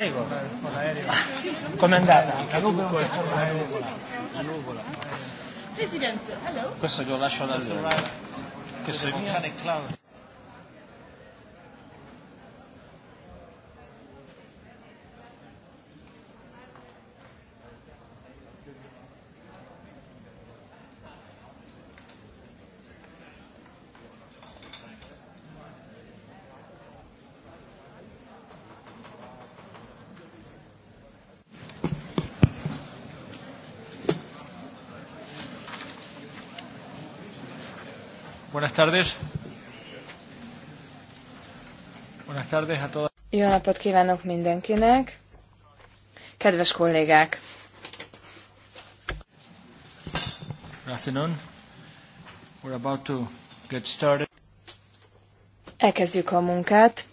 Prego. Come Anche tu con il nuvola. Presidente, hello. Questo da lui. Questo è mio. Buenas tardes. Buenas tardes a todas. Jó napot kívánok mindenkinek. Kedves kollégák. We're about to get started. Elkezdjük a munkát.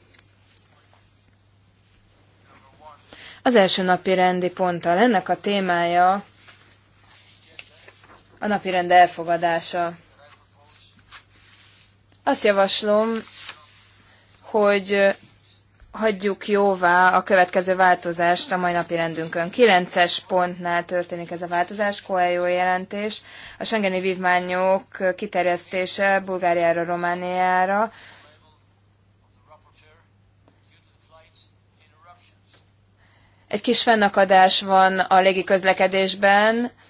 Az első napi rendi ponttal ennek a témája a napi rend elfogadása. Azt javaslom, hogy hagyjuk jóvá a következő változást a mai napi rendünkön. 9-es pontnál történik ez a változás, Koeljó jelentés, a Schengeni vívmányok kiterjesztése Bulgáriára, Romániára. Egy kis fennakadás van a légiközlekedésben, közlekedésben,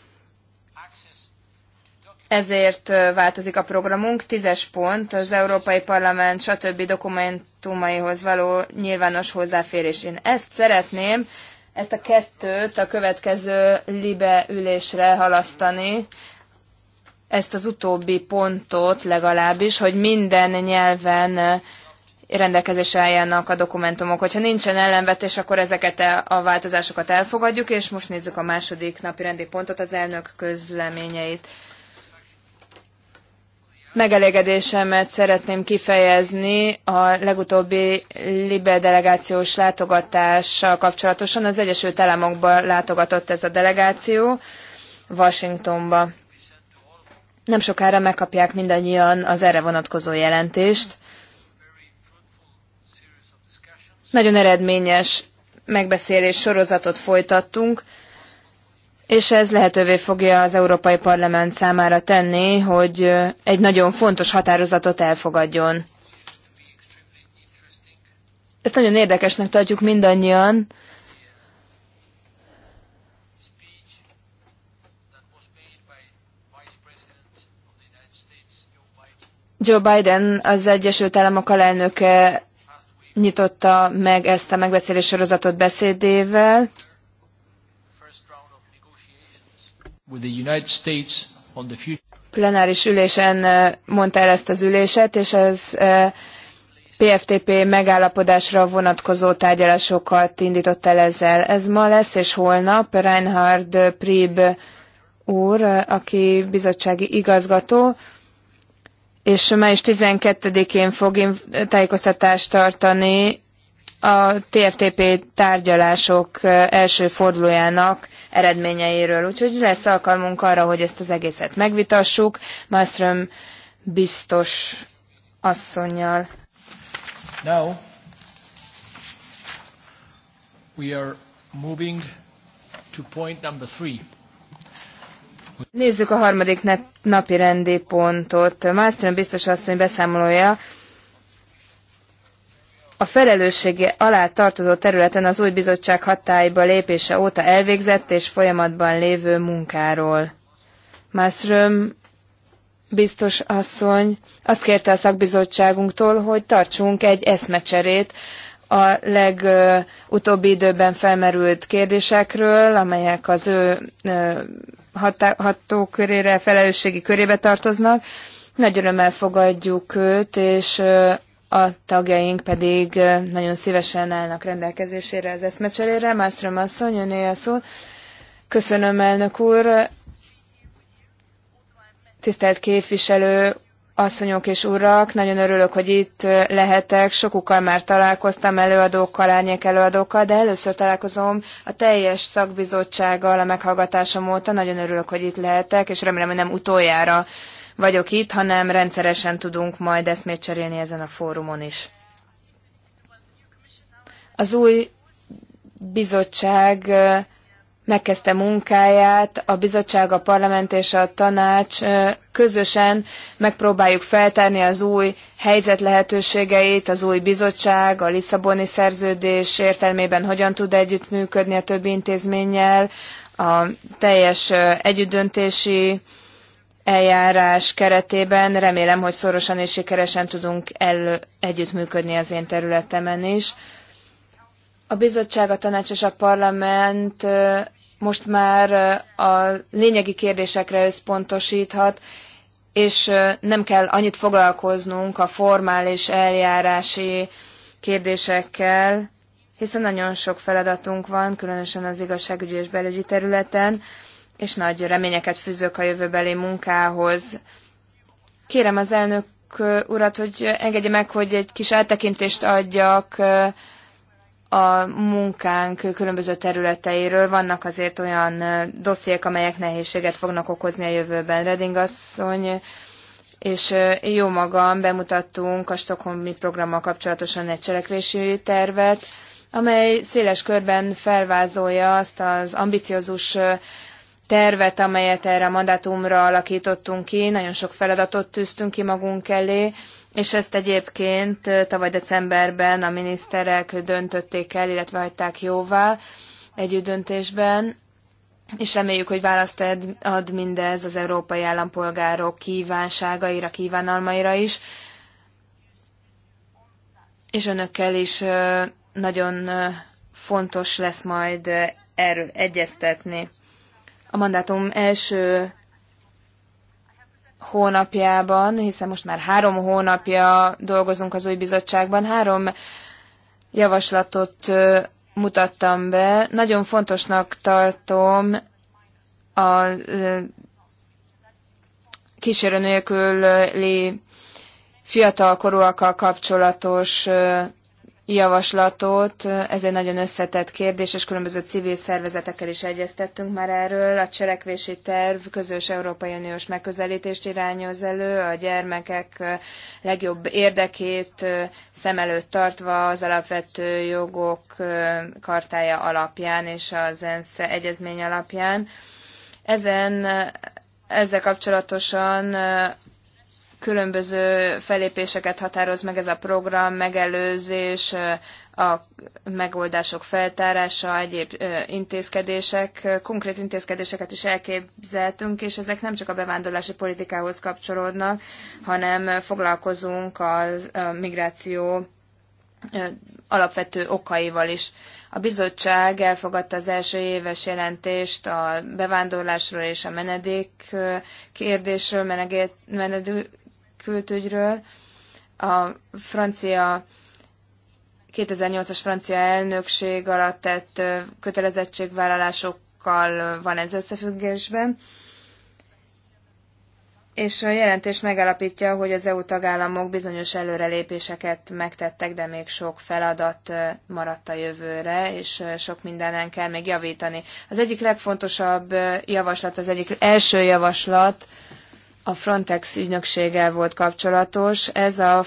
ezért változik a programunk. Tízes pont az Európai Parlament stb. dokumentumaihoz való nyilvános hozzáférésén. ezt szeretném, ezt a kettőt a következő libe ülésre halasztani, ezt az utóbbi pontot legalábbis, hogy minden nyelven rendelkezésre álljanak a dokumentumok. Hogyha nincsen ellenvetés, akkor ezeket a változásokat elfogadjuk, és most nézzük a második napi rendi pontot, az elnök közleményeit megelégedésemet szeretném kifejezni a legutóbbi Libe delegációs látogatással kapcsolatosan. Az Egyesült Államokba látogatott ez a delegáció, Washingtonba. Nem sokára megkapják mindannyian az erre vonatkozó jelentést. Nagyon eredményes megbeszélés sorozatot folytattunk, és ez lehetővé fogja az Európai Parlament számára tenni, hogy egy nagyon fontos határozatot elfogadjon. Ezt nagyon érdekesnek tartjuk mindannyian. Joe Biden az Egyesült Államok alelnöke nyitotta meg ezt a megbeszélés sorozatot beszédével. Plenáris ülésen mondta el ezt az üléset, és ez PFTP megállapodásra vonatkozó tárgyalásokat indított el ezzel. Ez ma lesz és holnap Reinhard Prib úr, aki bizottsági igazgató, és május 12-én fog tájékoztatást tartani a TFTP tárgyalások eh, első fordulójának eredményeiről. Úgyhogy lesz alkalmunk arra, hogy ezt az egészet megvitassuk. Malmström biztos asszonyjal. Now we are moving to point number three. Nézzük a harmadik nap, napi rendi pontot. Malmström biztos asszony beszámolója a felelőssége alá tartozó területen az új bizottság hatályba lépése óta elvégzett és folyamatban lévő munkáról. Mászröm biztos asszony azt kérte a szakbizottságunktól, hogy tartsunk egy eszmecserét a legutóbbi időben felmerült kérdésekről, amelyek az ő hatókörére, felelősségi körébe tartoznak. Nagy örömmel fogadjuk őt, és a tagjaink pedig nagyon szívesen állnak rendelkezésére az eszmecserére. Mászrom asszony, öné a szó. Köszönöm, elnök úr. Tisztelt képviselő, asszonyok és urak, nagyon örülök, hogy itt lehetek. Sokukkal már találkoztam előadókkal, árnyék előadókkal, de először találkozom a teljes szakbizottsággal a meghallgatásom óta. Nagyon örülök, hogy itt lehetek, és remélem, hogy nem utoljára vagyok itt, hanem rendszeresen tudunk majd eszmét cserélni ezen a fórumon is. Az új bizottság megkezdte munkáját, a bizottság, a parlament és a tanács közösen megpróbáljuk feltárni az új helyzet lehetőségeit, az új bizottság, a Lisszaboni szerződés értelmében hogyan tud együttműködni a többi intézménnyel, a teljes együttdöntési eljárás keretében. Remélem, hogy szorosan és sikeresen tudunk el, együttműködni az én területemen is. A bizottság, a tanács és a parlament most már a lényegi kérdésekre összpontosíthat, és nem kell annyit foglalkoznunk a formális eljárási kérdésekkel, hiszen nagyon sok feladatunk van, különösen az igazságügyi és belügyi területen, és nagy reményeket fűzök a jövőbeli munkához. Kérem az elnök urat, hogy engedje meg, hogy egy kis áttekintést adjak a munkánk különböző területeiről. Vannak azért olyan dossziék, amelyek nehézséget fognak okozni a jövőben. Reding asszony és jó magam bemutattunk a Stockholmi programmal kapcsolatosan egy cselekvési tervet, amely széles körben felvázolja azt az ambiciózus tervet, amelyet erre a mandátumra alakítottunk ki, nagyon sok feladatot tűztünk ki magunk elé, és ezt egyébként tavaly decemberben a miniszterek döntötték el, illetve hagyták jóvá együtt döntésben, és reméljük, hogy választ ad mindez az európai állampolgárok kívánságaira, kívánalmaira is, és önökkel is nagyon fontos lesz majd erről egyeztetni a mandátum első hónapjában, hiszen most már három hónapja dolgozunk az új bizottságban, három javaslatot mutattam be. Nagyon fontosnak tartom a kísérő nélküli fiatalkorúakkal kapcsolatos javaslatot. Ez egy nagyon összetett kérdés, és különböző civil szervezetekkel is egyeztettünk már erről. A cselekvési terv közös Európai Uniós megközelítést irányoz elő, a gyermekek legjobb érdekét szem előtt tartva az alapvető jogok kartája alapján és az ENSZ egyezmény alapján. Ezen ezzel kapcsolatosan különböző felépéseket határoz meg ez a program, megelőzés, a megoldások feltárása, egyéb intézkedések, konkrét intézkedéseket is elképzeltünk, és ezek nem csak a bevándorlási politikához kapcsolódnak, hanem foglalkozunk a migráció alapvető okaival is. A bizottság elfogadta az első éves jelentést a bevándorlásról és a menedék kérdésről, menedék, külügyről. A francia 2008-as francia elnökség alatt tett kötelezettségvállalásokkal van ez összefüggésben. És a jelentés megállapítja, hogy az EU tagállamok bizonyos előrelépéseket megtettek, de még sok feladat maradt a jövőre, és sok mindenen kell még javítani. Az egyik legfontosabb javaslat, az egyik első javaslat a Frontex ügynökséggel volt kapcsolatos. Ez a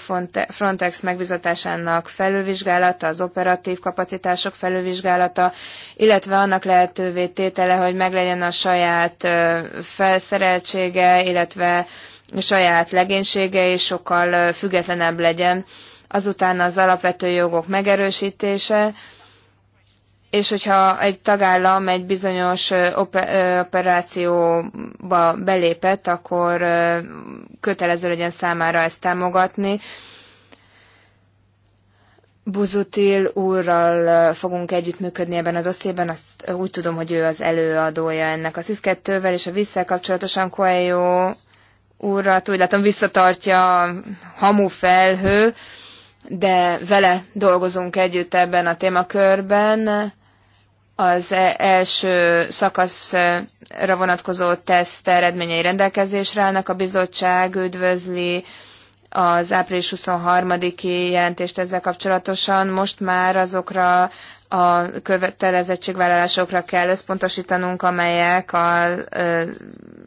Frontex megbizatásának felülvizsgálata, az operatív kapacitások felülvizsgálata, illetve annak lehetővé tétele, hogy meglegyen a saját felszereltsége, illetve a saját legénysége, és sokkal függetlenebb legyen. Azután az alapvető jogok megerősítése, és hogyha egy tagállam egy bizonyos operációba belépett, akkor kötelező legyen számára ezt támogatni. Buzutil úrral fogunk együttműködni ebben a dossziében, azt úgy tudom, hogy ő az előadója ennek a sis vel és a visszel kapcsolatosan Coelho úrrat úgy látom visszatartja hamu felhő, de vele dolgozunk együtt ebben a témakörben az e, első szakaszra vonatkozó teszt eredményei rendelkezésre állnak. A bizottság üdvözli az április 23-i jelentést ezzel kapcsolatosan. Most már azokra a kötelezettségvállalásokra kell összpontosítanunk, amelyek a e,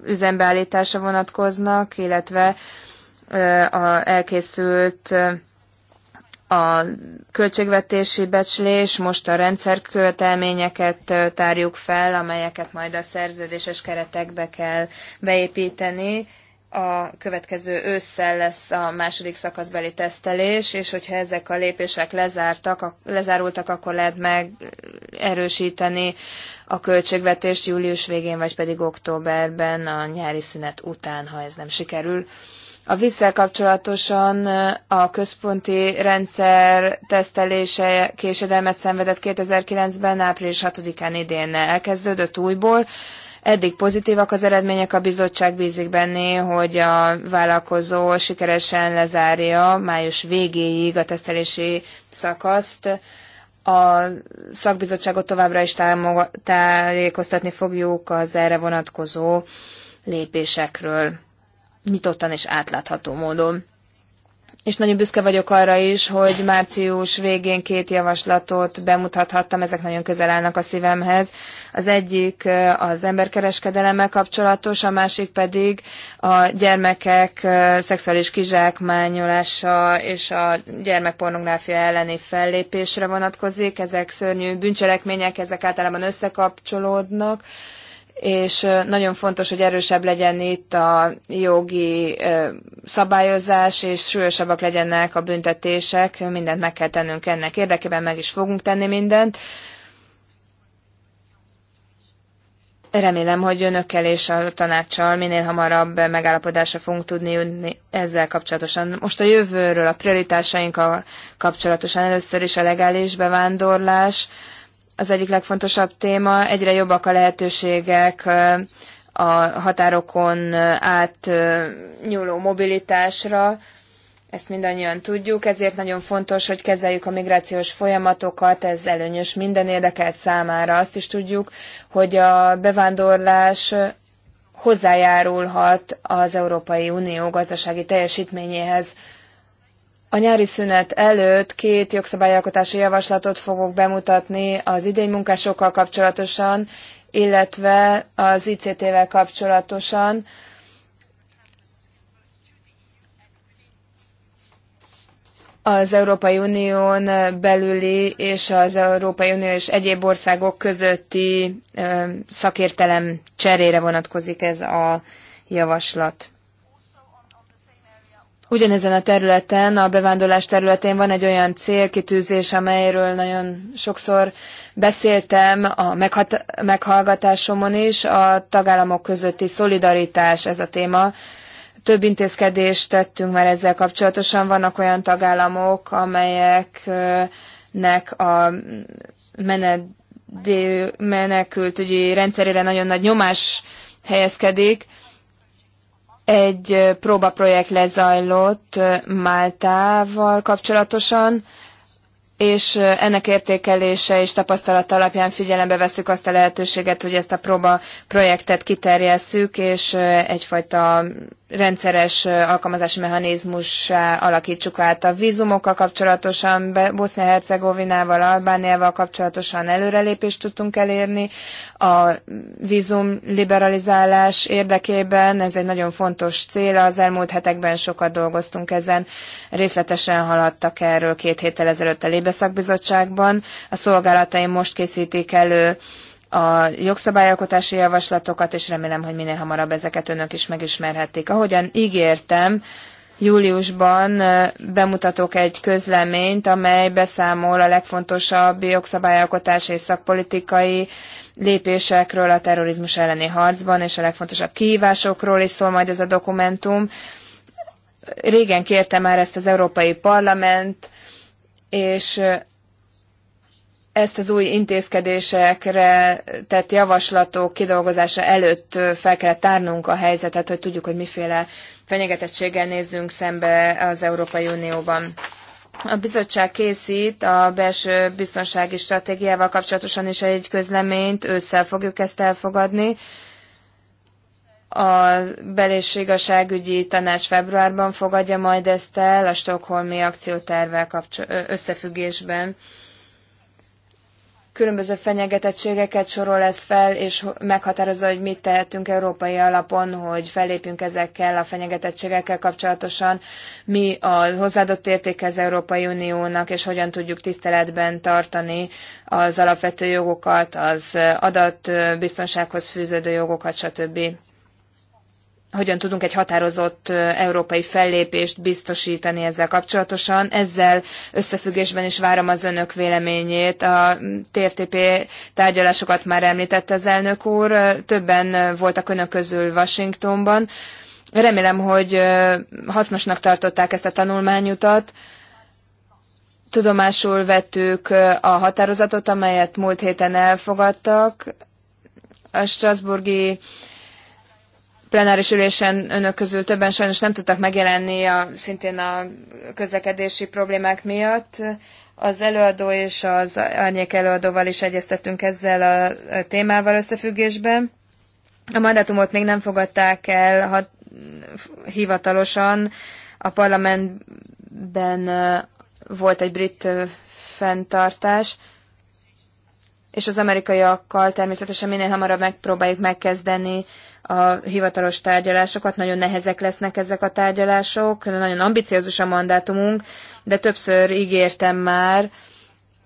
üzembeállításra vonatkoznak, illetve e, a elkészült a költségvetési becslés, most a rendszerkövetelményeket tárjuk fel, amelyeket majd a szerződéses keretekbe kell beépíteni. A következő ősszel lesz a második szakaszbeli tesztelés, és hogyha ezek a lépések lezártak, lezárultak, akkor lehet meg erősíteni a költségvetést július végén, vagy pedig októberben, a nyári szünet után, ha ez nem sikerül a vízzel kapcsolatosan a központi rendszer tesztelése késedelmet szenvedett 2009-ben, április 6-án idén elkezdődött újból. Eddig pozitívak az eredmények, a bizottság bízik benne, hogy a vállalkozó sikeresen lezárja május végéig a tesztelési szakaszt. A szakbizottságot továbbra is tájékoztatni fogjuk az erre vonatkozó lépésekről nyitottan és átlátható módon. És nagyon büszke vagyok arra is, hogy március végén két javaslatot bemutathattam, ezek nagyon közel állnak a szívemhez. Az egyik eh, az emberkereskedelemmel kapcsolatos, a másik pedig a gyermekek eh, szexuális kizsákmányolása és a gyermekpornográfia elleni fellépésre vonatkozik. Ezek szörnyű bűncselekmények, ezek általában összekapcsolódnak és nagyon fontos, hogy erősebb legyen itt a jogi szabályozás, és súlyosabbak legyenek a büntetések. Mindent meg kell tennünk ennek érdekében, meg is fogunk tenni mindent. Remélem, hogy önökkel és a tanácssal minél hamarabb megállapodásra fogunk tudni jutni ezzel kapcsolatosan. Most a jövőről, a prioritásainkkal kapcsolatosan először is a legális bevándorlás az egyik legfontosabb téma. Egyre jobbak a lehetőségek a határokon át nyúló mobilitásra, ezt mindannyian tudjuk, ezért nagyon fontos, hogy kezeljük a migrációs folyamatokat, ez előnyös minden érdekelt számára. Azt is tudjuk, hogy a bevándorlás hozzájárulhat az Európai Unió gazdasági teljesítményéhez. A nyári szünet előtt két jogszabályalkotási javaslatot fogok bemutatni az idénymunkásokkal munkásokkal kapcsolatosan, illetve az ICT-vel kapcsolatosan. az Európai Unión belüli és az Európai Unió és egyéb országok közötti szakértelem cserére vonatkozik ez a javaslat. Ugyanezen a területen, a bevándorlás területén van egy olyan célkitűzés, amelyről nagyon sokszor beszéltem a meghat- meghallgatásomon is, a tagállamok közötti szolidaritás ez a téma. Több intézkedést tettünk már ezzel kapcsolatosan. Vannak olyan tagállamok, amelyeknek a menedé- menekültügyi rendszerére nagyon nagy nyomás helyezkedik, egy próbaprojekt lezajlott Máltával kapcsolatosan, és ennek értékelése és tapasztalat alapján figyelembe veszük azt a lehetőséget, hogy ezt a próba projektet kiterjesszük, és egyfajta rendszeres alkalmazási mechanizmus alakítsuk át a vízumokkal kapcsolatosan, Bosznia-Hercegovinával, Albániával kapcsolatosan előrelépést tudtunk elérni. A vízum liberalizálás érdekében ez egy nagyon fontos cél, az elmúlt hetekben sokat dolgoztunk ezen, részletesen haladtak erről két héttel ezelőtt a Lébeszakbizottságban. A szolgálataim most készítik elő a jogszabályalkotási javaslatokat, és remélem, hogy minél hamarabb ezeket önök is megismerhették. Ahogyan ígértem, júliusban bemutatok egy közleményt, amely beszámol a legfontosabb jogszabályalkotási és szakpolitikai lépésekről a terrorizmus elleni harcban, és a legfontosabb kihívásokról is szól majd ez a dokumentum. Régen kértem már ezt az Európai Parlament, és ezt az új intézkedésekre tett javaslatok kidolgozása előtt fel kell tárnunk a helyzetet, hogy tudjuk, hogy miféle fenyegetettséggel nézzünk szembe az Európai Unióban. A bizottság készít a belső biztonsági stratégiával kapcsolatosan is egy közleményt, ősszel fogjuk ezt elfogadni. A bel- és igazságügyi tanács februárban fogadja majd ezt el a Stockholmi akciótervvel összefüggésben különböző fenyegetettségeket sorol ez fel, és meghatározza, hogy mit tehetünk európai alapon, hogy fellépjünk ezekkel a fenyegetettségekkel kapcsolatosan, mi a hozzáadott értéke az Európai Uniónak, és hogyan tudjuk tiszteletben tartani az alapvető jogokat, az adatbiztonsághoz fűződő jogokat, stb hogyan tudunk egy határozott európai fellépést biztosítani ezzel kapcsolatosan. Ezzel összefüggésben is várom az önök véleményét. A TFTP tárgyalásokat már említette az elnök úr, többen voltak önök közül Washingtonban. Remélem, hogy hasznosnak tartották ezt a tanulmányutat. Tudomásul vettük a határozatot, amelyet múlt héten elfogadtak. A Strasburgi uh, plenáris ülésen önök közül többen sajnos nem tudtak megjelenni a, szintén a közlekedési problémák miatt. Az előadó és az árnyék előadóval is egyeztettünk ezzel a témával összefüggésben. A mandátumot még nem fogadták el hat, hivatalosan. A parlamentben volt egy brit fenntartás, és az amerikaiakkal természetesen minél hamarabb megpróbáljuk megkezdeni a hivatalos tárgyalásokat, nagyon nehezek lesznek ezek a tárgyalások, nagyon ambiciózus a mandátumunk, de többször ígértem már,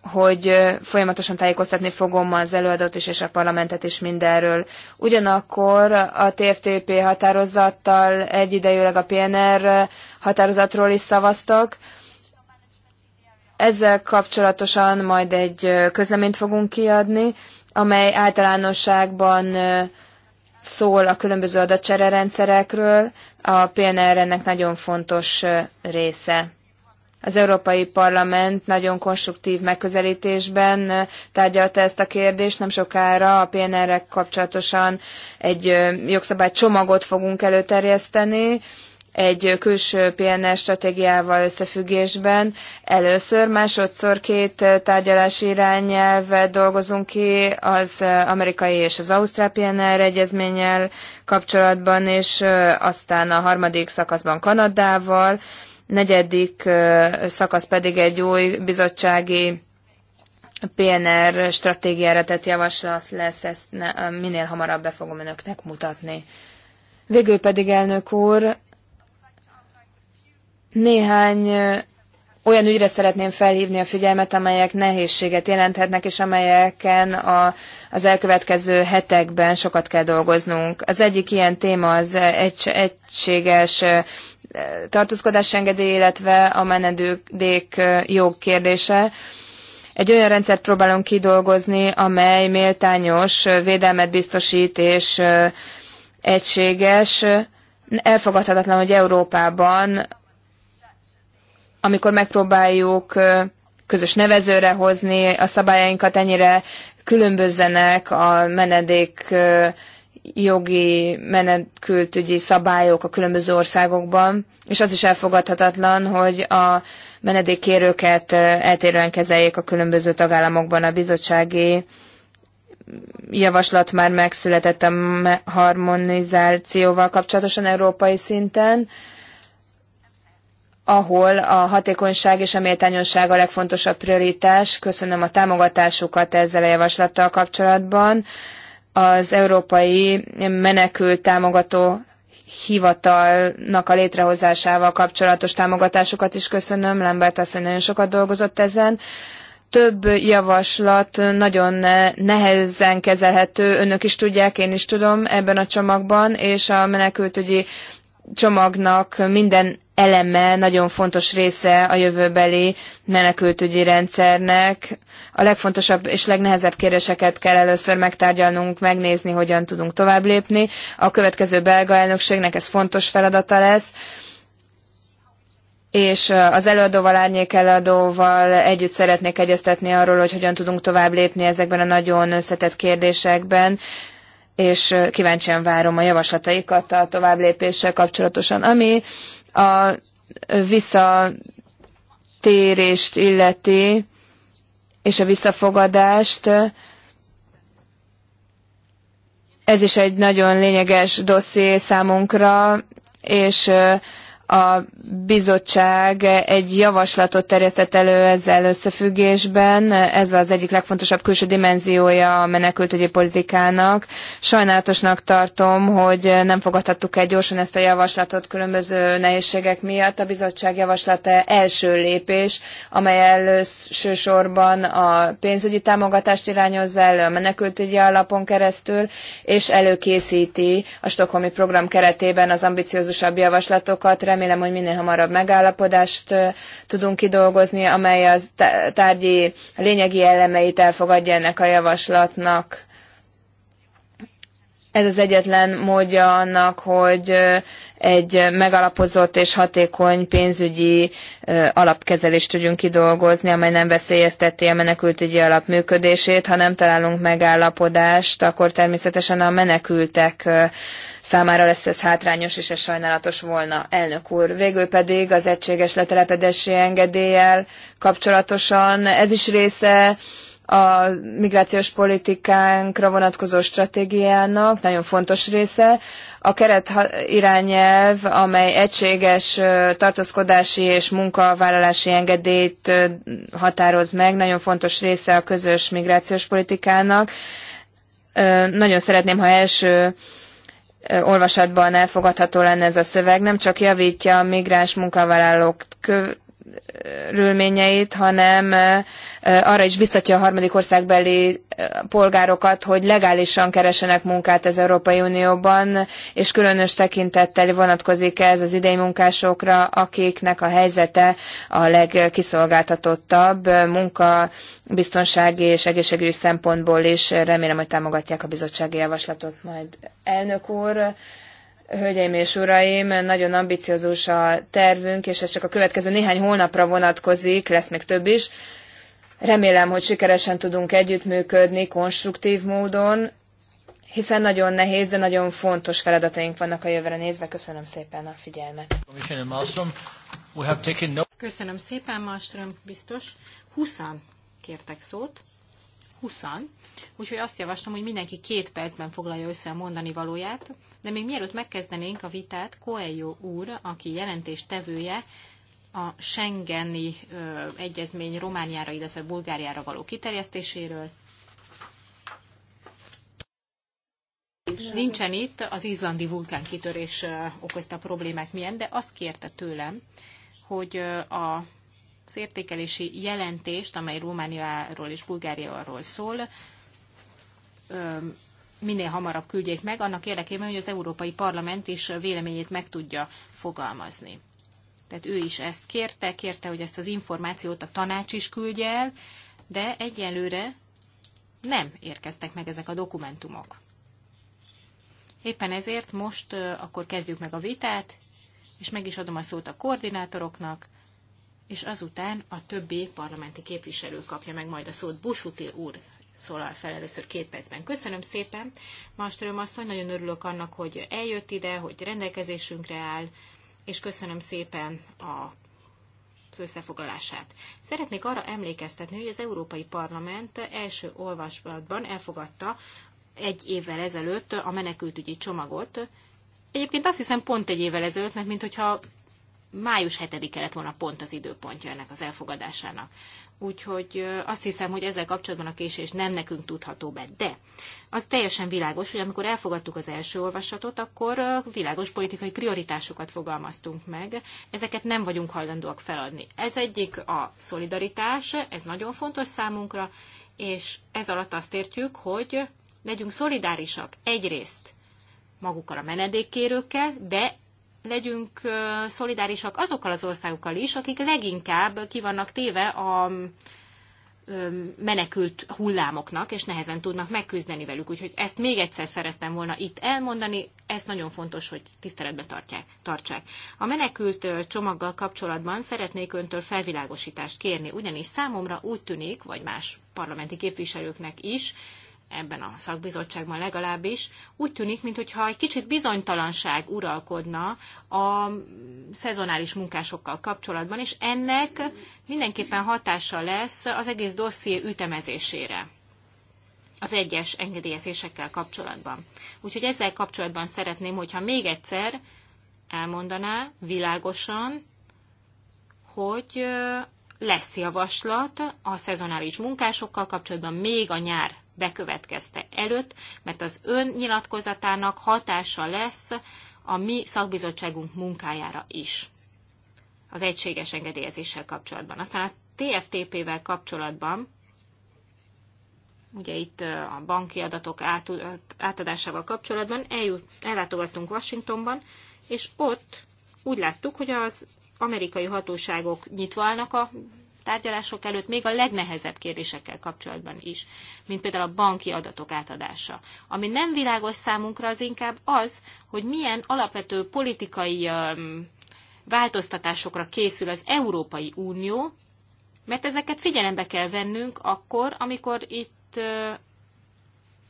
hogy folyamatosan tájékoztatni fogom az előadót is és a parlamentet is mindenről. Ugyanakkor a TFTP határozattal egyidejűleg a PNR határozatról is szavaztak. Ezzel kapcsolatosan majd egy közleményt fogunk kiadni, amely általánosságban szól a különböző adatcsererendszerekről, a PNR ennek nagyon fontos része. Az Európai Parlament nagyon konstruktív megközelítésben tárgyalta ezt a kérdést. Nem sokára a PNR-rel kapcsolatosan egy jogszabálycsomagot fogunk előterjeszteni, egy külső PNR stratégiával összefüggésben. Először, másodszor két tárgyalási irányelvet dolgozunk ki az amerikai és az ausztrál PNR egyezménnyel kapcsolatban, és aztán a harmadik szakaszban Kanadával, negyedik szakasz pedig egy új bizottsági PNR stratégiára tett javaslat lesz, ezt ne, minél hamarabb be fogom önöknek mutatni. Végül pedig, elnök úr, néhány olyan ügyre szeretném felhívni a figyelmet, amelyek nehézséget jelenthetnek, és amelyeken a, az elkövetkező hetekben sokat kell dolgoznunk. Az egyik ilyen téma az egy, egységes tartózkodási engedély, illetve a menedék jog kérdése. Egy olyan rendszert próbálunk kidolgozni, amely méltányos védelmet biztosít és egységes. Elfogadhatatlan, hogy Európában amikor megpróbáljuk közös nevezőre hozni a szabályainkat, ennyire különbözzenek a menedék jogi menekültügyi szabályok a különböző országokban, és az is elfogadhatatlan, hogy a menedékkérőket eltérően kezeljék a különböző tagállamokban a bizottsági javaslat már megszületett a harmonizációval kapcsolatosan európai szinten, ahol a hatékonyság és a méltányosság a legfontosabb prioritás. Köszönöm a támogatásukat ezzel a javaslattal kapcsolatban. Az Európai Menekült Támogató hivatalnak a létrehozásával kapcsolatos támogatásokat is köszönöm. Lambert asszony nagyon sokat dolgozott ezen. Több javaslat nagyon nehezen kezelhető, önök is tudják, én is tudom ebben a csomagban, és a menekültügyi csomagnak minden eleme, nagyon fontos része a jövőbeli menekültügyi rendszernek. A legfontosabb és legnehezebb kérdéseket kell először megtárgyalnunk, megnézni, hogyan tudunk tovább lépni. A következő belga elnökségnek ez fontos feladata lesz és az előadóval, árnyék előadóval együtt szeretnék egyeztetni arról, hogy hogyan tudunk tovább lépni ezekben a nagyon összetett kérdésekben, és kíváncsian várom a javaslataikat a továbblépéssel kapcsolatosan. Ami a visszatérést illeti, és a visszafogadást, ez is egy nagyon lényeges dosszié számunkra, és a bizottság egy javaslatot terjesztett elő ezzel összefüggésben. Ez az egyik legfontosabb külső dimenziója a menekültügyi politikának. Sajnálatosnak tartom, hogy nem fogadhattuk el gyorsan ezt a javaslatot különböző nehézségek miatt. A bizottság javaslata első lépés, amely elsősorban a pénzügyi támogatást irányozza elő a menekültügyi alapon keresztül, és előkészíti a Stockholmi program keretében az ambiciózusabb javaslatokat Remélem, hogy minél hamarabb megállapodást tudunk kidolgozni, amely az tárgyi lényegi elemeit elfogadja ennek a javaslatnak. Ez az egyetlen módja annak, hogy egy megalapozott és hatékony pénzügyi alapkezelést tudjunk kidolgozni, amely nem veszélyezteti a menekültügyi alap működését. Ha nem találunk megállapodást, akkor természetesen a menekültek számára lesz ez hátrányos, és ez sajnálatos volna, elnök úr. Végül pedig az egységes letelepedési engedéllyel kapcsolatosan ez is része a migrációs politikánkra vonatkozó stratégiának, nagyon fontos része. A keret irányelv, amely egységes tartózkodási és munkavállalási engedélyt határoz meg, nagyon fontos része a közös migrációs politikának. Nagyon szeretném, ha első olvasatban elfogadható lenne ez a szöveg, nem csak javítja a migráns munkavállalók körülményeit, hanem arra is biztatja a harmadik országbeli polgárokat, hogy legálisan keresenek munkát az Európai Unióban, és különös tekintettel vonatkozik ez az idei munkásokra, akiknek a helyzete a legkiszolgáltatottabb munka, biztonsági és egészségügyi szempontból is. Remélem, hogy támogatják a bizottsági javaslatot majd. Elnök úr, Hölgyeim és uraim, nagyon ambiciózus a tervünk, és ez csak a következő néhány hónapra vonatkozik, lesz még több is. Remélem, hogy sikeresen tudunk együttműködni konstruktív módon, hiszen nagyon nehéz, de nagyon fontos feladataink vannak a jövőre nézve. Köszönöm szépen a figyelmet. Köszönöm szépen, Malmström, biztos. 20 kértek szót. 20 Úgyhogy azt javaslom, hogy mindenki két percben foglalja össze a mondani valóját, de még mielőtt megkezdenénk a vitát, Coelho úr, aki jelentés tevője, a Schengeni ö, egyezmény Romániára, illetve Bulgáriára való kiterjesztéséről. Nincsen itt, az izlandi vulkánkitörés ö, okozta problémák milyen, de azt kérte tőlem, hogy ö, a az értékelési jelentést, amely Romániáról és Bulgáriáról szól, minél hamarabb küldjék meg, annak érdekében, hogy az Európai Parlament is véleményét meg tudja fogalmazni. Tehát ő is ezt kérte, kérte, hogy ezt az információt a tanács is küldje el, de egyelőre nem érkeztek meg ezek a dokumentumok. Éppen ezért most akkor kezdjük meg a vitát, és meg is adom a szót a koordinátoroknak, és azután a többi parlamenti képviselő kapja meg majd a szót. Busuti úr szólal fel először két percben. Köszönöm szépen, Maström asszony, nagyon örülök annak, hogy eljött ide, hogy rendelkezésünkre áll, és köszönöm szépen a az összefoglalását. Szeretnék arra emlékeztetni, hogy az Európai Parlament első olvasatban elfogadta egy évvel ezelőtt a menekültügyi csomagot. Egyébként azt hiszem pont egy évvel ezelőtt, mert mintha május 7-e lett volna pont az időpontja ennek az elfogadásának. Úgyhogy azt hiszem, hogy ezzel kapcsolatban a késés nem nekünk tudható be. De az teljesen világos, hogy amikor elfogadtuk az első olvasatot, akkor világos politikai prioritásokat fogalmaztunk meg. Ezeket nem vagyunk hajlandóak feladni. Ez egyik a szolidaritás, ez nagyon fontos számunkra, és ez alatt azt értjük, hogy legyünk szolidárisak egyrészt magukkal a menedékkérőkkel, de legyünk szolidárisak azokkal az országokkal is, akik leginkább kivannak téve a menekült hullámoknak, és nehezen tudnak megküzdeni velük. Úgyhogy ezt még egyszer szerettem volna itt elmondani, ezt nagyon fontos, hogy tiszteletbe tartják, tartsák. A menekült csomaggal kapcsolatban szeretnék öntől felvilágosítást kérni, ugyanis számomra úgy tűnik, vagy más parlamenti képviselőknek is, ebben a szakbizottságban legalábbis, úgy tűnik, mintha egy kicsit bizonytalanság uralkodna a szezonális munkásokkal kapcsolatban, és ennek mindenképpen hatása lesz az egész dosszié ütemezésére az egyes engedélyezésekkel kapcsolatban. Úgyhogy ezzel kapcsolatban szeretném, hogyha még egyszer elmondaná világosan, hogy lesz javaslat a szezonális munkásokkal kapcsolatban még a nyár bekövetkezte előtt, mert az ön nyilatkozatának hatása lesz a mi szakbizottságunk munkájára is az egységes engedélyezéssel kapcsolatban. Aztán a TFTP-vel kapcsolatban, ugye itt a banki adatok átadásával kapcsolatban eljut, ellátogattunk Washingtonban, és ott úgy láttuk, hogy az amerikai hatóságok nyitva állnak a tárgyalások előtt, még a legnehezebb kérdésekkel kapcsolatban is, mint például a banki adatok átadása. Ami nem világos számunkra az inkább az, hogy milyen alapvető politikai változtatásokra készül az Európai Unió, mert ezeket figyelembe kell vennünk akkor, amikor itt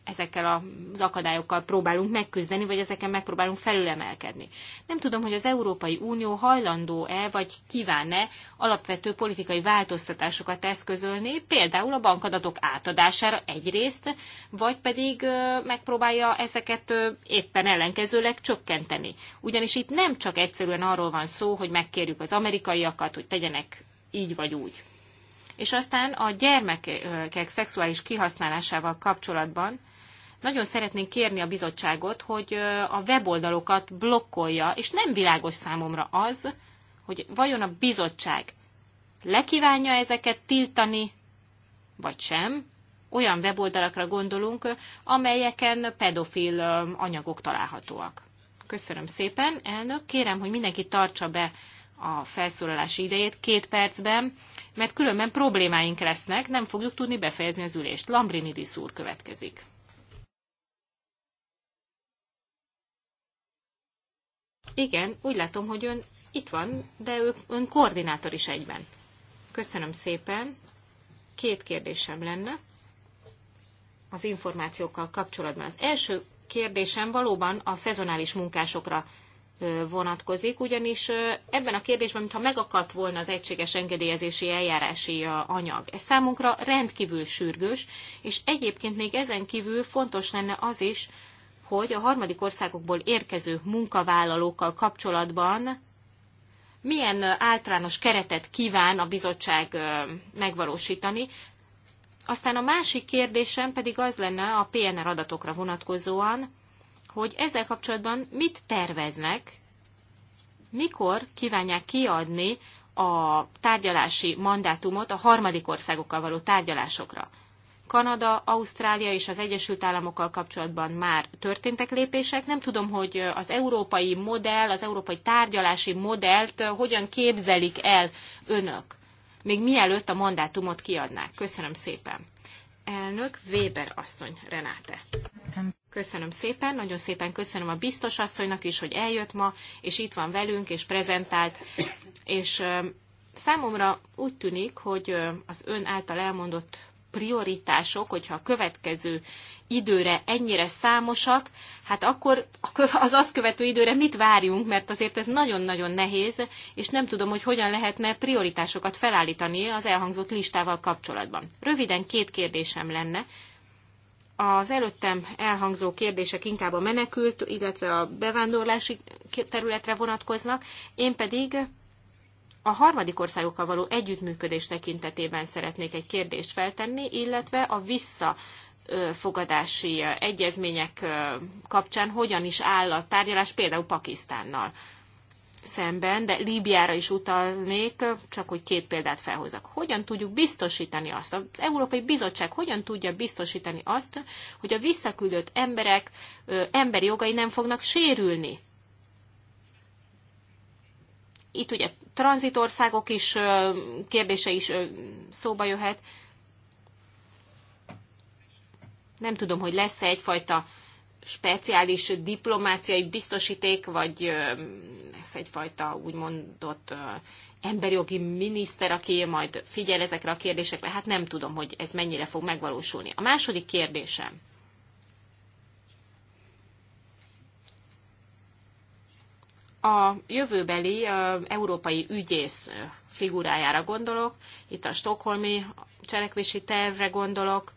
ezekkel az akadályokkal próbálunk megküzdeni, vagy ezeken megpróbálunk felülemelkedni. Nem tudom, hogy az Európai Unió hajlandó-e, vagy kíván-e alapvető politikai változtatásokat eszközölni, például a bankadatok átadására egyrészt, vagy pedig megpróbálja ezeket éppen ellenkezőleg csökkenteni. Ugyanis itt nem csak egyszerűen arról van szó, hogy megkérjük az amerikaiakat, hogy tegyenek így vagy úgy. És aztán a gyermekek szexuális kihasználásával kapcsolatban nagyon szeretnénk kérni a bizottságot, hogy a weboldalokat blokkolja, és nem világos számomra az, hogy vajon a bizottság lekívánja ezeket tiltani, vagy sem. Olyan weboldalakra gondolunk, amelyeken pedofil anyagok találhatóak. Köszönöm szépen, elnök. Kérem, hogy mindenki tartsa be a felszólalási idejét két percben, mert különben problémáink lesznek, nem fogjuk tudni befejezni az ülést. Lambrini úr következik. Igen, úgy látom, hogy ön itt van, de ő, ön koordinátor is egyben. Köszönöm szépen. Két kérdésem lenne az információkkal kapcsolatban. Az első kérdésem valóban a szezonális munkásokra vonatkozik, ugyanis ebben a kérdésben, mintha megakadt volna az egységes engedélyezési eljárási anyag. Ez számunkra rendkívül sürgős, és egyébként még ezen kívül fontos lenne az is, hogy a harmadik országokból érkező munkavállalókkal kapcsolatban milyen általános keretet kíván a bizottság megvalósítani. Aztán a másik kérdésem pedig az lenne a PNR adatokra vonatkozóan, hogy ezzel kapcsolatban mit terveznek, mikor kívánják kiadni a tárgyalási mandátumot a harmadik országokkal való tárgyalásokra. Kanada, Ausztrália és az Egyesült Államokkal kapcsolatban már történtek lépések. Nem tudom, hogy az európai modell, az európai tárgyalási modellt hogyan képzelik el önök, még mielőtt a mandátumot kiadnák. Köszönöm szépen. Elnök Weber asszony, Renáte. Köszönöm szépen, nagyon szépen köszönöm a biztos asszonynak is, hogy eljött ma, és itt van velünk, és prezentált, és számomra úgy tűnik, hogy az ön által elmondott prioritások, hogyha a következő időre ennyire számosak, hát akkor az azt követő időre mit várjunk, mert azért ez nagyon-nagyon nehéz, és nem tudom, hogy hogyan lehetne prioritásokat felállítani az elhangzott listával kapcsolatban. Röviden két kérdésem lenne. Az előttem elhangzó kérdések inkább a menekült, illetve a bevándorlási területre vonatkoznak, én pedig a harmadik országokkal való együttműködés tekintetében szeretnék egy kérdést feltenni, illetve a visszafogadási egyezmények kapcsán hogyan is áll a tárgyalás például Pakisztánnal szemben, de Líbiára is utalnék, csak hogy két példát felhozok. Hogyan tudjuk biztosítani azt, az Európai Bizottság hogyan tudja biztosítani azt, hogy a visszaküldött emberek emberi jogai nem fognak sérülni itt ugye tranzitországok is kérdése is szóba jöhet. Nem tudom, hogy lesz-e egyfajta speciális diplomáciai biztosíték, vagy lesz egyfajta úgymondott emberjogi miniszter, aki majd figyel ezekre a kérdésekre. Hát nem tudom, hogy ez mennyire fog megvalósulni. A második kérdésem a jövőbeli a európai ügyész figurájára gondolok, itt a stokholmi cselekvési tervre gondolok,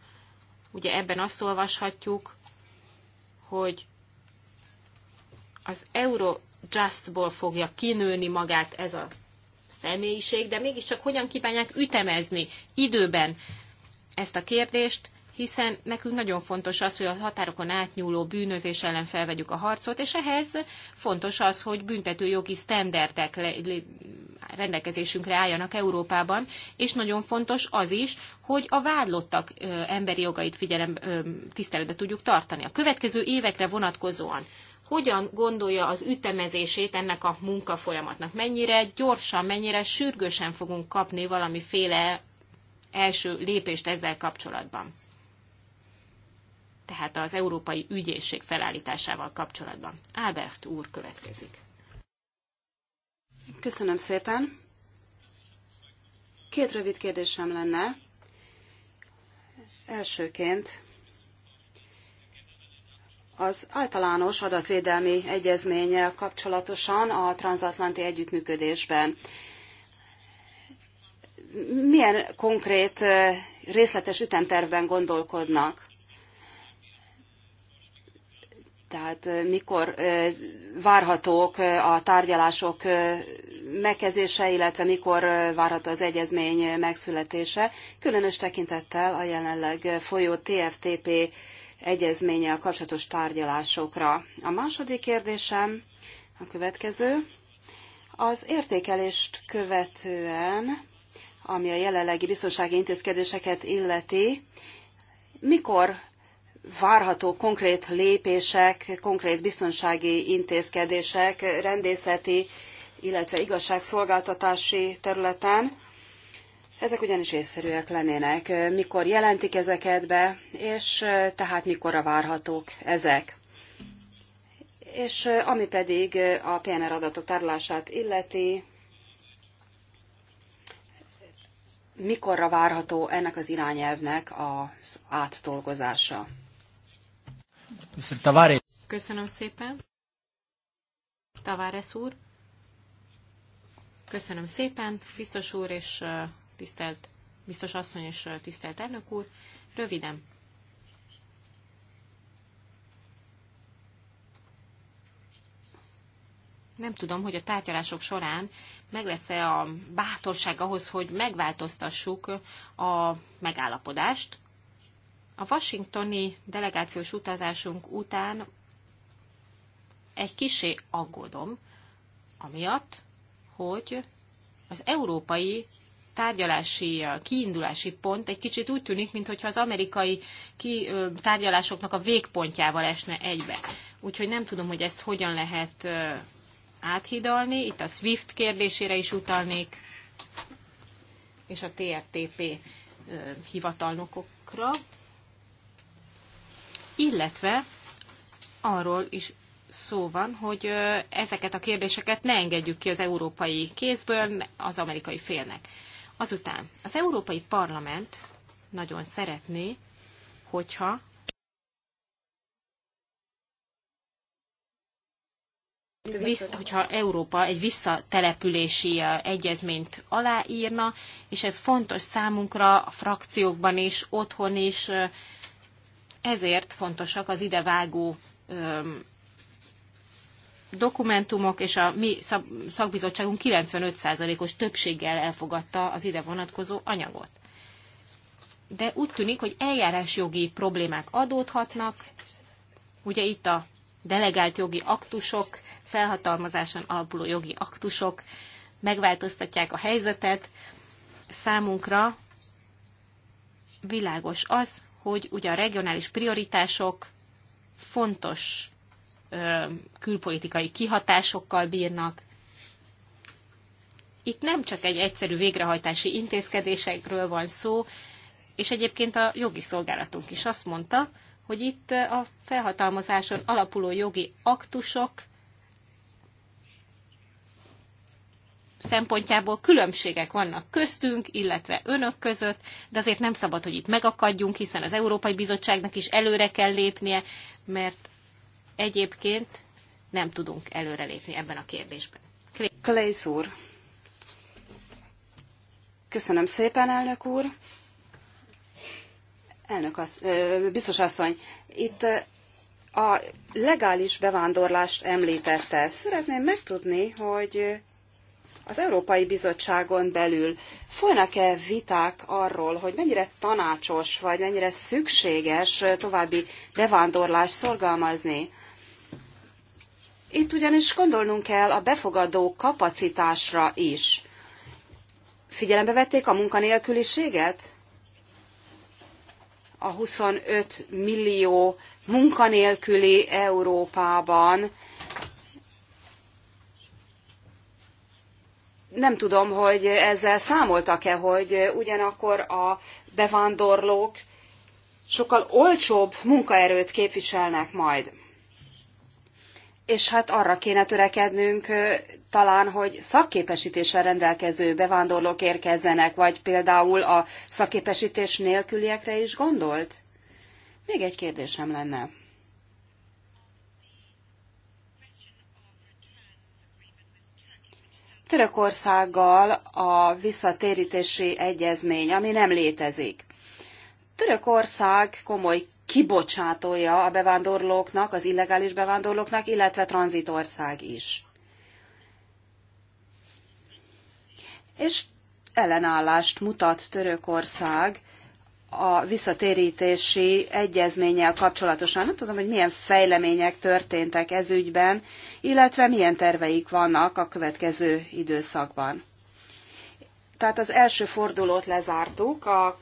ugye ebben azt olvashatjuk, hogy az Eurojustból fogja kinőni magát ez a személyiség, de mégiscsak hogyan kívánják ütemezni időben ezt a kérdést, hiszen nekünk nagyon fontos az, hogy a határokon átnyúló bűnözés ellen felvegyük a harcot, és ehhez fontos az, hogy büntetőjogi sztenderdek rendelkezésünkre álljanak Európában, és nagyon fontos az is, hogy a vádlottak emberi jogait figyelem tiszteletbe tudjuk tartani. A következő évekre vonatkozóan hogyan gondolja az ütemezését ennek a munkafolyamatnak? Mennyire gyorsan, mennyire sürgősen fogunk kapni valamiféle első lépést ezzel kapcsolatban? tehát az Európai Ügyészség felállításával kapcsolatban. Albert úr következik. Köszönöm szépen. Két rövid kérdésem lenne. Elsőként az általános adatvédelmi egyezménnyel kapcsolatosan a transatlanti együttműködésben. Milyen konkrét eh, részletes ütemtervben gondolkodnak? Tehát mikor várhatók a tárgyalások megkezdése, illetve mikor várható az egyezmény megszületése, különös tekintettel a jelenleg folyó TFTP egyezménnyel kapcsolatos tárgyalásokra. A második kérdésem a következő. Az értékelést követően, ami a jelenlegi biztonsági intézkedéseket illeti, mikor várható konkrét lépések, konkrét biztonsági intézkedések rendészeti, illetve igazságszolgáltatási területen. Ezek ugyanis észszerűek lennének. Mikor jelentik ezeket be, és tehát mikorra várhatók ezek? És ami pedig a PNR adatok tárolását illeti, mikorra várható ennek az irányelvnek az átdolgozása? Tavares. Köszönöm szépen. Tavares úr. Köszönöm szépen, biztos úr és tisztelt biztos asszony és tisztelt elnök úr. Röviden. Nem tudom, hogy a tárgyalások során meg lesz-e a bátorság ahhoz, hogy megváltoztassuk a megállapodást, a washingtoni delegációs utazásunk után egy kisé aggódom, amiatt, hogy az európai tárgyalási, kiindulási pont egy kicsit úgy tűnik, mintha az amerikai ki, tárgyalásoknak a végpontjával esne egybe. Úgyhogy nem tudom, hogy ezt hogyan lehet áthidalni. Itt a SWIFT kérdésére is utalnék, és a TRTP hivatalnokokra illetve arról is szó van, hogy ezeket a kérdéseket ne engedjük ki az európai kézből az amerikai félnek. Azután az Európai Parlament nagyon szeretné, hogyha Vissza, hogyha Európa egy visszatelepülési egyezményt aláírna, és ez fontos számunkra a frakciókban is, otthon is, ezért fontosak az idevágó dokumentumok, és a mi szakbizottságunk 95%-os többséggel elfogadta az ide vonatkozó anyagot. De úgy tűnik, hogy eljárásjogi problémák adódhatnak, ugye itt a delegált jogi aktusok, felhatalmazáson alapuló jogi aktusok megváltoztatják a helyzetet. Számunkra világos az, hogy ugye a regionális prioritások fontos ö, külpolitikai kihatásokkal bírnak. Itt nem csak egy egyszerű végrehajtási intézkedésekről van szó, és egyébként a jogi szolgálatunk is azt mondta, hogy itt a felhatalmazáson alapuló jogi aktusok szempontjából különbségek vannak köztünk, illetve önök között, de azért nem szabad, hogy itt megakadjunk, hiszen az Európai Bizottságnak is előre kell lépnie, mert egyébként nem tudunk előrelépni ebben a kérdésben. Klész úr. Köszönöm szépen, elnök úr. Elnök az, biztos asszony, itt a legális bevándorlást említette. Szeretném megtudni, hogy az Európai Bizottságon belül folynak-e viták arról, hogy mennyire tanácsos vagy mennyire szükséges további bevándorlást szorgalmazni? Itt ugyanis gondolnunk kell a befogadó kapacitásra is. Figyelembe vették a munkanélküliséget? A 25 millió munkanélküli Európában nem tudom, hogy ezzel számoltak-e, hogy ugyanakkor a bevándorlók sokkal olcsóbb munkaerőt képviselnek majd. És hát arra kéne törekednünk talán, hogy szakképesítéssel rendelkező bevándorlók érkezzenek, vagy például a szakképesítés nélküliekre is gondolt? Még egy kérdésem lenne. Törökországgal a visszatérítési egyezmény, ami nem létezik. Törökország komoly kibocsátója a bevándorlóknak, az illegális bevándorlóknak, illetve tranzitország is. És ellenállást mutat Törökország a visszatérítési egyezménnyel kapcsolatosan. Nem tudom, hogy milyen fejlemények történtek ez ügyben, illetve milyen terveik vannak a következő időszakban. Tehát az első fordulót lezártuk, a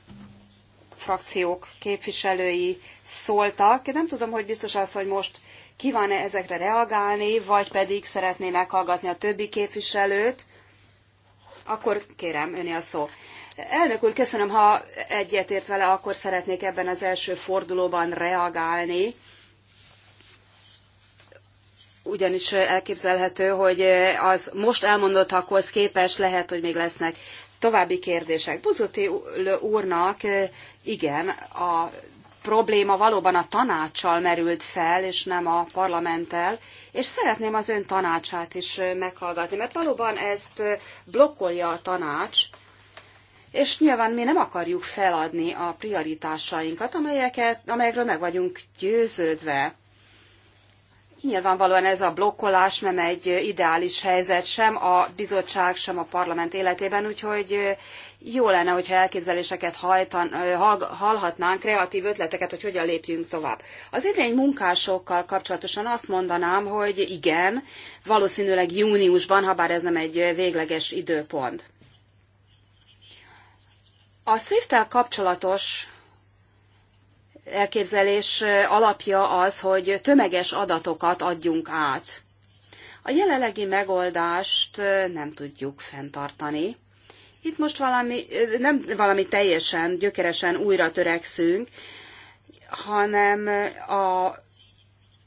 frakciók képviselői szóltak. Én nem tudom, hogy biztos az, hogy most kíván-e ezekre reagálni, vagy pedig szeretné meghallgatni a többi képviselőt. Akkor kérem, öné a szó. Elnök úr, köszönöm, ha egyetért vele, akkor szeretnék ebben az első fordulóban reagálni ugyanis elképzelhető, hogy az most elmondottakhoz képest lehet, hogy még lesznek további kérdések. Buzuti úrnak igen, a probléma valóban a tanácssal merült fel, és nem a parlamenttel, és szeretném az ön tanácsát is meghallgatni, mert valóban ezt blokkolja a tanács, és nyilván mi nem akarjuk feladni a prioritásainkat, amelyeket, amelyekről meg vagyunk győződve. Nyilvánvalóan ez a blokkolás nem egy ideális helyzet sem a bizottság, sem a parlament életében, úgyhogy jó lenne, hogyha elképzeléseket hajtan, hallhatnánk, kreatív ötleteket, hogy hogyan lépjünk tovább. Az idény munkásokkal kapcsolatosan azt mondanám, hogy igen, valószínűleg júniusban, ha bár ez nem egy végleges időpont. A swift kapcsolatos elképzelés alapja az, hogy tömeges adatokat adjunk át. A jelenlegi megoldást nem tudjuk fenntartani. Itt most valami, nem valami teljesen, gyökeresen újra törekszünk, hanem a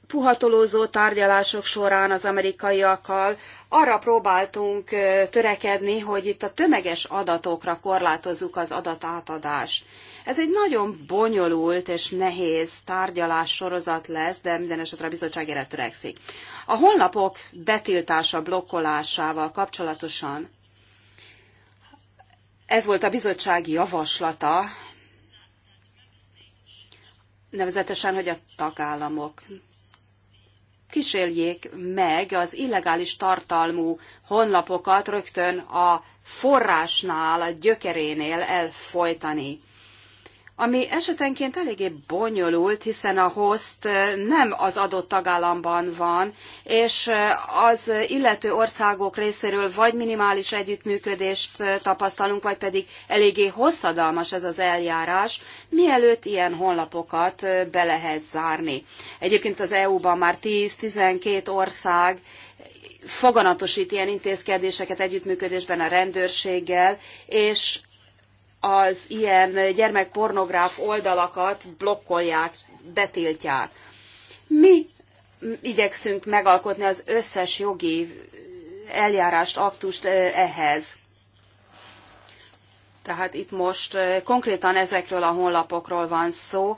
puhatolózó tárgyalások során az amerikaiakkal arra próbáltunk törekedni, hogy itt a tömeges adatokra korlátozzuk az adatátadást. Ez egy nagyon bonyolult és nehéz tárgyalás sorozat lesz, de minden esetre a bizottság erre törekszik. A honlapok betiltása, blokkolásával kapcsolatosan ez volt a bizottság javaslata, nevezetesen, hogy a tagállamok kísérjék meg az illegális tartalmú honlapokat rögtön a forrásnál, a gyökerénél elfolytani ami esetenként eléggé bonyolult, hiszen a host nem az adott tagállamban van, és az illető országok részéről vagy minimális együttműködést tapasztalunk, vagy pedig eléggé hosszadalmas ez az eljárás, mielőtt ilyen honlapokat be lehet zárni. Egyébként az EU-ban már 10-12 ország foganatosít ilyen intézkedéseket együttműködésben a rendőrséggel, és az ilyen gyermekpornográf oldalakat blokkolják, betiltják. Mi igyekszünk megalkotni az összes jogi eljárást, aktust ehhez. Tehát itt most konkrétan ezekről a honlapokról van szó,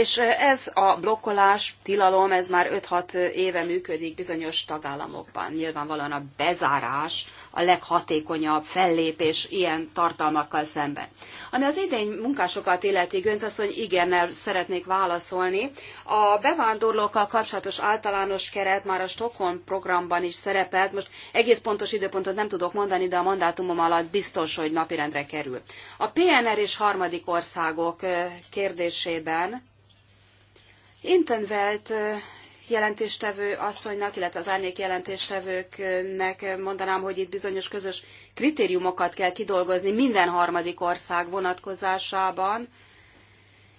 és ez a blokkolás, tilalom, ez már 5-6 éve működik bizonyos tagállamokban. Nyilvánvalóan a bezárás a leghatékonyabb fellépés ilyen tartalmakkal szemben. Ami az idény munkásokat illeti, Gönc asszony, igennel szeretnék válaszolni. A bevándorlókkal kapcsolatos általános keret már a Stockholm programban is szerepelt. Most egész pontos időpontot nem tudok mondani, de a mandátumom alatt biztos, hogy napirendre kerül. A PNR és harmadik országok kérdésében Intenvelt jelentéstevő asszonynak, illetve az árnyék jelentéstevőknek mondanám, hogy itt bizonyos közös kritériumokat kell kidolgozni minden harmadik ország vonatkozásában.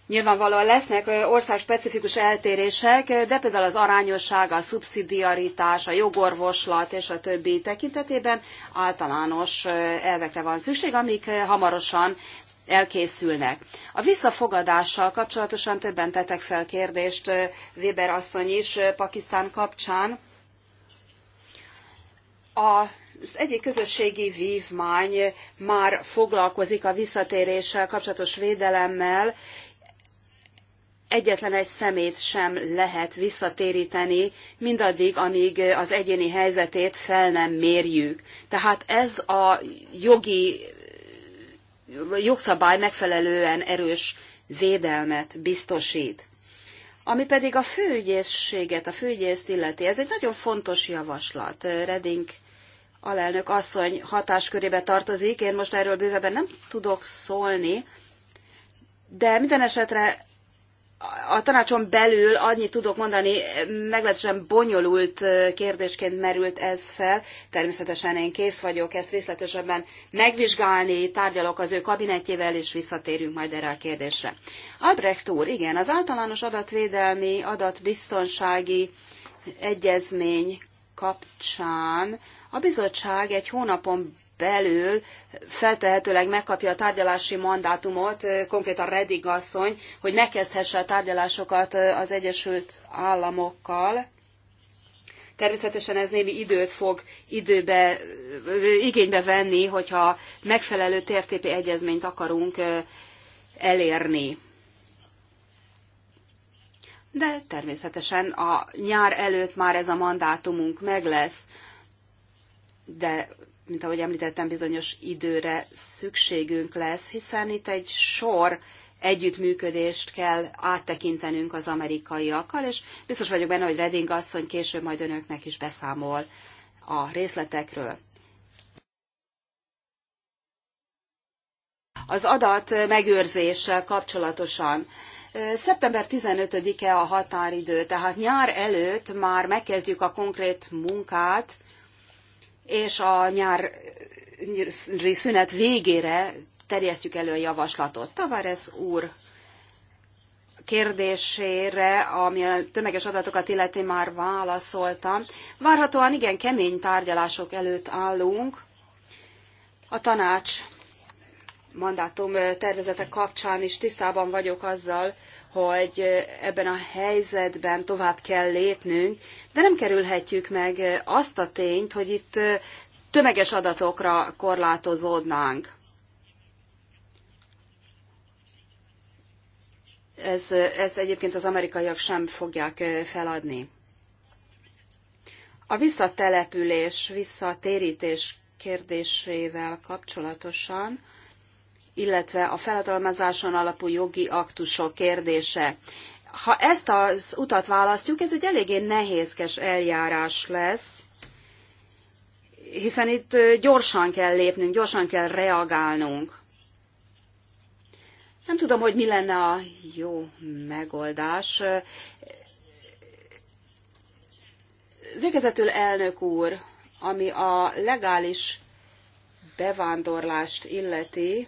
Nyilvánvalóan lesznek országspecifikus eltérések, de például az arányosság, a szubszidiaritás, a jogorvoslat és a többi tekintetében általános elvekre van szükség, amik hamarosan elkészülnek. A visszafogadással kapcsolatosan többen tettek fel kérdést, Weber asszony is, Pakisztán kapcsán. A az egyik közösségi vívmány már foglalkozik a visszatéréssel kapcsolatos védelemmel. Egyetlen egy szemét sem lehet visszatéríteni, mindaddig, amíg az egyéni helyzetét fel nem mérjük. Tehát ez a jogi jogszabály megfelelően erős védelmet biztosít. Ami pedig a főügyészséget, a főügyészt illeti, ez egy nagyon fontos javaslat. Reding alelnök asszony hatáskörébe tartozik, én most erről bővebben nem tudok szólni, de minden esetre a tanácson belül annyit tudok mondani, meglehetősen bonyolult kérdésként merült ez fel. Természetesen én kész vagyok ezt részletesebben megvizsgálni, tárgyalok az ő kabinetjével, és visszatérünk majd erre a kérdésre. Albrecht úr, igen, az általános adatvédelmi, adatbiztonsági egyezmény kapcsán a bizottság egy hónapon belül feltehetőleg megkapja a tárgyalási mandátumot, konkrétan Reddig asszony, hogy megkezdhesse a tárgyalásokat az Egyesült Államokkal. Természetesen ez némi időt fog időbe, igénybe venni, hogyha megfelelő TFTP egyezményt akarunk elérni. De természetesen a nyár előtt már ez a mandátumunk meg lesz, de mint ahogy említettem, bizonyos időre szükségünk lesz, hiszen itt egy sor együttműködést kell áttekintenünk az amerikaiakkal, és biztos vagyok benne, hogy Reding asszony később majd önöknek is beszámol a részletekről. Az adat megőrzéssel kapcsolatosan. Szeptember 15-e a határidő, tehát nyár előtt már megkezdjük a konkrét munkát, és a nyári szünet végére terjesztjük elő a javaslatot. Tavares úr kérdésére, ami a tömeges adatokat illeti már válaszoltam. Várhatóan igen kemény tárgyalások előtt állunk. A tanács mandátum tervezete kapcsán is tisztában vagyok azzal, hogy ebben a helyzetben tovább kell lépnünk, de nem kerülhetjük meg azt a tényt, hogy itt tömeges adatokra korlátozódnánk. Ez, ezt egyébként az amerikaiak sem fogják feladni. A visszatelepülés, visszatérítés kérdésével kapcsolatosan illetve a felhatalmazáson alapú jogi aktusok kérdése. Ha ezt az utat választjuk, ez egy eléggé nehézkes eljárás lesz, hiszen itt gyorsan kell lépnünk, gyorsan kell reagálnunk. Nem tudom, hogy mi lenne a jó megoldás. Végezetül elnök úr, ami a legális bevándorlást illeti,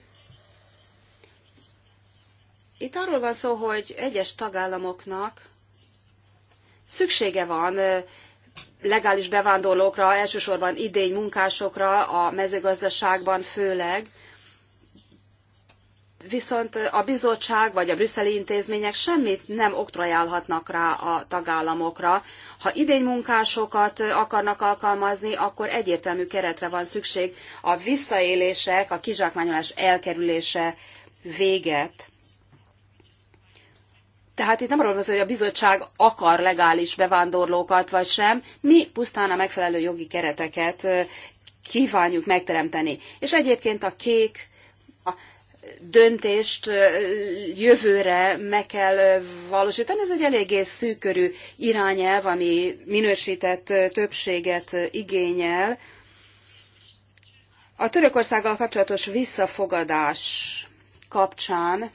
itt arról van szó, hogy egyes tagállamoknak szüksége van legális bevándorlókra, elsősorban idény munkásokra, a mezőgazdaságban főleg, viszont a bizottság vagy a brüsszeli intézmények semmit nem oktrajálhatnak rá a tagállamokra. Ha idény munkásokat akarnak alkalmazni, akkor egyértelmű keretre van szükség a visszaélések, a kizsákmányolás elkerülése véget. Tehát itt nem arról van hogy a bizottság akar legális bevándorlókat vagy sem, mi pusztán a megfelelő jogi kereteket kívánjuk megteremteni. És egyébként a kék a döntést jövőre meg kell valósítani. Ez egy eléggé szűkörű irányelv, ami minősített többséget igényel. A Törökországgal kapcsolatos visszafogadás kapcsán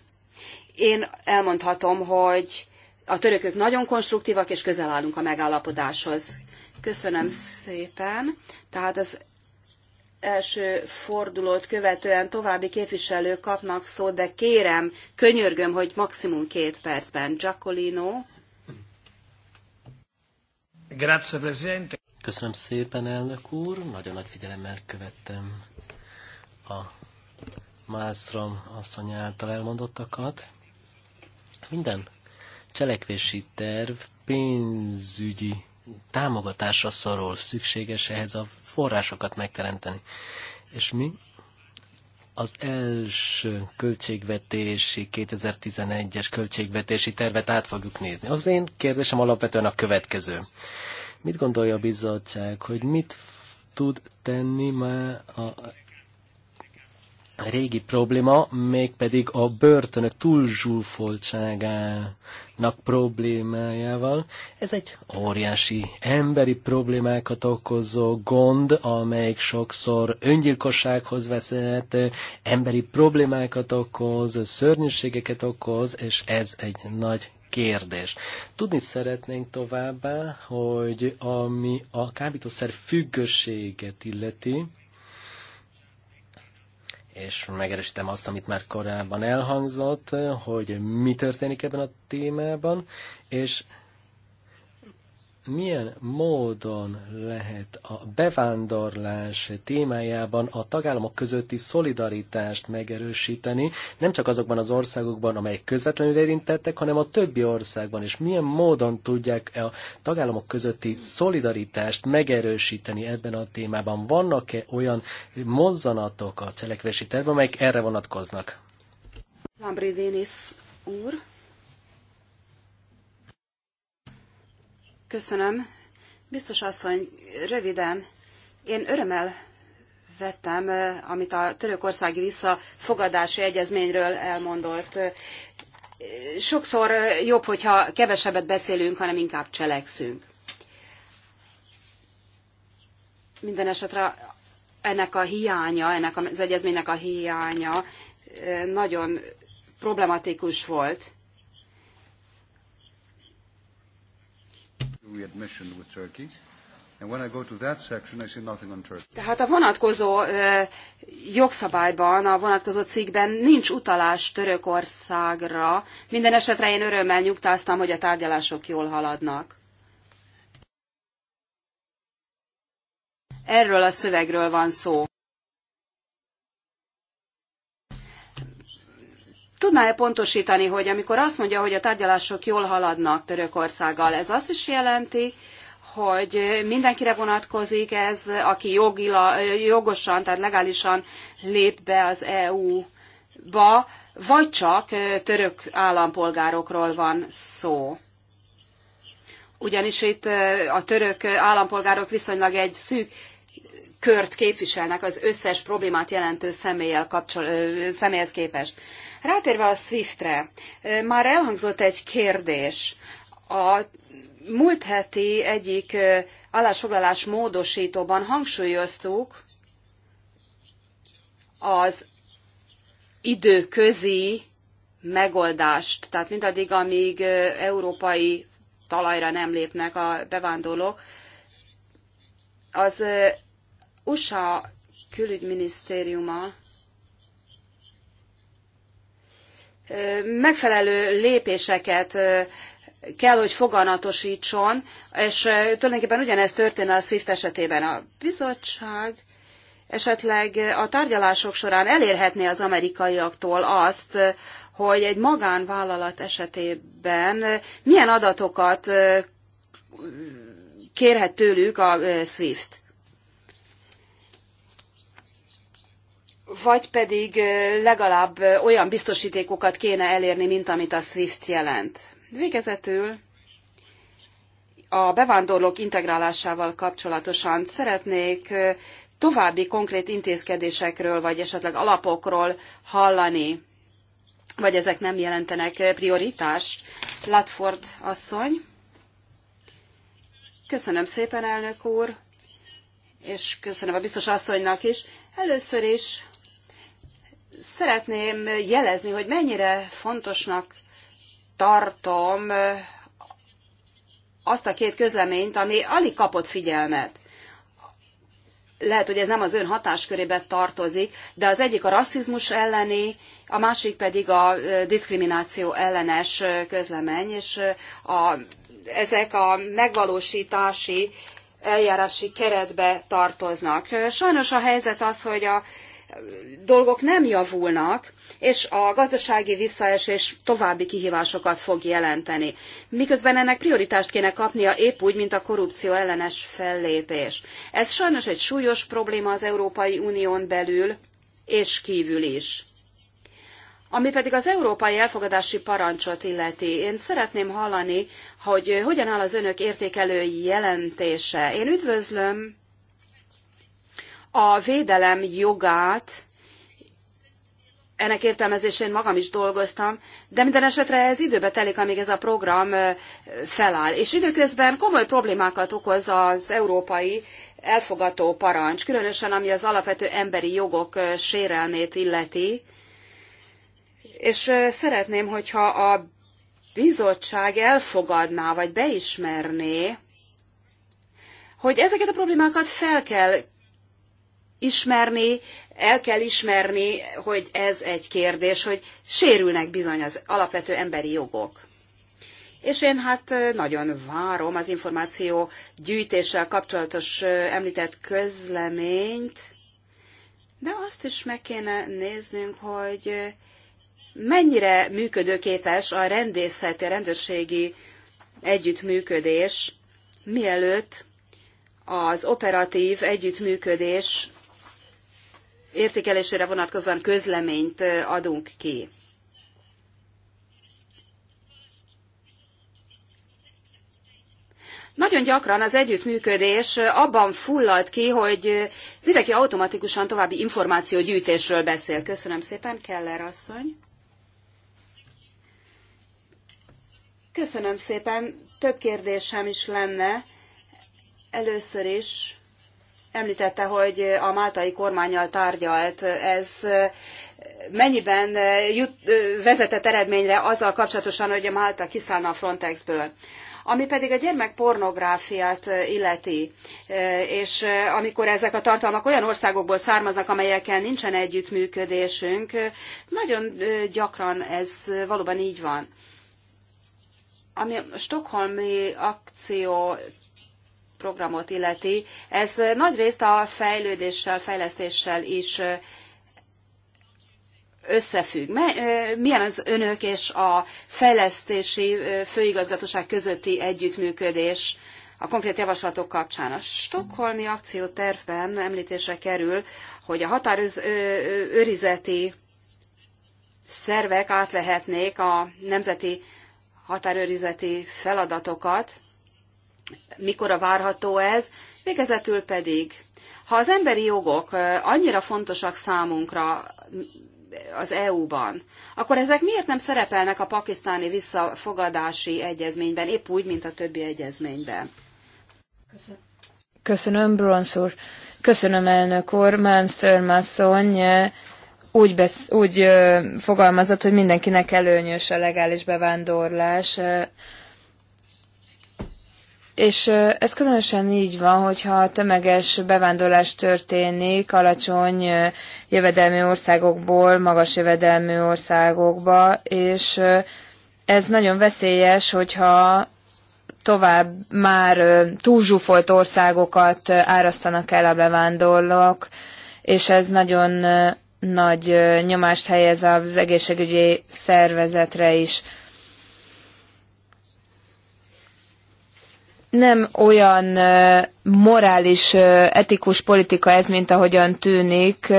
én elmondhatom, hogy a törökök nagyon konstruktívak, és közel állunk a megállapodáshoz. Köszönöm szépen. Tehát az első fordulót követően további képviselők kapnak szót, de kérem, könyörgöm, hogy maximum két percben. Giacolino. Grazie, Presidente. Köszönöm szépen, elnök úr. Nagyon nagy figyelemmel követtem a Mászram asszony által elmondottakat. Minden cselekvési terv pénzügyi támogatásra szorul, szükséges ehhez a forrásokat megteremteni. És mi az első költségvetési, 2011-es költségvetési tervet át fogjuk nézni. Az én kérdésem alapvetően a következő. Mit gondolja a bizottság, hogy mit tud tenni már a régi probléma, mégpedig a börtönök túlzsúfoltságának problémájával. Ez egy óriási emberi problémákat okozó gond, amelyik sokszor öngyilkossághoz vezet, emberi problémákat okoz, szörnyűségeket okoz, és ez egy nagy kérdés. Tudni szeretnénk továbbá, hogy ami a kábítószer függőséget illeti, és megerősítem azt, amit már korábban elhangzott, hogy mi történik ebben a témában, és milyen módon lehet a bevándorlás témájában a tagállamok közötti szolidaritást megerősíteni, nem csak azokban az országokban, amelyek közvetlenül érintettek, hanem a többi országban, és milyen módon tudják a tagállamok közötti szolidaritást megerősíteni ebben a témában. Vannak-e olyan mozzanatok a cselekvési tervben, amelyek erre vonatkoznak? Lambridénis úr. Köszönöm. Biztos asszony, röviden, én örömmel vettem, eh, amit a törökországi visszafogadási egyezményről elmondott. Eh, sokszor eh, jobb, hogyha kevesebbet beszélünk, hanem inkább cselekszünk. Minden esetre ennek a hiánya, ennek az egyezménynek a hiánya nagyon problematikus volt. Tehát a vonatkozó jogszabályban, a vonatkozó cikkben nincs utalás Törökországra. Minden esetre én örömmel nyugtáztam, hogy a tárgyalások jól haladnak. Erről a szövegről van szó. Tudná-e pontosítani, hogy amikor azt mondja, hogy a tárgyalások jól haladnak Törökországgal, ez azt is jelenti, hogy mindenkire vonatkozik ez, aki jogila, jogosan, tehát legálisan lép be az EU-ba, vagy csak török állampolgárokról van szó. Ugyanis itt a török állampolgárok viszonylag egy szűk kört képviselnek az összes problémát jelentő személlyel kapcsol, személyhez képest. Rátérve a SWIFT-re, már elhangzott egy kérdés. A múlt heti egyik állásfoglalás módosítóban hangsúlyoztuk az időközi megoldást, tehát mindaddig, amíg európai talajra nem lépnek a bevándorlók, az USA külügyminisztériuma megfelelő lépéseket kell, hogy foganatosítson, és tulajdonképpen ugyanezt történne a SWIFT esetében. A bizottság esetleg a tárgyalások során elérhetné az amerikaiaktól azt, hogy egy magánvállalat esetében milyen adatokat kérhet tőlük a SWIFT. vagy pedig legalább olyan biztosítékokat kéne elérni, mint amit a SWIFT jelent. Végezetül a bevándorlók integrálásával kapcsolatosan szeretnék további konkrét intézkedésekről, vagy esetleg alapokról hallani, vagy ezek nem jelentenek prioritást. Latford asszony. Köszönöm szépen, elnök úr, és köszönöm a biztos asszonynak is. Először is Szeretném jelezni, hogy mennyire fontosnak tartom azt a két közleményt, ami alig kapott figyelmet. Lehet, hogy ez nem az ön hatáskörébe tartozik, de az egyik a rasszizmus elleni, a másik pedig a diszkrimináció ellenes közlemény, és a, ezek a megvalósítási eljárási keretbe tartoznak. Sajnos a helyzet az, hogy a dolgok nem javulnak, és a gazdasági visszaesés további kihívásokat fog jelenteni. Miközben ennek prioritást kéne kapnia épp úgy, mint a korrupció ellenes fellépés. Ez sajnos egy súlyos probléma az Európai Unión belül és kívül is. Ami pedig az európai elfogadási parancsot illeti, én szeretném hallani, hogy hogyan áll az önök értékelő jelentése. Én üdvözlöm a védelem jogát, ennek értelmezésén magam is dolgoztam, de minden esetre ez időbe telik, amíg ez a program feláll. És időközben komoly problémákat okoz az európai elfogató parancs, különösen ami az alapvető emberi jogok sérelmét illeti. És szeretném, hogyha a bizottság elfogadná, vagy beismerné, hogy ezeket a problémákat fel kell ismerni, el kell ismerni, hogy ez egy kérdés, hogy sérülnek bizony az alapvető emberi jogok. És én hát nagyon várom az információ gyűjtéssel kapcsolatos említett közleményt, de azt is meg kéne néznünk, hogy mennyire működőképes a rendészeti, a rendőrségi együttműködés, mielőtt az operatív együttműködés értékelésére vonatkozóan közleményt adunk ki. Nagyon gyakran az együttműködés abban fullad ki, hogy mindenki automatikusan további információgyűjtésről beszél. Köszönöm szépen, Keller asszony. Köszönöm szépen, több kérdésem is lenne. Először is Említette, hogy a máltai kormányjal tárgyalt. Ez eh, mennyiben eh, jut, eh, vezetett eredményre azzal kapcsolatosan, hogy a Málta kiszállna a Frontexből? Ami pedig a gyermekpornográfiát illeti, és amikor ezek a tartalmak olyan országokból származnak, amelyekkel nincsen együttműködésünk, nagyon gyakran ez valóban így van. Ami a Stockholmi akció programot illeti, ez nagyrészt a fejlődéssel, fejlesztéssel is összefügg. Milyen az önök és a fejlesztési főigazgatóság közötti együttműködés a konkrét javaslatok kapcsán? A stokholmi akciótervben említése kerül, hogy a határőrizeti szervek átvehetnék a nemzeti határőrizeti feladatokat, mikorra várható ez, végezetül pedig, ha az emberi jogok annyira fontosak számunkra az EU-ban, akkor ezek miért nem szerepelnek a pakisztáni visszafogadási egyezményben, épp úgy, mint a többi egyezményben? Köszönöm. Köszönöm, úr. Köszönöm, elnök úr. Malmström asszony úgy, besz, úgy fogalmazott, hogy mindenkinek előnyös a legális bevándorlás. És ez különösen így van, hogyha tömeges bevándorlás történik alacsony jövedelmi országokból magas jövedelmi országokba, és ez nagyon veszélyes, hogyha tovább már túlzsúfolt országokat árasztanak el a bevándorlók, és ez nagyon nagy nyomást helyez az egészségügyi szervezetre is. nem olyan morális, etikus politika ez, mint ahogyan tűnik.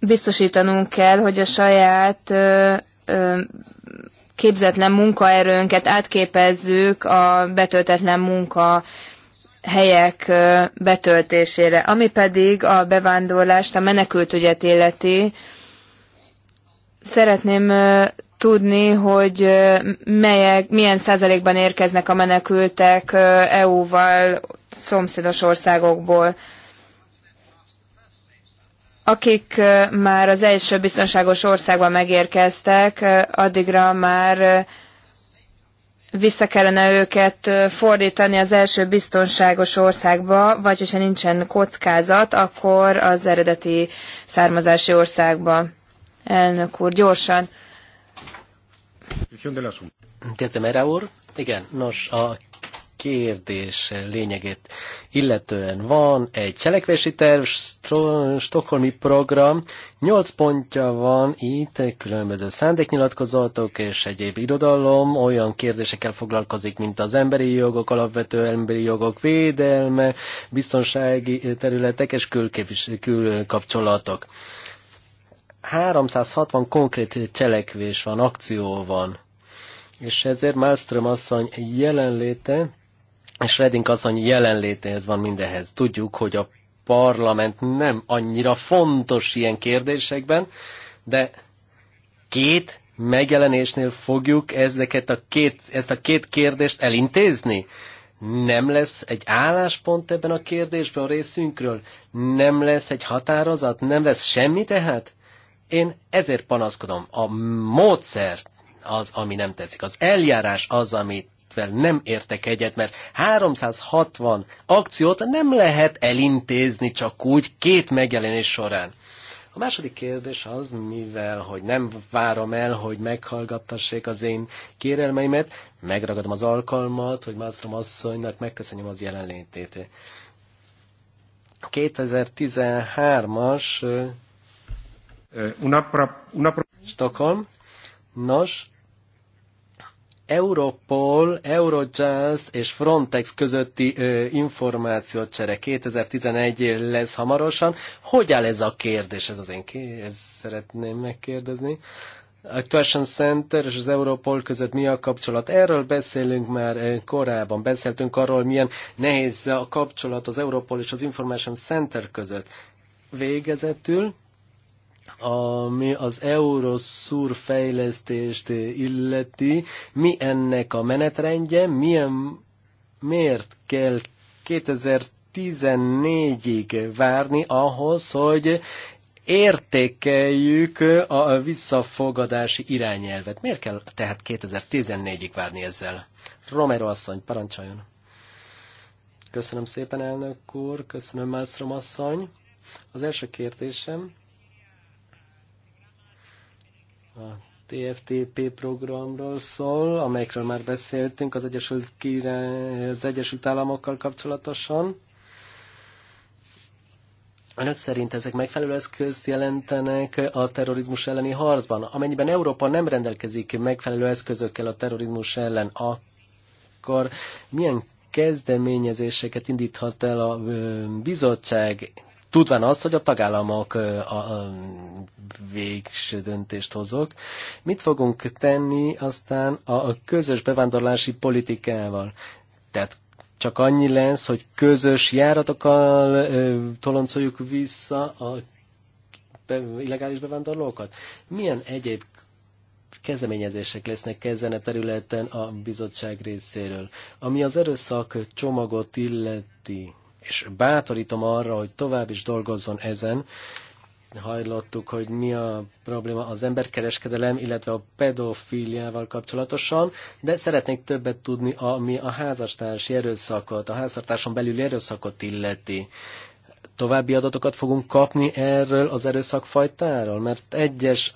Biztosítanunk kell, hogy a saját képzetlen munkaerőnket átképezzük a betöltetlen munka helyek betöltésére. Ami pedig a bevándorlást, a menekültügyet illeti, szeretném tudni, hogy melyek, milyen százalékban érkeznek a menekültek EU-val szomszédos országokból. Akik már az első biztonságos országban megérkeztek, addigra már vissza kellene őket fordítani az első biztonságos országba, vagy hogyha nincsen kockázat, akkor az eredeti származási országba. Elnök úr, gyorsan. Diazemera úr, igen, nos, a kérdés lényegét illetően van egy cselekvési terv, stokholmi program, nyolc pontja van itt, különböző szándéknyilatkozatok és egyéb irodalom, olyan kérdésekkel foglalkozik, mint az emberi jogok, alapvető emberi jogok védelme, biztonsági területek és külkapcsolatok. Kül 360 konkrét cselekvés van, akció van. És ezért Malmström asszony jelenléte, és Redding asszony jelenlétehez van mindehez. Tudjuk, hogy a parlament nem annyira fontos ilyen kérdésekben, de két megjelenésnél fogjuk ezeket a két, ezt a két kérdést elintézni? Nem lesz egy álláspont ebben a kérdésben a részünkről? Nem lesz egy határozat? Nem lesz semmi tehát? Én ezért panaszkodom. A módszer az, ami nem tetszik. Az eljárás az, amit nem értek egyet, mert 360 akciót nem lehet elintézni csak úgy két megjelenés során. A második kérdés az, mivel, hogy nem várom el, hogy meghallgattassék az én kérelmeimet, megragadom az alkalmat, hogy Mászrom asszonynak megköszönjem az jelenlétét. 2013-as Eh, una, pra, una... Stockholm. Nos, Europol, Eurojust és Frontex közötti ö, eh, információcsere 2011 lesz hamarosan. Hogy áll ez a kérdés? Ez az én ké... ez szeretném megkérdezni. Actuation Center és az Europol között mi a kapcsolat? Erről beszélünk már eh, korábban. Beszéltünk arról, milyen nehéz a kapcsolat az Europol és az Information Center között. Végezetül ami az Euroszur fejlesztést illeti, mi ennek a menetrendje, milyen, miért kell 2014-ig várni ahhoz, hogy értékeljük a visszafogadási irányelvet. Miért kell tehát 2014-ig várni ezzel? Romero asszony, parancsoljon! Köszönöm szépen, elnök úr, köszönöm, Mászrom asszony. Az első kérdésem a TFTP programról szól, amelyekről már beszéltünk az Egyesült, Kire, az Egyesült Államokkal kapcsolatosan. Önök szerint ezek megfelelő eszközt jelentenek a terrorizmus elleni harcban? Amennyiben Európa nem rendelkezik megfelelő eszközökkel a terrorizmus ellen, akkor milyen kezdeményezéseket indíthat el a bizottság tudván azt, hogy a tagállamok a, a végső döntést hozok. Mit fogunk tenni aztán a közös bevándorlási politikával? Tehát csak annyi lesz, hogy közös járatokkal toloncoljuk vissza a be, illegális bevándorlókat? Milyen egyéb kezdeményezések lesznek ezen a területen a bizottság részéről? Ami az erőszak csomagot illeti, és bátorítom arra, hogy tovább is dolgozzon ezen. Hajlottuk, hogy mi a probléma az emberkereskedelem, illetve a pedofíliával kapcsolatosan, de szeretnék többet tudni, ami a házastársi erőszakot, a házastársan belüli erőszakot illeti további adatokat fogunk kapni erről az erőszakfajtáról, mert egyes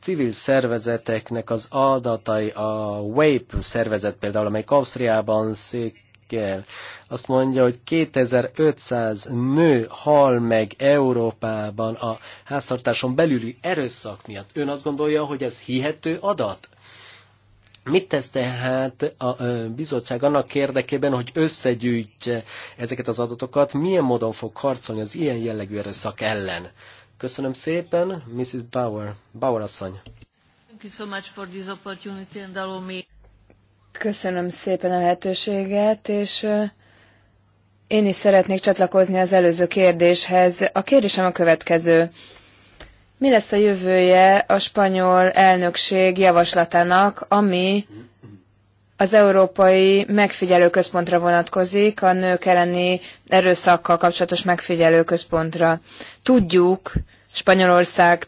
civil szervezeteknek az adatai, a WAPE szervezet például, amelyik Ausztriában szék nőkkel. Azt mondja, hogy 2500 nő hal meg Európában a háztartáson belüli erőszak miatt. Ön azt gondolja, hogy ez hihető adat? Mit tesz tehát a bizottság annak érdekében, hogy összegyűjtse ezeket az adatokat, milyen módon fog harcolni az ilyen jellegű erőszak ellen? Köszönöm szépen, Mrs. Bauer, Bauer asszony. Thank you so much for this opportunity and allow me. Köszönöm szépen a lehetőséget, és én is szeretnék csatlakozni az előző kérdéshez. A kérdésem a következő. Mi lesz a jövője a spanyol elnökség javaslatának, ami az Európai Megfigyelőközpontra vonatkozik, a nők elleni erőszakkal kapcsolatos megfigyelőközpontra. Tudjuk Spanyolország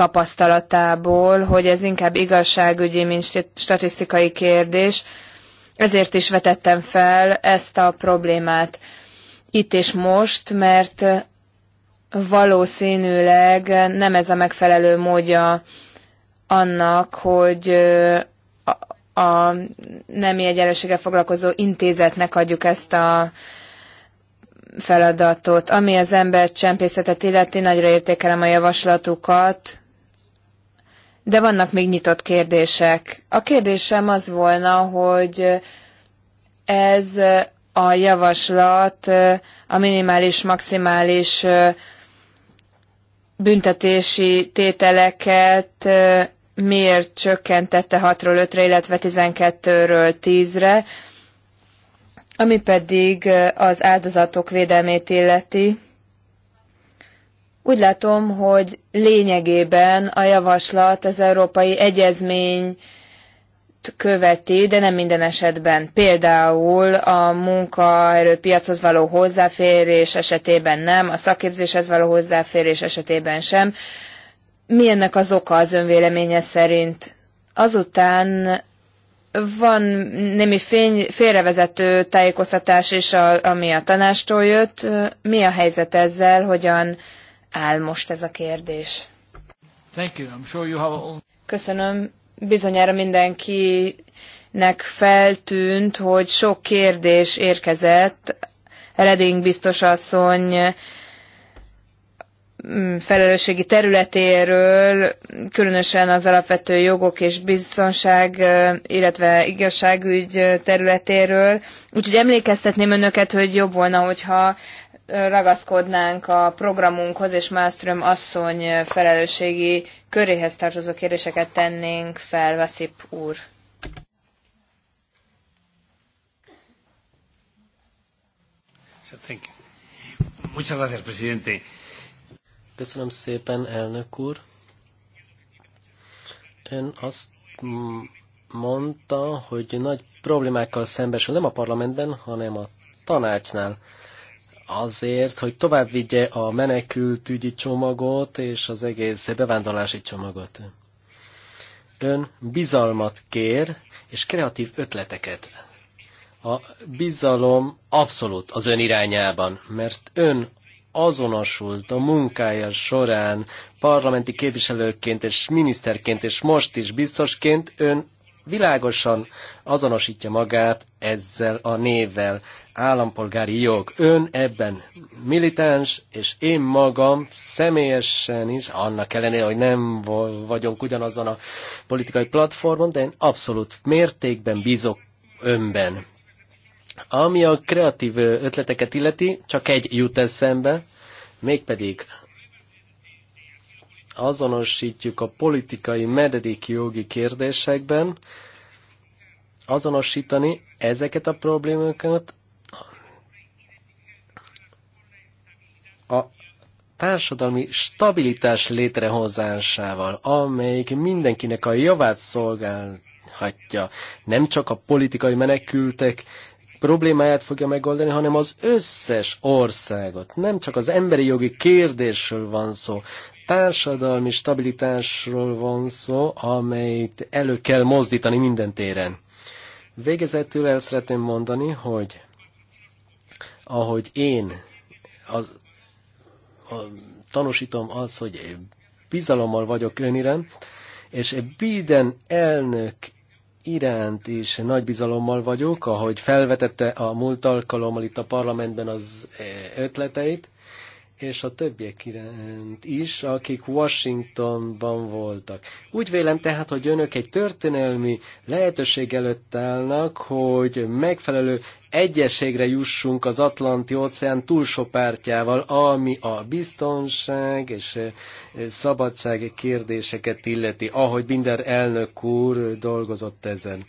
tapasztalatából, hogy ez inkább igazságügyi, mint statisztikai kérdés. Ezért is vetettem fel ezt a problémát itt és most, mert valószínűleg nem ez a megfelelő módja annak, hogy a nemi egyenlőséggel foglalkozó intézetnek adjuk ezt a feladatot. Ami az ember csempészetet illeti, nagyra értékelem a javaslatukat, de vannak még nyitott kérdések. A kérdésem az volna, hogy ez a javaslat a minimális-maximális büntetési tételeket miért csökkentette 6-ról 5-re, illetve 12-ről 10-re, ami pedig az áldozatok védelmét illeti. Úgy látom, hogy lényegében a javaslat az európai egyezmény követi, de nem minden esetben. Például a munkaerőpiachoz való hozzáférés esetében nem, a szakképzéshez való hozzáférés esetében sem. Mi ennek az oka az önvéleménye szerint? Azután van némi fény, félrevezető tájékoztatás is, a, ami a tanástól jött. Mi a helyzet ezzel, hogyan áll most ez a kérdés? Thank you. I'm sure you have Köszönöm. Bizonyára mindenkinek feltűnt, hogy sok kérdés érkezett. Reding biztos asszony mm, felelősségi területéről, különösen az alapvető jogok és biztonság, illetve igazságügy területéről. Úgyhogy emlékeztetném önöket, hogy jobb volna, hogyha ragaszkodnánk a programunkhoz, és Máström asszony felelősségi köréhez tartozó kérdéseket tennénk fel, Vaszip úr. Köszönöm szépen, elnök úr. Ön azt mondta, hogy nagy problémákkal szembesül nem a parlamentben, hanem a tanácsnál azért, hogy tovább vigye a menekültügyi csomagot és az egész bevándorlási csomagot. Ön bizalmat kér, és kreatív ötleteket. A bizalom abszolút az ön irányában, mert ön azonosult a munkája során parlamenti képviselőként és miniszterként, és most is biztosként ön világosan azonosítja magát ezzel a névvel állampolgári jog. Ön ebben militáns, és én magam személyesen is, annak ellenére, hogy nem vagyunk ugyanazon a politikai platformon, de én abszolút mértékben bízok önben. Ami a kreatív ötleteket illeti, csak egy jut eszembe, mégpedig azonosítjuk a politikai mededik jogi kérdésekben, azonosítani ezeket a problémákat társadalmi stabilitás létrehozásával, amelyik mindenkinek a javát szolgálhatja. Nem csak a politikai menekültek problémáját fogja megoldani, hanem az összes országot. Nem csak az emberi jogi kérdésről van szó, társadalmi stabilitásról van szó, amelyet elő kell mozdítani minden téren. Végezetül el szeretném mondani, hogy ahogy én az tanúsítom az, hogy bizalommal vagyok ön iránt, és Biden elnök iránt is nagy bizalommal vagyok, ahogy felvetette a múlt alkalommal itt a parlamentben az ötleteit, és a többiek iránt is, akik Washingtonban voltak. Úgy vélem tehát, hogy önök egy történelmi lehetőség előtt állnak, hogy megfelelő egyességre jussunk az Atlanti óceán túlsó pártjával, ami a biztonság és eh, szabadság kérdéseket illeti, ahogy minden elnök úr dolgozott ezen.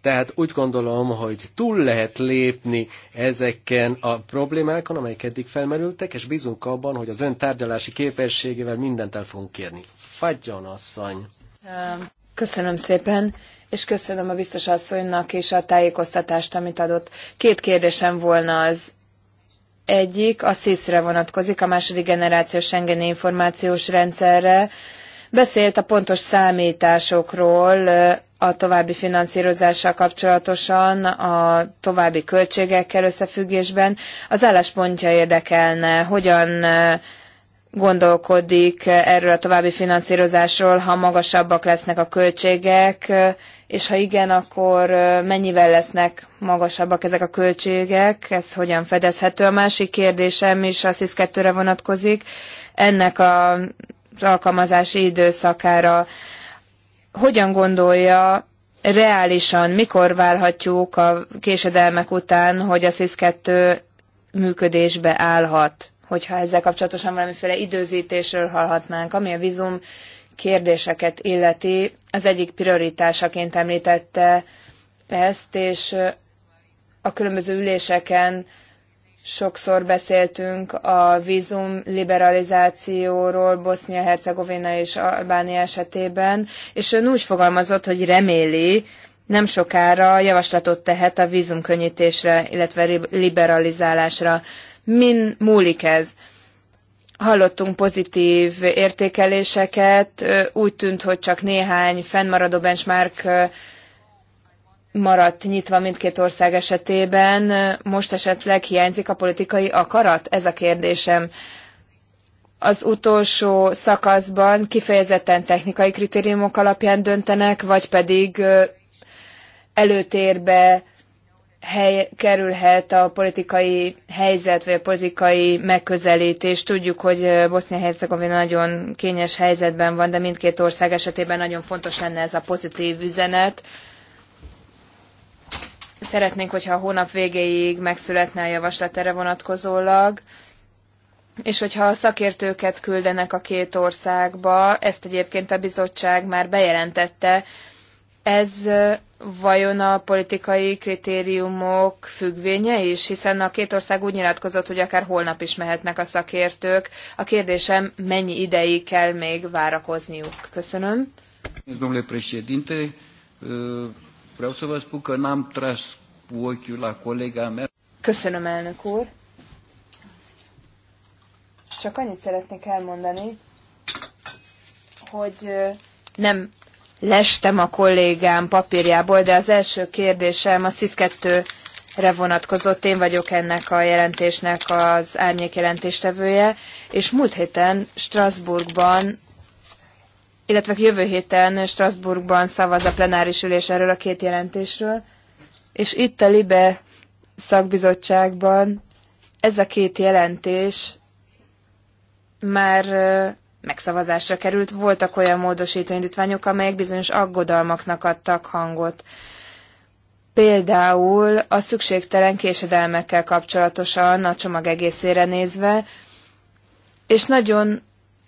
Tehát úgy gondolom, hogy túl lehet lépni ezeken a problémákon, amelyek eddig felmerültek, és bízunk abban, hogy az ön tárgyalási képességével mindent el fogunk kérni. Fagyjon, asszony! Köszönöm szépen, és köszönöm a biztos asszonynak és a tájékoztatást, amit adott. Két kérdésem volna az egyik a SZISZ-re vonatkozik, a második generációs Schengen információs rendszerre, Beszélt a pontos számításokról a további finanszírozással kapcsolatosan, a további költségekkel összefüggésben. Az álláspontja érdekelne, hogyan gondolkodik erről a további finanszírozásról, ha magasabbak lesznek a költségek, és ha igen, akkor mennyivel lesznek magasabbak ezek a költségek, ez hogyan fedezhető. A másik kérdésem is a SZISZ-2-re vonatkozik. Ennek a alkalmazási időszakára. Hogyan gondolja reálisan, mikor várhatjuk a késedelmek után, hogy a SZIS-2 működésbe állhat? Hogyha ezzel kapcsolatosan valamiféle időzítésről hallhatnánk, ami a vízum kérdéseket illeti, az egyik prioritásaként említette ezt, és a különböző üléseken Sokszor beszéltünk a vízum liberalizációról Bosznia-Hercegovina és Albánia esetében, és ön úgy fogalmazott, hogy reméli, nem sokára javaslatot tehet a vízumkönnyítésre, illetve liberalizálásra. Min múlik ez? Hallottunk pozitív értékeléseket, úgy tűnt, hogy csak néhány fennmaradó benchmark maradt nyitva mindkét ország esetében, most esetleg hiányzik a politikai akarat? Ez a kérdésem. Az utolsó szakaszban kifejezetten technikai kritériumok alapján döntenek, vagy pedig előtérbe hely, kerülhet a politikai helyzet, vagy a politikai megközelítés. Tudjuk, hogy Bosznia-Hercegovina nagyon kényes helyzetben van, de mindkét ország esetében nagyon fontos lenne ez a pozitív üzenet Szeretnénk, hogyha a hónap végéig megszületne a javaslat erre vonatkozólag, és hogyha a szakértőket küldenek a két országba, ezt egyébként a bizottság már bejelentette, ez vajon a politikai kritériumok függvénye is, hiszen a két ország úgy nyilatkozott, hogy akár holnap is mehetnek a szakértők. A kérdésem, mennyi ideig kell még várakozniuk? Köszönöm. Domnule Vreau să vă spun că n-am tras ochiul la colega mea. Köszönöm, elnök úr. Csak annyit szeretnék elmondani, hogy nem lestem a kollégám papírjából, de az első kérdésem a SZIS-2-re vonatkozott. Én vagyok ennek a jelentésnek az árnyék jelentéstevője, és múlt héten Strasbourgban illetve jövő héten Strasbourgban szavaz a plenáris ülés erről a két jelentésről, és itt a Libe szakbizottságban ez a két jelentés már megszavazásra került. Voltak olyan módosító indítványok, amelyek bizonyos aggodalmaknak adtak hangot. Például a szükségtelen késedelmekkel kapcsolatosan a csomag egészére nézve, és nagyon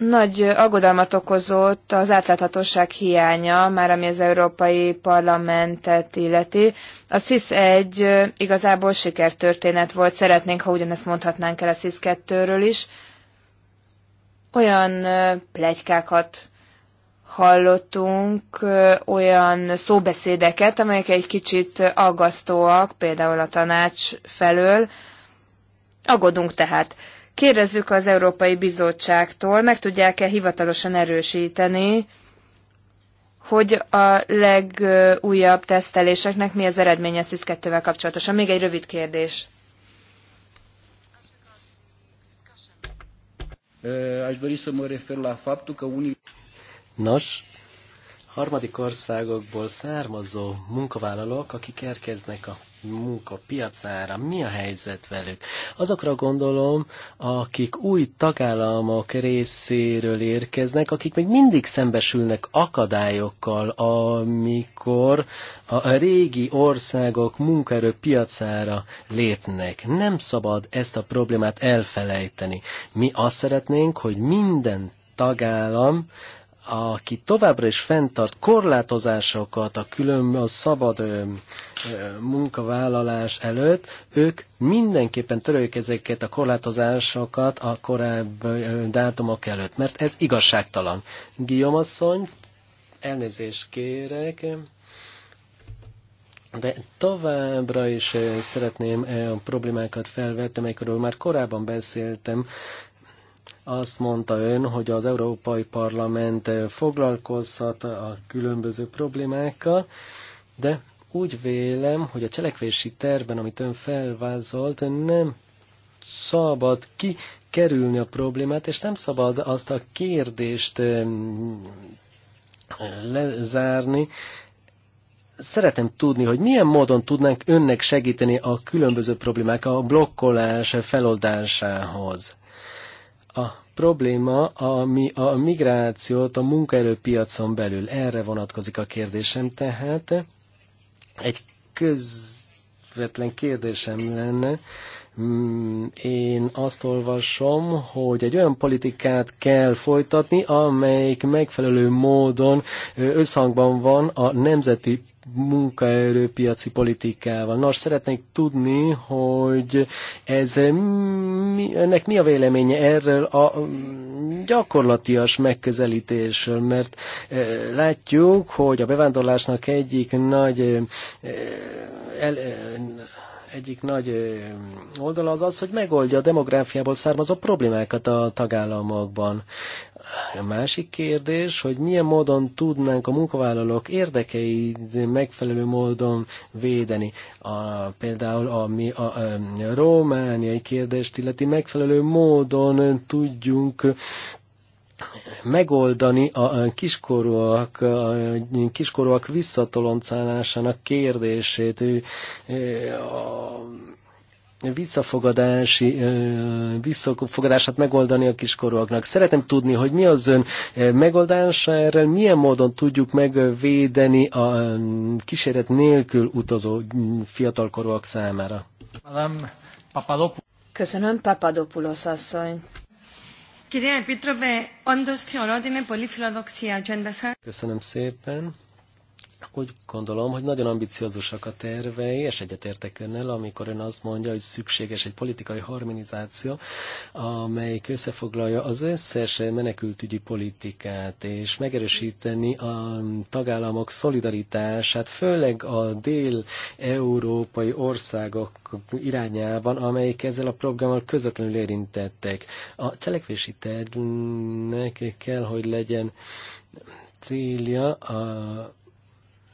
nagy aggodalmat okozott az átláthatóság hiánya, már ami az Európai Parlamentet illeti. A sis 1 igazából sikertörténet volt, szeretnénk, ha ugyanezt mondhatnánk el a sis 2-ről is. Olyan plegykákat hallottunk, olyan szóbeszédeket, amelyek egy kicsit aggasztóak, például a tanács felől. Aggódunk tehát. Kérdezzük az Európai Bizottságtól, meg tudják-e hivatalosan erősíteni, hogy a legújabb teszteléseknek mi az eredménye a vel kapcsolatosan. Még egy rövid kérdés. Eh, Nos, harmadik országokból származó munkavállalók, akik érkeznek a munkapiacára, mi a helyzet velük. Azokra gondolom, akik új tagállamok részéről érkeznek, akik még mindig szembesülnek akadályokkal, amikor a régi országok munkaerő piacára lépnek. Nem szabad ezt a problémát elfelejteni. Mi azt szeretnénk, hogy minden tagállam aki továbbra is fenntart korlátozásokat a külön a szabad ö, munkavállalás előtt, ők mindenképpen törőjük ezeket a korlátozásokat a korábbi dátumok előtt, mert ez igazságtalan. Guillaume asszony, elnézést kérek, de továbbra is szeretném a problémákat felvettem, amelyekről már korábban beszéltem, azt mondta ön, hogy az Európai Parlament foglalkozhat a különböző problémákkal, de úgy vélem, hogy a cselekvési terben, amit ön felvázolt, nem szabad kikerülni a problémát, és nem szabad azt a kérdést lezárni. Szeretem tudni, hogy milyen módon tudnánk önnek segíteni a különböző problémák a blokkolás feloldásához a probléma, ami a migrációt a munkaerőpiacon belül. Erre vonatkozik a kérdésem, tehát egy közvetlen kérdésem lenne. Hmm, én azt olvasom, hogy egy olyan politikát kell folytatni, amelyik megfelelő módon összhangban van a nemzeti munkaerőpiaci politikával. Nos, szeretnék tudni, hogy ez mi, ennek mi a véleménye erről a mm, gyakorlatias megközelítésről, mert e, látjuk, hogy a bevándorlásnak egyik nagy e, e, el, egyik nagy oldala az az, hogy megoldja a demográfiából származó problémákat a tagállamokban. A másik kérdés, hogy milyen módon tudnánk a munkavállalók érdekeit megfelelő módon védeni. A, például ami a, a, a romániai kérdést illeti megfelelő módon tudjunk megoldani a kiskorúak, a kiskorúak visszatoloncálásának kérdését. A visszafogadási, visszafogadását megoldani a kiskorúaknak. Szeretem tudni, hogy mi az ön megoldása erre, milyen módon tudjuk megvédeni a kíséret nélkül utazó mm, fiatalkorúak számára. Köszönöm, Papadopoulos asszony. Köszönöm szépen úgy gondolom, hogy nagyon ambiciózusak a tervei, és egyetértek önnel, amikor ön azt mondja, hogy szükséges egy politikai harmonizáció, amelyik összefoglalja az összes menekültügyi politikát, és megerősíteni a tagállamok szolidaritását, főleg a dél-európai országok irányában, amelyik ezzel a programmal közvetlenül érintettek. A cselekvési tervnek kell, hogy legyen célja a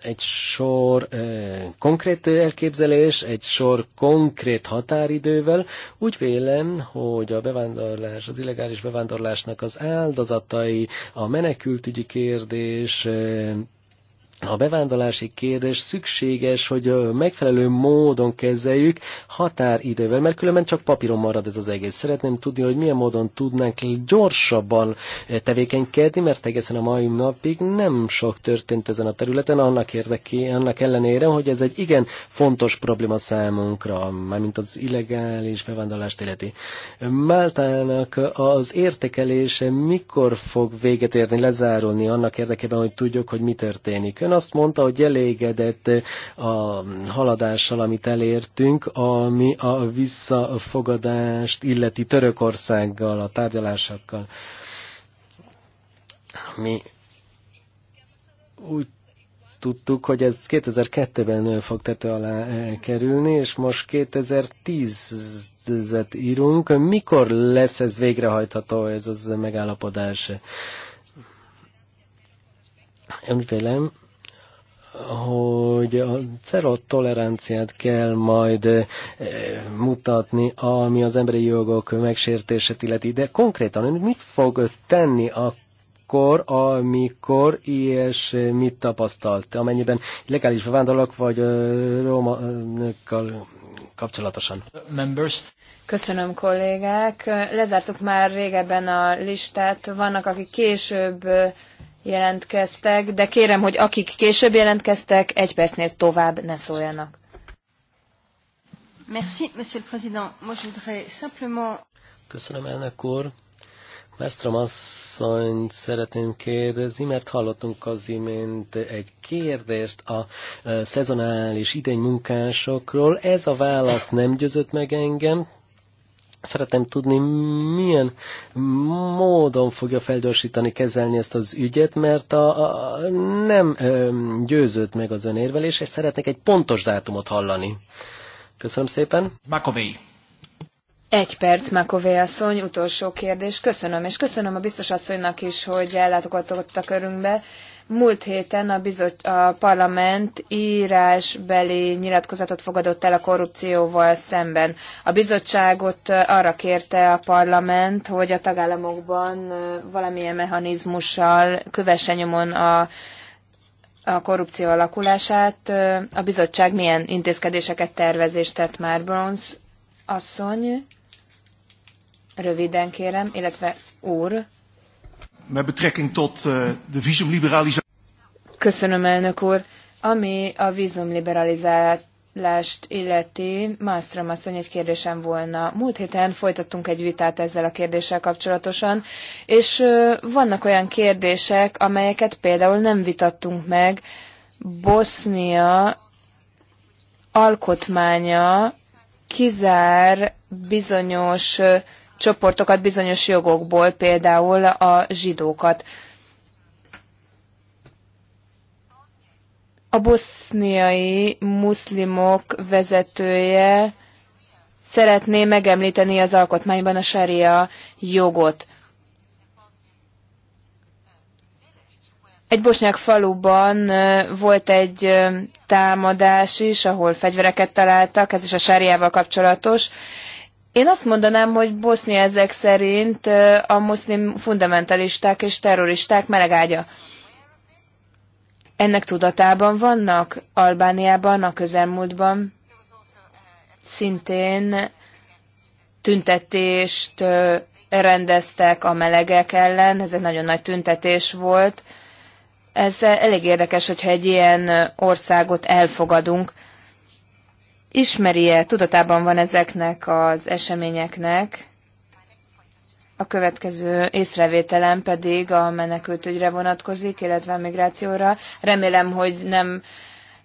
egy sor eh, konkrét elképzelés, egy sor konkrét határidővel. Úgy vélem, hogy a bevándorlás, az illegális bevándorlásnak az áldozatai, a menekültügyi kérdés, eh, a bevándorlási kérdés szükséges, hogy megfelelő módon kezeljük határidővel, mert különben csak papíron marad ez az egész. Szeretném tudni, hogy milyen módon tudnánk gyorsabban tevékenykedni, mert egészen a mai napig nem sok történt ezen a területen, annak érdeké, annak ellenére, hogy ez egy igen fontos probléma számunkra, mármint az illegális bevándorlást illeti. Máltának az értékelése mikor fog véget érni, lezárulni annak érdekében, hogy tudjuk, hogy mi történik Ön azt mondta, hogy elégedett a haladással, amit elértünk, ami a visszafogadást illeti Törökországgal, a tárgyalásokkal. Mi úgy tudtuk, hogy ez 2002-ben fog tető alá kerülni, és most 2010 et írunk. Mikor lesz ez végrehajtható, ez az megállapodás? Én vélem, hogy a cerot toleranciát kell majd eh, mutatni, ami az emberi jogok megsértését illeti, de konkrétan hogy mit fog tenni a akkor, amikor ilyesmit tapasztalt, amennyiben legális bevándorlók vagy eh, rómakkal kapcsolatosan. Members. Köszönöm kollégák. Lezártuk már régebben a listát. Vannak, akik később eh, jelentkeztek, de kérem, hogy akik később jelentkeztek, egy percnél tovább ne szóljanak. Merci, Monsieur le Président. Moi, je voudrais simplement... Köszönöm, elnök úr. Mestrom asszony, szeretném kérdezni, mert hallottunk az imént egy kérdést a szezonális idénymunkásokról. Ez a válasz nem győzött meg engem. Szeretném tudni, milyen módon fogja felgyorsítani, kezelni ezt az ügyet, mert a, a, nem ö, győzött meg az önérvelés, és szeretnék egy pontos dátumot hallani. Köszönöm szépen. Makovei. Egy perc, Makové asszony, utolsó kérdés. Köszönöm, és köszönöm a biztos asszonynak is, hogy ellátogatott a körünkbe, Múlt héten a, bizot, a parlament írásbeli nyilatkozatot fogadott el a korrupcióval szemben. A bizottságot arra kérte a parlament, hogy a tagállamokban valamilyen mechanizmussal kövesse nyomon a a korrupció alakulását. A bizottság milyen intézkedéseket tervezést tett már Bronze? asszony? Röviden kérem, illetve úr met betrekking tot eh, de visumliberalisatie. Köszönöm, elnök úr. Ami a vízumliberalizálást illeti, Malmström asszony egy kérdésem volna. Múlt héten folytattunk egy vitát ezzel a kérdéssel kapcsolatosan, és vannak olyan kérdések, amelyeket például nem vitattunk meg. Bosznia alkotmánya kizár bizonyos csoportokat bizonyos jogokból, például a zsidókat. A boszniai muszlimok vezetője szeretné megemlíteni az alkotmányban a sária jogot. Egy bosnyák faluban volt egy támadás is, ahol fegyvereket találtak, ez is a sáriával kapcsolatos, én azt mondanám, hogy Bosznia ezek szerint a muszlim fundamentalisták és terroristák melegágya. Ennek tudatában vannak Albániában a közelmúltban szintén tüntetést rendeztek a melegek ellen, ez egy nagyon nagy tüntetés volt. Ez elég érdekes, hogyha egy ilyen országot elfogadunk, ismeri-e, tudatában van ezeknek az eseményeknek. A következő észrevételem pedig a menekültügyre vonatkozik, illetve a migrációra. Remélem, hogy nem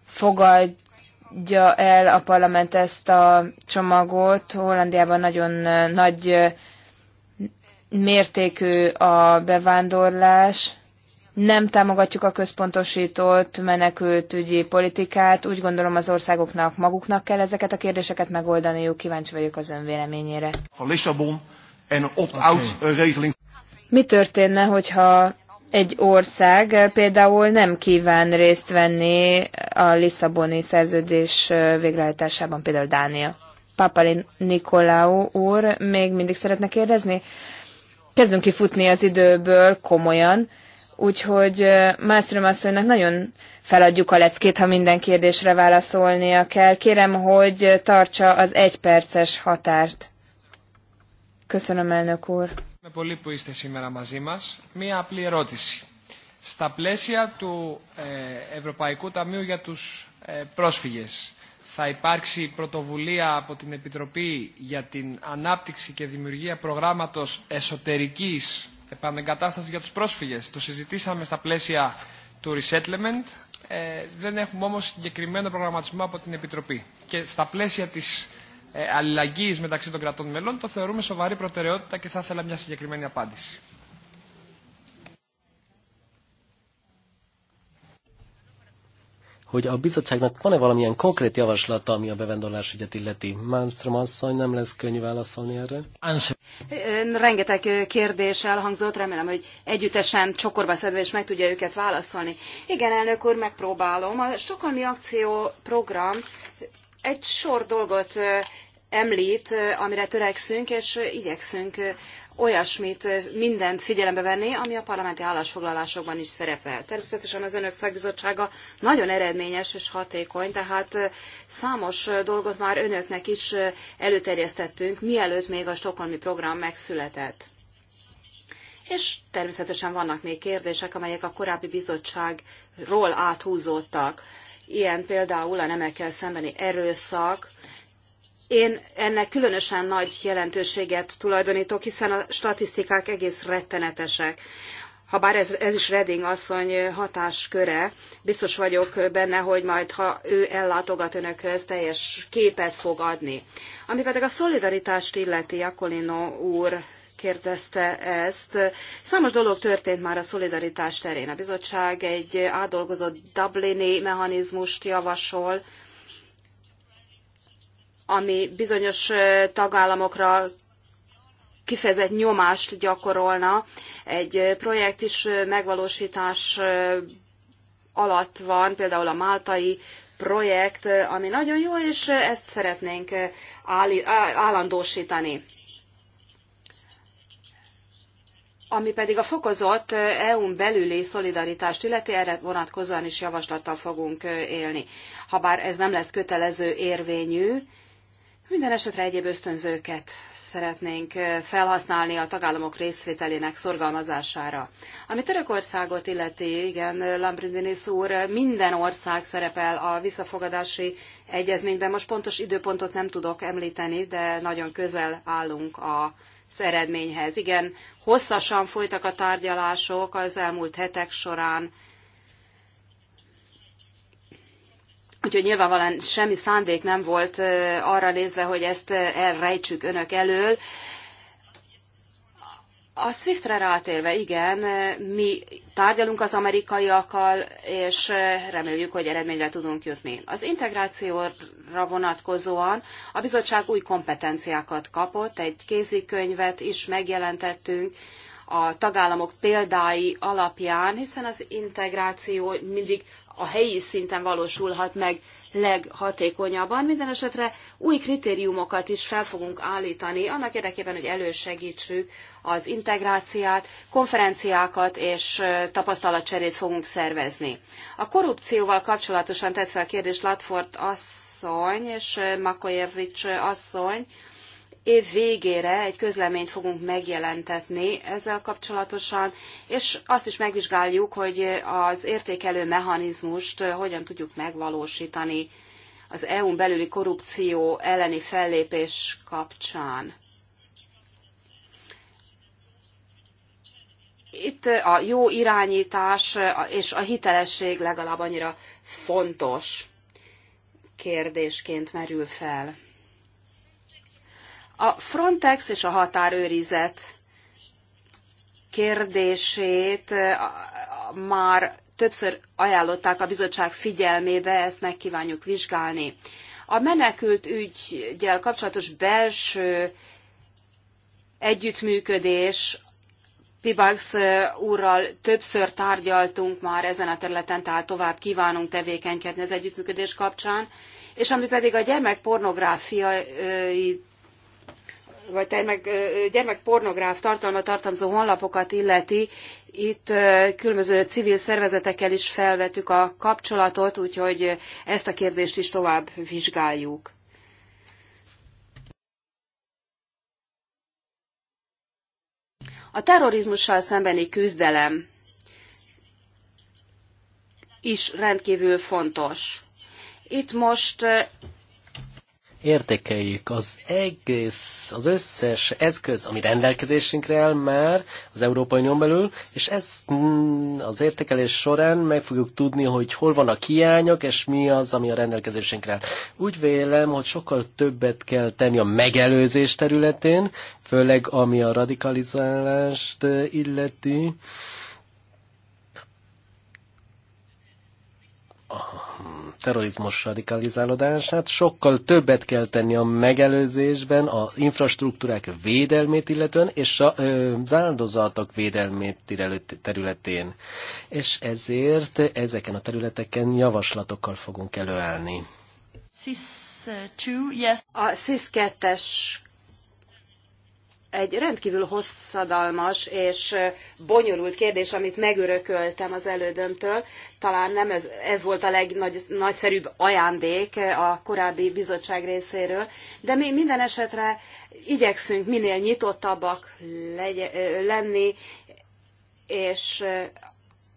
fogadja el a parlament ezt a csomagot. Hollandiában nagyon nagy mértékű a bevándorlás nem támogatjuk a központosított menekültügyi politikát. Úgy gondolom az országoknak maguknak kell ezeket a kérdéseket megoldaniuk. Kíváncsi vagyok az ön véleményére. A Lisszabon en opt-out okay. Mi történne, hogyha egy ország például nem kíván részt venni a Lisszaboni szerződés végrehajtásában, például Dánia? Papali Nikolaou úr még mindig szeretne kérdezni? Kezdünk kifutni az időből komolyan Úgyhogy Mászrom asszonynak nagyon feladjuk a leckét, ha minden kérdésre válaszolnia kell. Kérem, hogy tartsa az egyperces határt. Köszönöm, elnök úr. Πολύ που είστε σήμερα μαζί μας. Μία απλή ερώτηση. Στα πλαίσια του ε, Ευρωπαϊκού Ταμείου για τους ε, πρόσφυγες θα υπάρξει πρωτοβουλία από την Επιτροπή για την ανάπτυξη και δημιουργία προγράμματος εσωτερικής επανεγκατάσταση για τους πρόσφυγες. Το συζητήσαμε στα πλαίσια του resettlement, ε, δεν έχουμε όμως συγκεκριμένο προγραμματισμό από την Επιτροπή. Και στα πλαίσια της ε, αλληλαγγύης μεταξύ των κρατών μελών το θεωρούμε σοβαρή προτεραιότητα και θα ήθελα μια συγκεκριμένη απάντηση. hogy a bizottságnak van-e valamilyen konkrét javaslata, ami a bevendorlás ügyet illeti. Malmström asszony, nem lesz könnyű válaszolni erre? Rengeteg kérdés elhangzott, remélem, hogy együttesen csokorba szedve és meg tudja őket válaszolni. Igen, elnök úr, megpróbálom. A Stokholmi Akció Program egy sor dolgot említ, amire törekszünk, és igyekszünk olyasmit, mindent figyelembe venni, ami a parlamenti állásfoglalásokban is szerepel. Természetesen az önök szakbizottsága nagyon eredményes és hatékony, tehát számos dolgot már önöknek is előterjesztettünk, mielőtt még a stokholmi program megszületett. És természetesen vannak még kérdések, amelyek a korábbi bizottságról áthúzódtak. Ilyen például a nemekkel szembeni erőszak, én ennek különösen nagy jelentőséget tulajdonítok, hiszen a statisztikák egész rettenetesek. Habár ez, ez is Reding asszony hatásköre, biztos vagyok benne, hogy majd, ha ő ellátogat önökhöz, teljes képet fog adni. Ami pedig a szolidaritást illeti, Jakolino úr kérdezte ezt. Számos dolog történt már a szolidaritás terén. A bizottság egy átdolgozott Dublini mechanizmust javasol, ami bizonyos tagállamokra kifejezett nyomást gyakorolna. Egy projekt is megvalósítás alatt van, például a máltai projekt, ami nagyon jó, és ezt szeretnénk állandósítani. Ami pedig a fokozott EU-n belüli szolidaritást illeti, erre vonatkozóan is javaslattal fogunk élni. Habár ez nem lesz kötelező érvényű, minden esetre egyéb ösztönzőket szeretnénk felhasználni a tagállamok részvételének szorgalmazására. Ami Törökországot illeti, igen, Lambrindinis úr, minden ország szerepel a visszafogadási egyezményben. Most pontos időpontot nem tudok említeni, de nagyon közel állunk a eredményhez. Igen, hosszasan folytak a tárgyalások az elmúlt hetek során, Úgyhogy nyilvánvalóan semmi szándék nem volt arra nézve, hogy ezt elrejtsük önök elől. A Swiftre rátérve, igen, mi tárgyalunk az amerikaiakkal, és reméljük, hogy eredményre tudunk jutni. Az integrációra vonatkozóan a bizottság új kompetenciákat kapott, egy kézikönyvet is megjelentettünk a tagállamok példái alapján, hiszen az integráció mindig a helyi szinten valósulhat meg leghatékonyabban. Minden esetre új kritériumokat is fel fogunk állítani, annak érdekében, hogy elősegítsük az integráciát, konferenciákat és tapasztalatcserét fogunk szervezni. A korrupcióval kapcsolatosan tett fel kérdést Latford asszony és Makojevics asszony, év végére egy közleményt fogunk megjelentetni ezzel kapcsolatosan, és azt is megvizsgáljuk, hogy az értékelő mechanizmust hogyan tudjuk megvalósítani az EU-n belüli korrupció elleni fellépés kapcsán. Itt a jó irányítás és a hitelesség legalább annyira fontos kérdésként merül fel. A Frontex és a határőrizet kérdését már többször ajánlották a bizottság figyelmébe, ezt meg kívánjuk vizsgálni. A menekült ügygyel kapcsolatos belső együttműködés Pibax úrral többször tárgyaltunk már ezen a területen, tehát tovább kívánunk tevékenykedni az együttműködés kapcsán, és ami pedig a gyermekpornográfiai vagy termek, gyermekpornográf tartalma tartalmazó honlapokat illeti, itt különböző civil szervezetekkel is felvettük a kapcsolatot, úgyhogy ezt a kérdést is tovább vizsgáljuk. A terrorizmussal szembeni küzdelem is rendkívül fontos. Itt most értékeljük az egész, az összes eszköz, ami rendelkezésünkre áll már az Európai Unión belül, és ezt az értékelés során meg fogjuk tudni, hogy hol van a hiányok, és mi az, ami a rendelkezésünkre áll. Úgy vélem, hogy sokkal többet kell tenni a megelőzés területén, főleg ami a radikalizálást eh, illeti, terrorizmus radikalizálódását. Sokkal többet kell tenni a megelőzésben, a infrastruktúrák védelmét illetően, és a, ö, az áldozatok védelmét területén. És ezért ezeken a területeken javaslatokkal fogunk előállni. SIS-2, yes. A SIS-2-es egy rendkívül hosszadalmas és bonyolult kérdés, amit megörököltem az elődömtől. Talán nem ez, ez volt a legnagyszerűbb ajándék a korábbi bizottság részéről, de mi minden esetre igyekszünk minél nyitottabbak lenni, és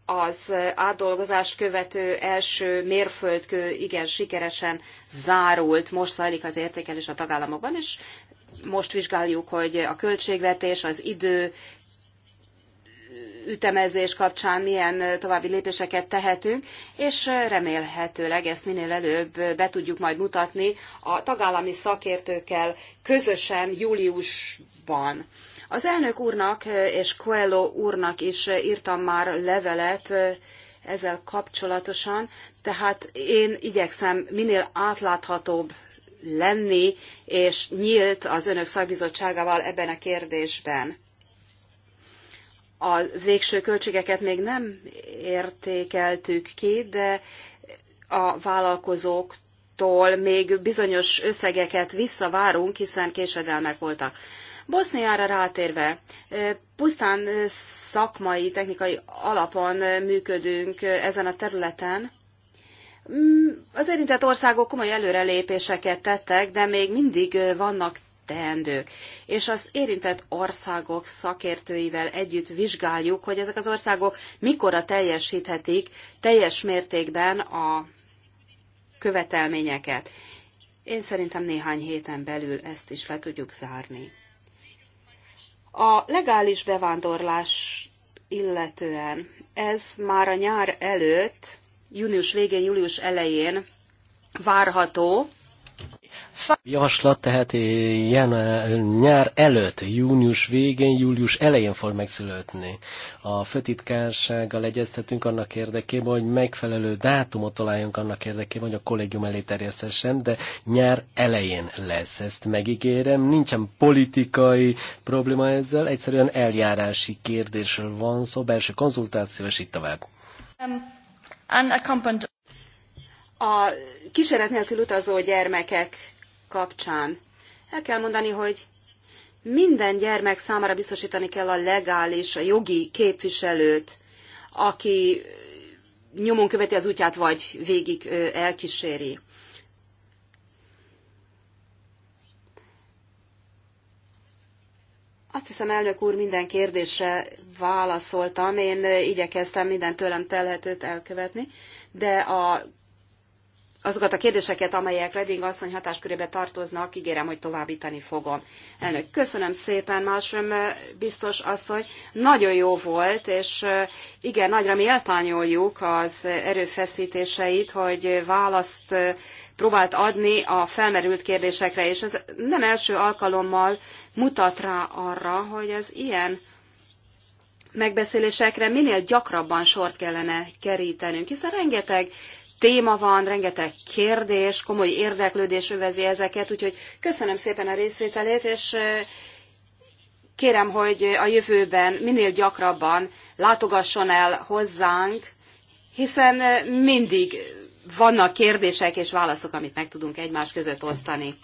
az átdolgozást követő első mérföldkő igen sikeresen zárult, most zajlik az értékelés a tagállamokban, és most vizsgáljuk, hogy a költségvetés, az idő, ütemezés kapcsán milyen további lépéseket tehetünk, és remélhetőleg ezt minél előbb be tudjuk majd mutatni a tagállami szakértőkkel közösen júliusban. Az elnök úrnak és Coelho úrnak is írtam már levelet ezzel kapcsolatosan, tehát én igyekszem minél átláthatóbb lenni, és nyílt az önök szakbizottságával ebben a kérdésben. A végső költségeket még nem értékeltük ki, de a vállalkozóktól még bizonyos összegeket visszavárunk, hiszen késedelmek voltak. Boszniára rátérve, pusztán szakmai, technikai alapon működünk ezen a területen, Mm, az érintett országok komoly előrelépéseket tettek, de még mindig vannak teendők. És az érintett országok szakértőivel együtt vizsgáljuk, hogy ezek az országok a teljesíthetik teljes mértékben a követelményeket. Én szerintem néhány héten belül ezt is le tudjuk zárni. A legális bevándorlás illetően ez már a nyár előtt június végén, július elején várható. Javaslat tehát január, nyár előtt, június végén, július elején fog megszületni. A főtitkársággal egyeztetünk annak érdekében, hogy megfelelő dátumot találjunk annak érdekében, hogy a kollégium elé terjesztessem, de nyár elején lesz, ezt megígérem. Nincsen politikai probléma ezzel, egyszerűen eljárási kérdésről van szó, belső konzultáció, és így tovább unaccompanied... A kísérlet nélkül utazó gyermekek kapcsán el kell mondani, hogy minden gyermek számára biztosítani kell a legális, a jogi képviselőt, aki nyomon követi az útját, vagy végig elkíséri. Azt hiszem, elnök úr, minden kérdésre válaszoltam. Én igyekeztem minden tőlem telhetőt elkövetni, de a azokat a kérdéseket, amelyek Reding asszony hatáskörébe tartoznak, ígérem, hogy továbbítani fogom. Elnök, köszönöm szépen, Malmström biztos asszony. Nagyon jó volt, és eh, igen, nagyra méltányoljuk az erőfeszítéseit, hogy választ eh, próbált adni a felmerült kérdésekre, és ez nem első alkalommal mutat rá arra, hogy az ilyen megbeszélésekre minél gyakrabban sort kellene kerítenünk, hiszen rengeteg téma van, rengeteg kérdés, komoly érdeklődés övezi ezeket, úgyhogy köszönöm szépen a részvételét, és kérem, hogy a jövőben minél gyakrabban látogasson el hozzánk, hiszen mindig vannak kérdések és válaszok, amit meg tudunk egymás között osztani.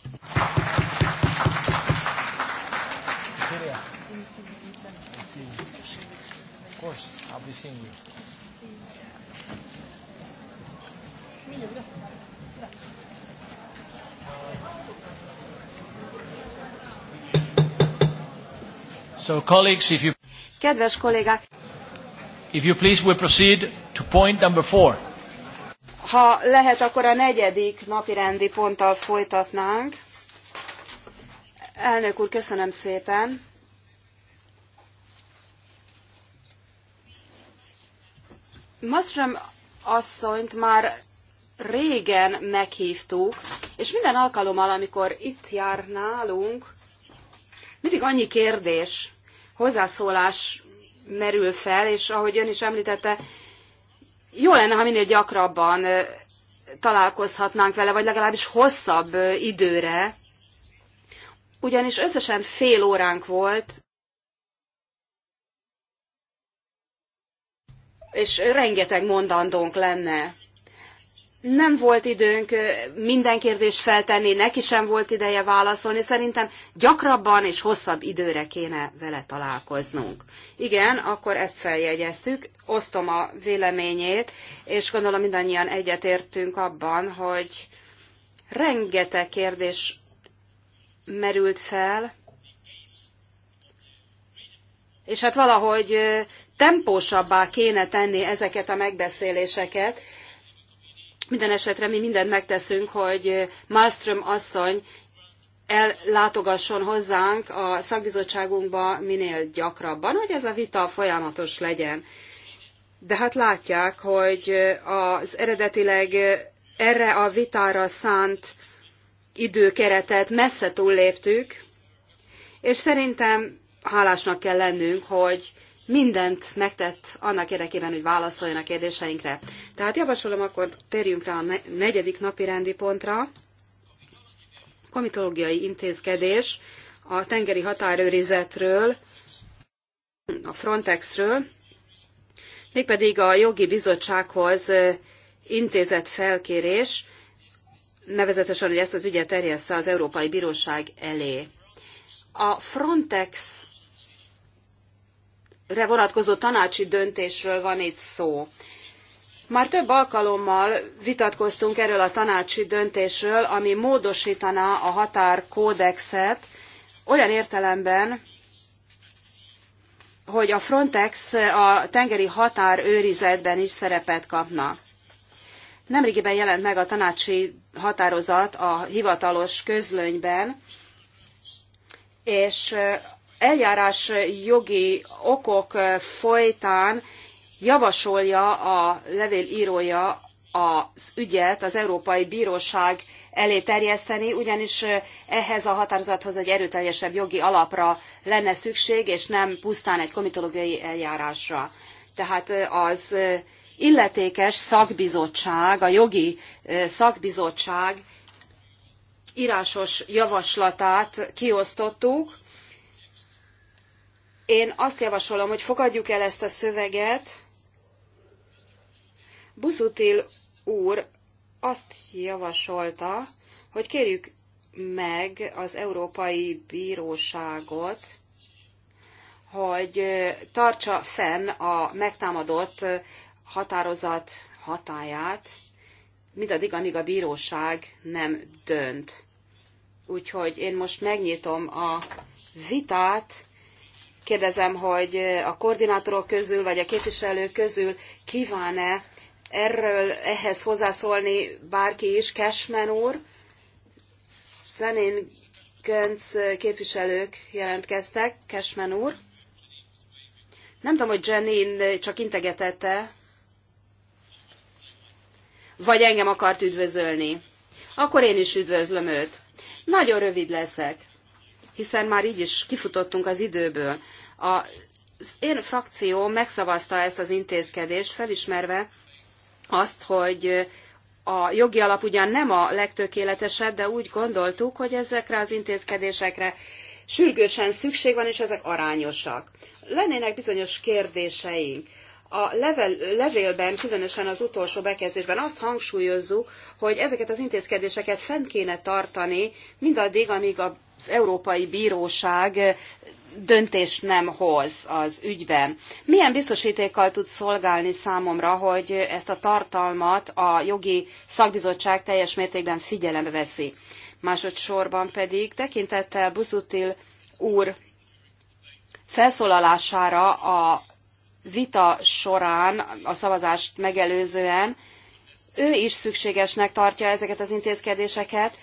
Of course, I'll be seeing you. So colleagues, if you... Kedves kollégák! If you please, we proceed to point number four. Ha lehet, akkor a negyedik napirendi ponttal folytatnánk. Elnök úr, köszönöm szépen. Mastrom asszonyt már régen meghívtuk, és minden alkalommal, amikor itt jár nálunk, mindig annyi kérdés, hozzászólás merül fel, és ahogy ön is említette, jó lenne, ha minél gyakrabban találkozhatnánk vele, vagy legalábbis hosszabb időre, ugyanis összesen fél óránk volt, és rengeteg mondandónk lenne nem volt időnk minden kérdést feltenni, neki sem volt ideje válaszolni. Szerintem gyakrabban és hosszabb időre kéne vele találkoznunk. Igen, akkor ezt feljegyeztük, osztom a véleményét, és gondolom mindannyian egyetértünk abban, hogy rengeteg kérdés merült fel, és hát valahogy tempósabbá kéne tenni ezeket a megbeszéléseket, minden esetre mi mindent megteszünk, hogy Malmström asszony ellátogasson hozzánk a szakbizottságunkba minél gyakrabban, hogy ez a vita folyamatos legyen. De hát látják, hogy az eredetileg erre a vitára szánt időkeretet messze túlléptük, és szerintem hálásnak kell lennünk, hogy mindent megtett annak érdekében, hogy válaszoljon a kérdéseinkre. Tehát javasolom, akkor térjünk rá a negyedik napi rendi pontra. Komitológiai intézkedés a tengeri határőrizetről, a Frontexről, mégpedig a jogi bizottsághoz intézett felkérés, nevezetesen, hogy ezt az ügyet terjessze az Európai Bíróság elé. A Frontex vonatkozó tanácsi döntésről van itt szó. Már több alkalommal vitatkoztunk erről a tanácsi döntésről, ami módosítaná a határkódexet olyan értelemben, hogy a Frontex a tengeri határőrizetben is szerepet kapna. Nemrégiben jelent meg a tanácsi határozat a hivatalos közlönyben, és eljárás jogi okok folytán javasolja a levél írója az ügyet az Európai Bíróság elé terjeszteni, ugyanis ehhez a határozathoz egy erőteljesebb jogi alapra lenne szükség, és nem pusztán egy komitológiai eljárásra. Tehát az illetékes szakbizottság, a jogi szakbizottság írásos javaslatát kiosztottuk, én azt javasolom, hogy fogadjuk el ezt a szöveget. Buzutil úr azt javasolta, hogy kérjük meg az Európai Bíróságot, hogy tartsa fenn a megtámadott határozat hatáját, mindaddig, amíg a bíróság nem dönt. Úgyhogy én most megnyitom a vitát, Kérdezem, hogy a koordinátorok közül, vagy a képviselők közül kíván-e erről ehhez hozzászólni bárki is, Cashman úr, Szenén Gönc képviselők jelentkeztek, Cashman úr. Nem tudom, hogy Jenin csak integetette, vagy engem akart üdvözölni. Akkor én is üdvözlöm őt. Nagyon rövid leszek hiszen már így is kifutottunk az időből. A az én frakció megszavazta ezt az intézkedést, felismerve azt, hogy a jogi alap ugyan nem a legtökéletesebb, de úgy gondoltuk, hogy ezekre az intézkedésekre sürgősen szükség van, és ezek arányosak. Lennének bizonyos kérdéseink. A level, levélben, különösen az utolsó bekezdésben azt hangsúlyozzuk, hogy ezeket az intézkedéseket fent kéne tartani mindaddig, amíg a az Európai Bíróság döntést nem hoz az ügyben. Milyen biztosítékkal tud szolgálni számomra, hogy ezt a tartalmat a jogi szakbizottság teljes mértékben figyelembe veszi? Másodszorban pedig tekintettel Buzutil úr felszólalására a vita során, a szavazást megelőzően, ő is szükségesnek tartja ezeket az intézkedéseket,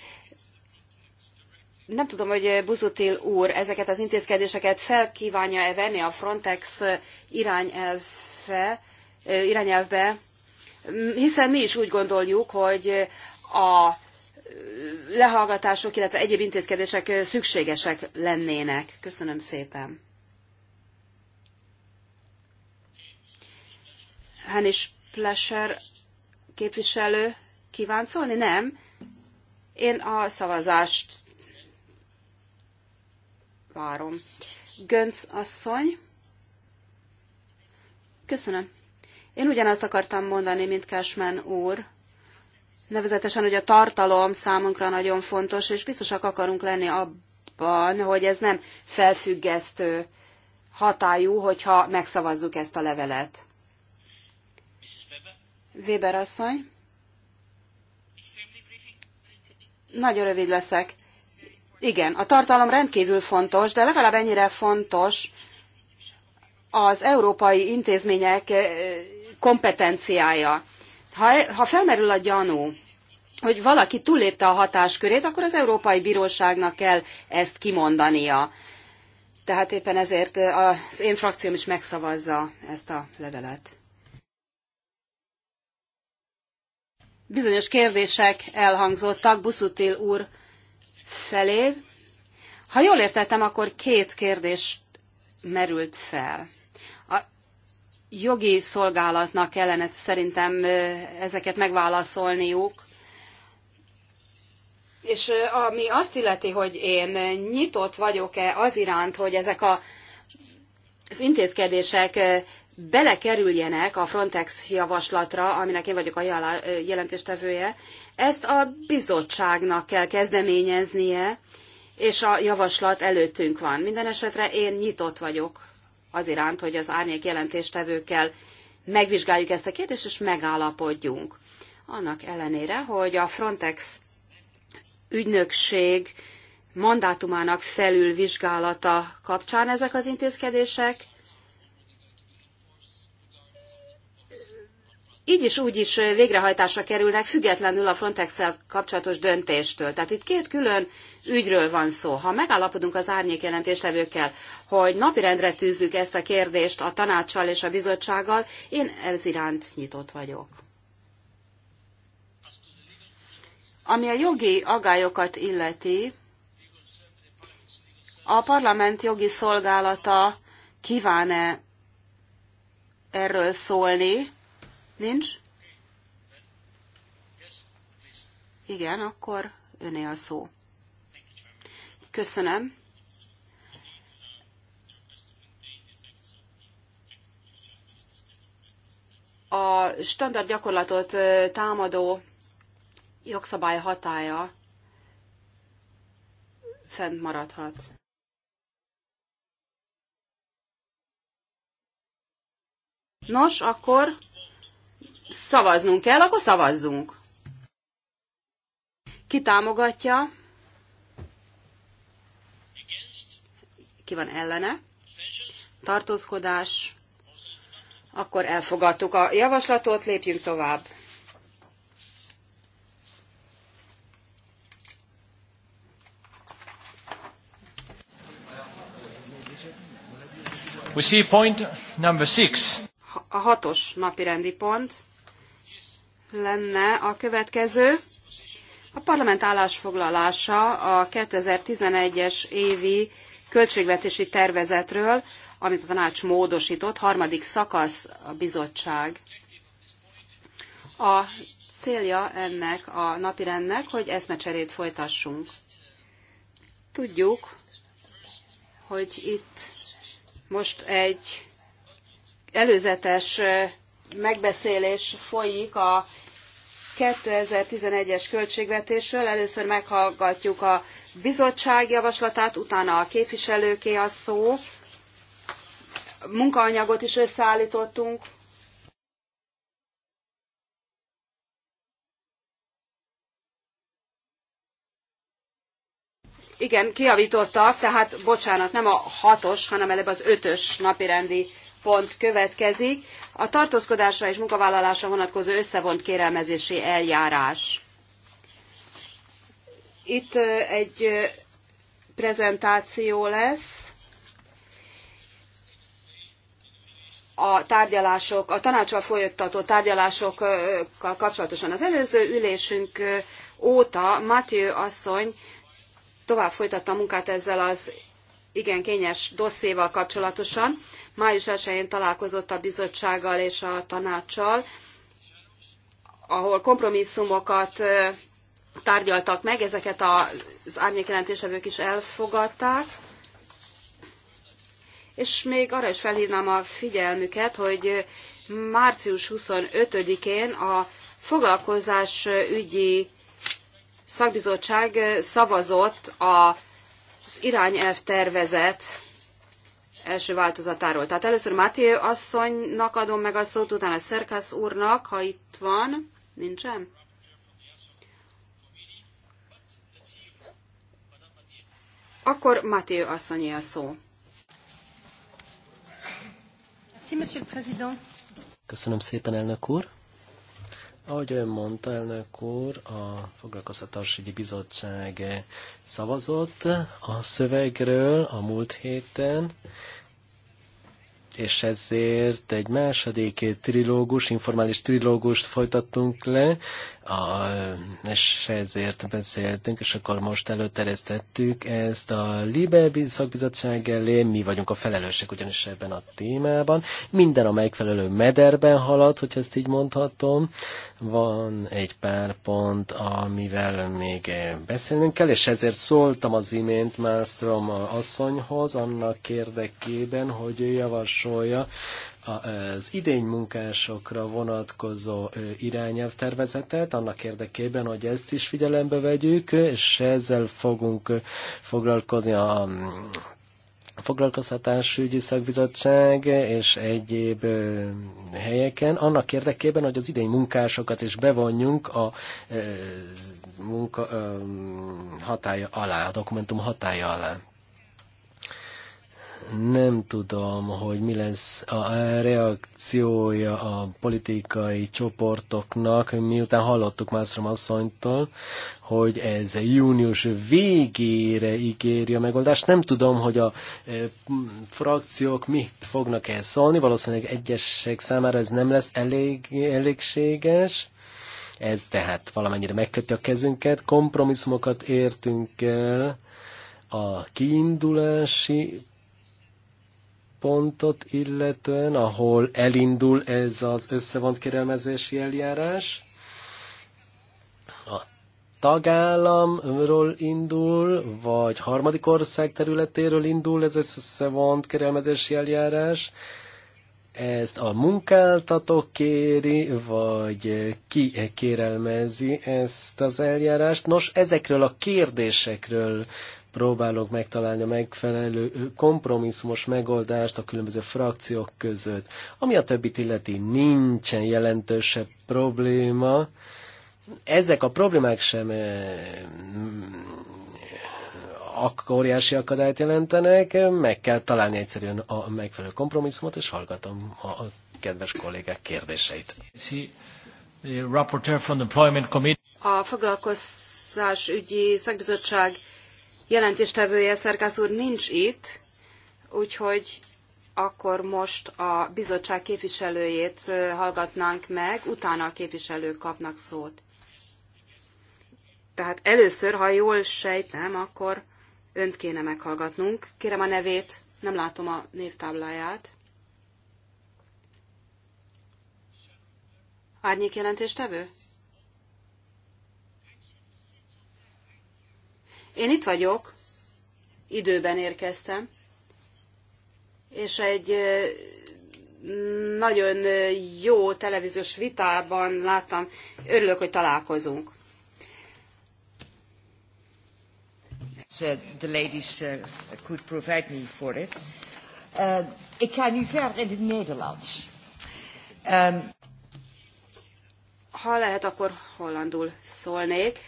nem tudom, hogy eh, Buzutil úr ezeket az intézkedéseket felkívánja-e venni a Frontex eh, irányelve, eh, irányelvbe, mm, hiszen mi is úgy gondoljuk, hogy a lehallgatások, illetve egyéb intézkedések szükségesek lennének. Köszönöm szépen. Hanis Pleser képviselő kíván szólni? Nem. Én a szavazást várom. Gönc asszony. Köszönöm. Én ugyanazt akartam mondani, mint Cashman úr. Nevezetesen, hogy a tartalom számunkra nagyon fontos, és biztosak akarunk lenni abban, hogy ez nem felfüggesztő hatályú, hogyha megszavazzuk ezt a levelet. Weber asszony. Nagyon rövid leszek. Igen, a tartalom rendkívül fontos, de legalább ennyire fontos az európai intézmények eh, kompetenciája. Ha, e, ha felmerül a gyanú, hogy valaki túllépte a hatáskörét, akkor az Európai Bíróságnak kell ezt kimondania. Tehát éppen ezért eh, az én frakcióm is megszavazza ezt a levelet. Bizonyos kérdések elhangzottak, Buszutil úr felé. Ha jól értettem, akkor két kérdés merült fel. A jogi szolgálatnak kellene szerintem ezeket megválaszolniuk, és ami azt illeti, hogy én nyitott vagyok-e az iránt, hogy ezek a, az intézkedések belekerüljenek a Frontex javaslatra, aminek én vagyok a jelentéstevője, ezt a bizottságnak kell kezdeményeznie, és a javaslat előttünk van. Minden esetre én nyitott vagyok az iránt, hogy az árnyék jelentéstevőkkel megvizsgáljuk ezt a kérdést, és megállapodjunk. Annak ellenére, hogy a Frontex ügynökség mandátumának felülvizsgálata kapcsán ezek az intézkedések így is úgy is végrehajtásra kerülnek, függetlenül a frontex kapcsolatos döntéstől. Tehát itt két külön ügyről van szó. Ha megállapodunk az árnyék jelentéstevőkkel, hogy napirendre tűzzük ezt a kérdést a tanácssal és a bizottsággal, én ez iránt nyitott vagyok. Ami a jogi agályokat illeti, a parlament jogi szolgálata kíván-e erről szólni, Nincs? Igen, akkor öné a szó. Köszönöm. A standard gyakorlatot támadó jogszabály hatája fent maradhat. Nos, akkor szavaznunk kell, akkor szavazzunk. Ki támogatja? Ki van ellene? Tartózkodás. Akkor elfogadtuk a javaslatot, lépjünk tovább. We see point number six. A hatos napi rendi pont lenne a következő. A parlament állásfoglalása a 2011-es évi költségvetési tervezetről, amit a tanács módosított, harmadik szakasz a bizottság. A célja ennek a napirendnek, hogy eszmecserét folytassunk. Tudjuk, hogy itt most egy előzetes megbeszélés folyik a 2011-es költségvetésről. Először meghallgatjuk a bizottság javaslatát, utána a képviselőké a szó. Munkaanyagot is összeállítottunk. Igen, kiavítottak, tehát bocsánat, nem a hatos, hanem előbb az ötös napirendi pont következik, a tartózkodásra és munkavállalásra vonatkozó összevont kérelmezési eljárás. Itt egy prezentáció lesz a tárgyalások, a tanácsal folytatott tárgyalásokkal kapcsolatosan. Az előző ülésünk óta Mathieu asszony tovább folytatta a munkát ezzel az igen kényes dosszéval kapcsolatosan. Május 1-én találkozott a bizottsággal és a tanácssal, ahol kompromisszumokat tárgyaltak meg, ezeket az árnyékjelentésevők is elfogadták. És még arra is felhívnám a figyelmüket, hogy március 25-én a foglalkozás ügyi szakbizottság szavazott a az irányelv tervezet első változatáról. Tehát először Máté asszonynak adom meg a szót, utána Szerkász úrnak, ha itt van. Nincsen? Akkor Máté asszonyi a szó. Köszönöm szépen, elnök úr. Ahogy ön mondta, elnök úr, a Foglalkoztatási Bizottság szavazott a szövegről a múlt héten, és ezért egy második trilógus, informális trilógust folytattunk le, a, és ezért beszéltünk, és akkor most előteresztettük ezt a Libe szakbizottság elé, mi vagyunk a felelősek ugyanis ebben a témában. Minden a megfelelő mederben halad, hogy ezt így mondhatom. Van egy pár pont, amivel még beszélnünk kell, és ezért szóltam az imént Malmström asszonyhoz annak érdekében, hogy ő javasolja, az idény munkásokra vonatkozó irányelvtervezetet, annak érdekében, hogy ezt is figyelembe vegyük, és ezzel fogunk foglalkozni a mm, foglalkoztatásügyi szakbizottság és egyéb helyeken, annak érdekében, hogy az idény munkásokat is bevonjunk a munka hatája alá, a dokumentum hatája alá nem tudom, hogy mi lesz a reakciója a politikai csoportoknak, miután hallottuk Mászrom asszonytól, hogy ez június végére ígéri a megoldást. Nem tudom, hogy a e, frakciók mit fognak el szólni, valószínűleg egyesek számára ez nem lesz elég, elégséges ez tehát valamennyire megköti a kezünket, kompromisszumokat értünk el a kiindulási pontot illetően, ahol elindul ez az összevont kérelmezési eljárás. A tagállamról indul, vagy harmadik ország területéről indul ez az összevont kérelmezési eljárás. Ezt a munkáltató kéri, vagy ki kérelmezi ezt az eljárást. Nos, ezekről a kérdésekről próbálok megtalálni a megfelelő kompromisszumos megoldást a különböző frakciók között. Ami a többit illeti, nincsen jelentősebb probléma. Ezek a problémák sem mm, óriási akadályt jelentenek, meg kell találni egyszerűen a megfelelő kompromisszumot, és hallgatom a kedves kollégák kérdéseit. A foglalkozás ügyi szakbizottság jelentéstevője Szerkász úr nincs itt, úgyhogy akkor most a bizottság képviselőjét hallgatnánk meg, utána a képviselők kapnak szót. Tehát először, ha jól sejtem, akkor önt kéne meghallgatnunk. Kérem a nevét, nem látom a névtábláját. Árnyék jelentéstevő? Én itt vagyok, időben érkeztem, és egy nagyon jó televíziós vitában láttam, örülök, hogy találkozunk. The ladies uh, could provide me for it. Uh, ik ga nu verder in het Nederlands. Um, ha lehet, akkor hollandul szólnék.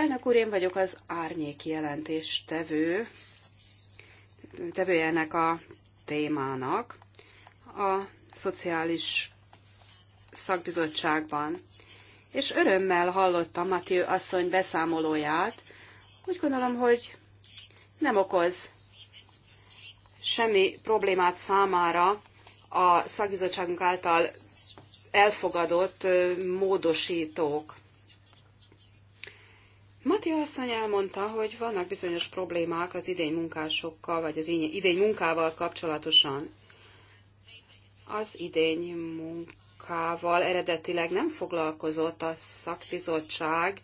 Elnök úr, én vagyok az árnyék jelentés tevő, tevője ennek a témának a Szociális Szakbizottságban. És örömmel hallottam Matthew asszony beszámolóját. Úgy gondolom, hogy nem okoz semmi problémát számára a szakbizottságunk által elfogadott módosítók. Mati asszony elmondta, hogy vannak bizonyos problémák az idény munkásokkal, vagy az idény munkával kapcsolatosan. Az idény munkával eredetileg nem foglalkozott a szakbizottság,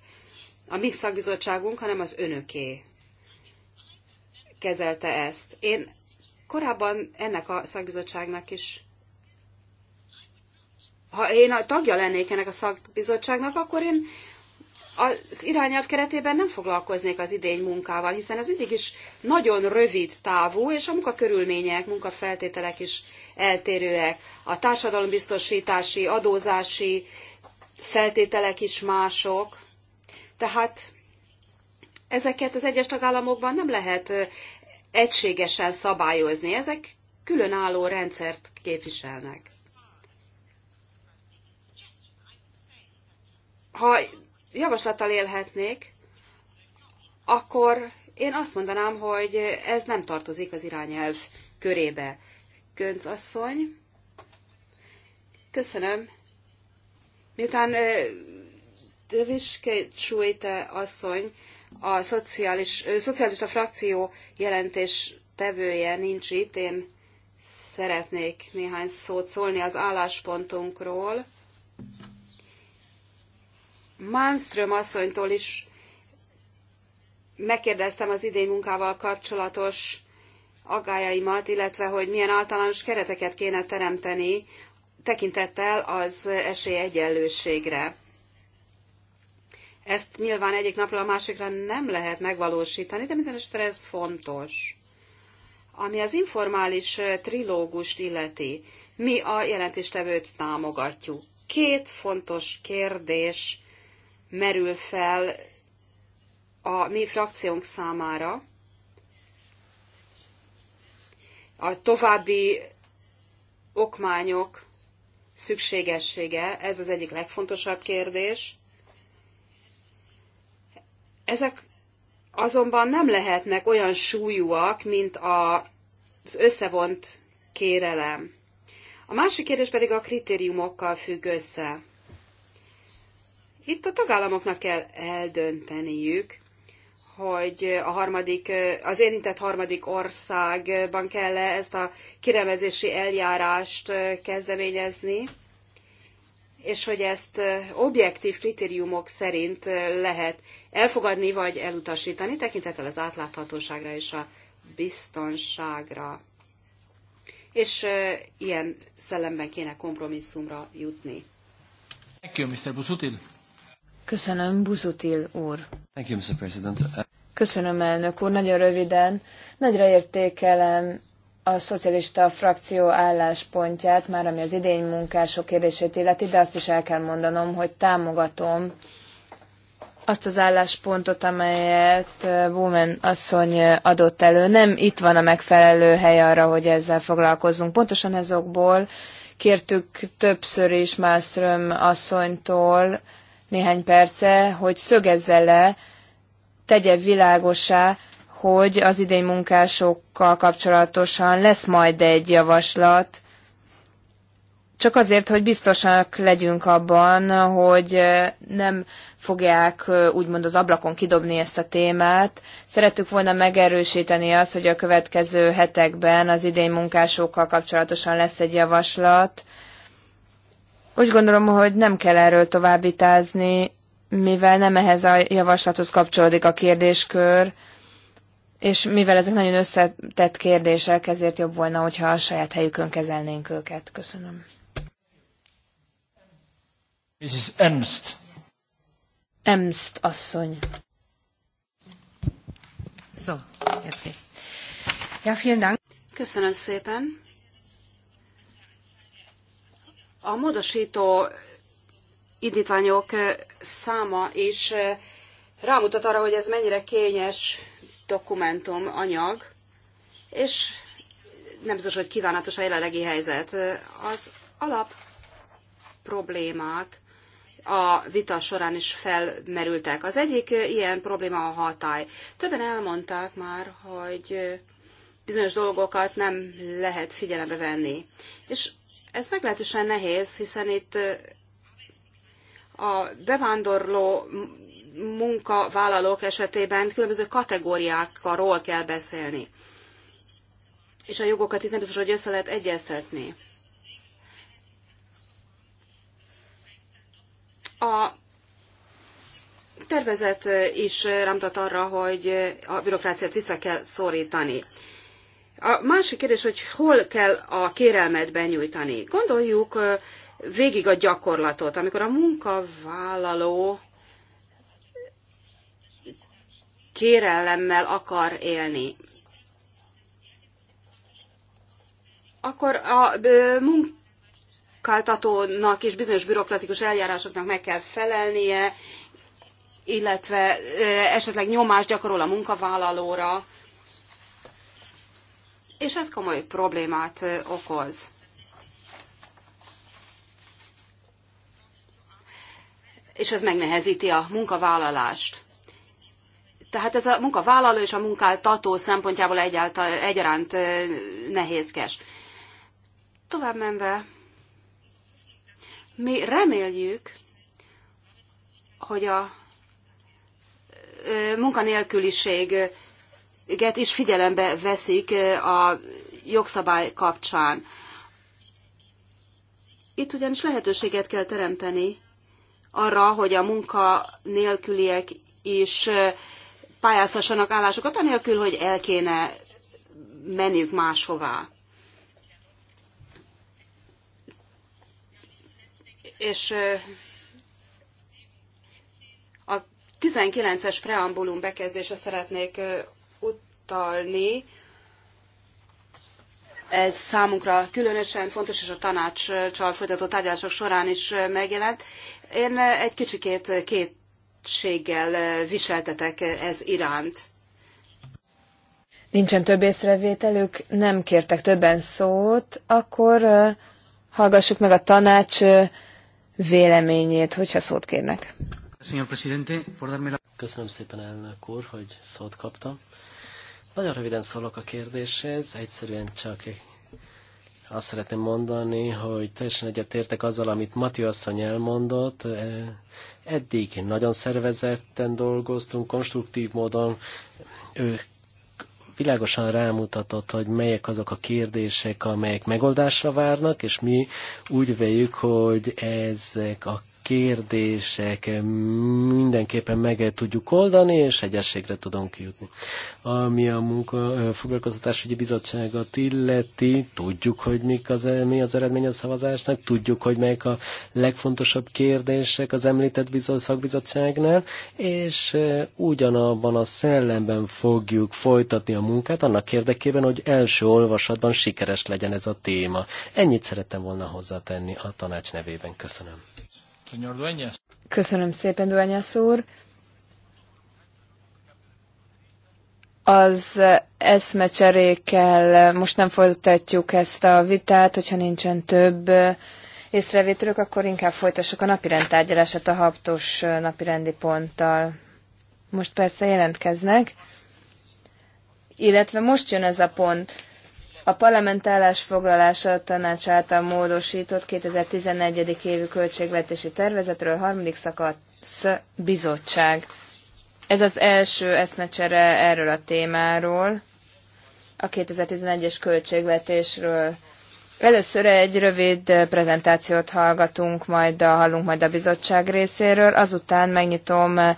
a mi szakbizottságunk, hanem az önöké kezelte ezt. Én korábban ennek a szakbizottságnak is ha én a tagja lennék ennek a szakbizottságnak, akkor én az irányelv keretében nem foglalkoznék az idény munkával, hiszen ez mindig is nagyon rövid távú, és a munkakörülmények, munkafeltételek is eltérőek. A társadalombiztosítási, adózási feltételek is mások. Tehát ezeket az egyes tagállamokban nem lehet egységesen szabályozni. Ezek különálló rendszert képviselnek. Ha javaslattal élhetnék, akkor én azt mondanám, hogy ez nem tartozik az irányelv körébe. Gönc asszony, köszönöm. Miután Döviske Csújte asszony, a szociális, szocialista frakció jelentés tevője nincs itt, én szeretnék néhány szót szólni az álláspontunkról. Malmström asszonytól is megkérdeztem az idén munkával kapcsolatos aggájaimat, illetve hogy milyen általános kereteket kéne teremteni tekintettel az esélyegyenlőségre. Ezt nyilván egyik napról a másikra nem lehet megvalósítani, de minden esetre ez fontos. Ami az informális trilógust illeti, mi a jelentéstevőt támogatjuk. Két fontos kérdés merül fel a mi frakciónk számára. A további okmányok szükségessége, ez az egyik legfontosabb kérdés. Ezek azonban nem lehetnek olyan súlyúak, mint az összevont kérelem. A másik kérdés pedig a kritériumokkal függ össze. Itt a tagállamoknak kell eldönteniük, hogy a harmadik, az érintett harmadik országban kell -e ezt a kiremezési eljárást kezdeményezni, és hogy ezt objektív kritériumok szerint lehet elfogadni vagy elutasítani, tekintettel az átláthatóságra és a biztonságra. És ilyen szellemben kéne kompromisszumra jutni. Thank you, Mr. Busutil. Köszönöm, Buzutil úr. Thank you, Mr. President. Köszönöm, elnök úr. Nagyon röviden. Nagyra értékelem a szocialista frakció álláspontját, már ami az idény munkások kérdését illeti, de azt is el kell mondanom, hogy támogatom azt az álláspontot, amelyet Bowman asszony adott elő. Nem itt van a megfelelő hely arra, hogy ezzel foglalkozzunk. Pontosan ezokból kértük többször is Malmström asszonytól, néhány perce, hogy szögezze le, tegye világosá, hogy az idei munkásokkal kapcsolatosan lesz majd egy javaslat, csak azért, hogy biztosak legyünk abban, hogy nem fogják úgymond az ablakon kidobni ezt a témát. Szerettük volna megerősíteni azt, hogy a következő hetekben az idén munkásokkal kapcsolatosan lesz egy javaslat, úgy gondolom, hogy nem kell erről továbbitázni, mivel nem ehhez a javaslathoz kapcsolódik a kérdéskör, és mivel ezek nagyon összetett kérdések, ezért jobb volna, hogyha a saját helyükön kezelnénk őket. Köszönöm. Mrs. Ernst. Ernst asszony. So, jetzt geht's. Ja, vielen Dank. Köszönöm szépen. A módosító indítványok száma is eh, rámutat arra, hogy ez mennyire kényes dokumentum, anyag, és nem biztos, hogy kívánatos a jelenlegi helyzet. Az alap problémák a vita során is felmerültek. Az egyik ilyen probléma a hatály. Többen elmondták már, hogy bizonyos dolgokat nem lehet figyelembe venni. És ez meglehetősen nehéz, hiszen itt a bevándorló munkavállalók esetében különböző kategóriákról kell beszélni. És a jogokat itt nem biztos, hogy össze lehet egyeztetni. A tervezet is rámutat arra, hogy a bürokráciát vissza kell szorítani. A másik kérdés, hogy hol kell a kérelmet benyújtani. Gondoljuk végig a gyakorlatot, amikor a munkavállaló kérelemmel akar élni. Akkor a munkáltatónak és bizonyos bürokratikus eljárásoknak meg kell felelnie, illetve esetleg nyomást gyakorol a munkavállalóra és ez komoly problémát okoz. És ez megnehezíti a munkavállalást. Tehát ez a munkavállaló és a munkáltató szempontjából egyaránt nehézkes. Tovább menve, mi reméljük, hogy a munkanélküliség is figyelembe veszik a jogszabály kapcsán. Itt ugyanis lehetőséget kell teremteni arra, hogy a munka nélküliek is pályázhassanak állásokat, anélkül, hogy el kéne menniük máshová. És a 19-es preambulum bekezdése szeretnék utalni. Ez számunkra különösen fontos, és a tanácssal folytatott tárgyalások során is megjelent. Én egy kicsikét kétséggel viseltetek ez iránt. Nincsen több észrevételük, nem kértek többen szót, akkor hallgassuk meg a tanács véleményét, hogyha szót kérnek. Köszönöm szépen, elnök úr, hogy szót kaptam. Nagyon röviden szólok a kérdéshez, egyszerűen csak azt szeretném mondani, hogy teljesen egyetértek azzal, amit Mati asszony elmondott. Eddig nagyon szervezetten dolgoztunk, konstruktív módon ő világosan rámutatott, hogy melyek azok a kérdések, amelyek megoldásra várnak, és mi úgy véljük, hogy ezek a kérdések mindenképpen meg tudjuk oldani, és egyességre tudunk jutni. Ami a munka foglalkoztatásügyi bizottságot illeti, tudjuk, hogy mik az, mi az eredmény a szavazásnak, tudjuk, hogy melyek a legfontosabb kérdések az említett bizony szakbizottságnál, és ugyanabban a szellemben fogjuk folytatni a munkát, annak érdekében, hogy első olvasatban sikeres legyen ez a téma. Ennyit szerettem volna hozzátenni a tanács nevében. Köszönöm. Señor Dueñas. Köszönöm szépen, Dueñas úr. Az eszmecserékkel most nem folytatjuk ezt a vitát, hogyha nincsen több észrevételük, akkor inkább folytassuk a napirend tárgyalását a haptos napirendi ponttal. Most persze jelentkeznek, illetve most jön ez a pont. A parlament állásfoglalása a tanács által módosított 2011. évű költségvetési tervezetről harmadik szakasz bizottság. Ez az első eszmecsere erről a témáról, a 2011-es költségvetésről. Először egy rövid prezentációt hallgatunk, majd a, hallunk majd a bizottság részéről, azután megnyitom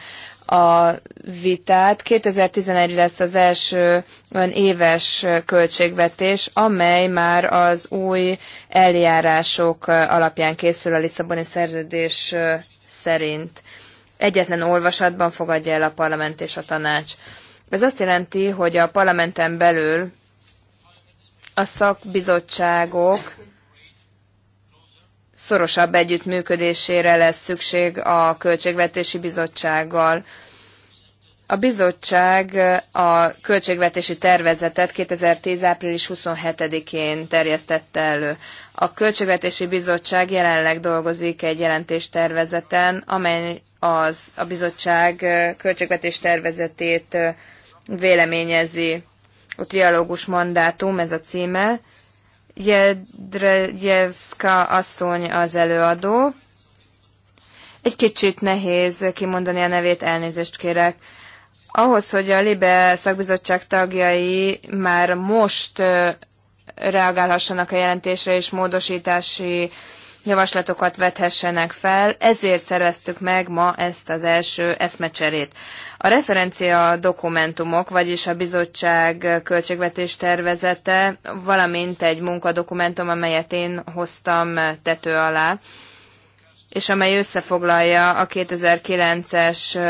a vitát. 2011 lesz az első olyan éves költségvetés, amely már az új eljárások alapján készül a Lisszaboni szerződés szerint. Egyetlen olvasatban fogadja el a parlament és a tanács. Ez azt jelenti, hogy a parlamenten belül a szakbizottságok szorosabb együttműködésére lesz szükség a Költségvetési Bizottsággal. A bizottság a költségvetési tervezetet 2010. április 27-én terjesztette elő. A Költségvetési Bizottság jelenleg dolgozik egy jelentéstervezeten, amely az a bizottság költségvetés tervezetét véleményezi. A trialógus mandátum, ez a címe. Jedrejevska asszony az előadó. Egy kicsit nehéz kimondani a nevét, elnézést kérek. Ahhoz, hogy a Libe szakbizottság tagjai már most reagálhassanak a jelentésre és módosítási javaslatokat vethessenek fel, ezért szereztük meg ma ezt az első eszmecserét. A referencia dokumentumok, vagyis a bizottság költségvetés tervezete, valamint egy munkadokumentum, amelyet én hoztam tető alá, és amely összefoglalja a 2009-es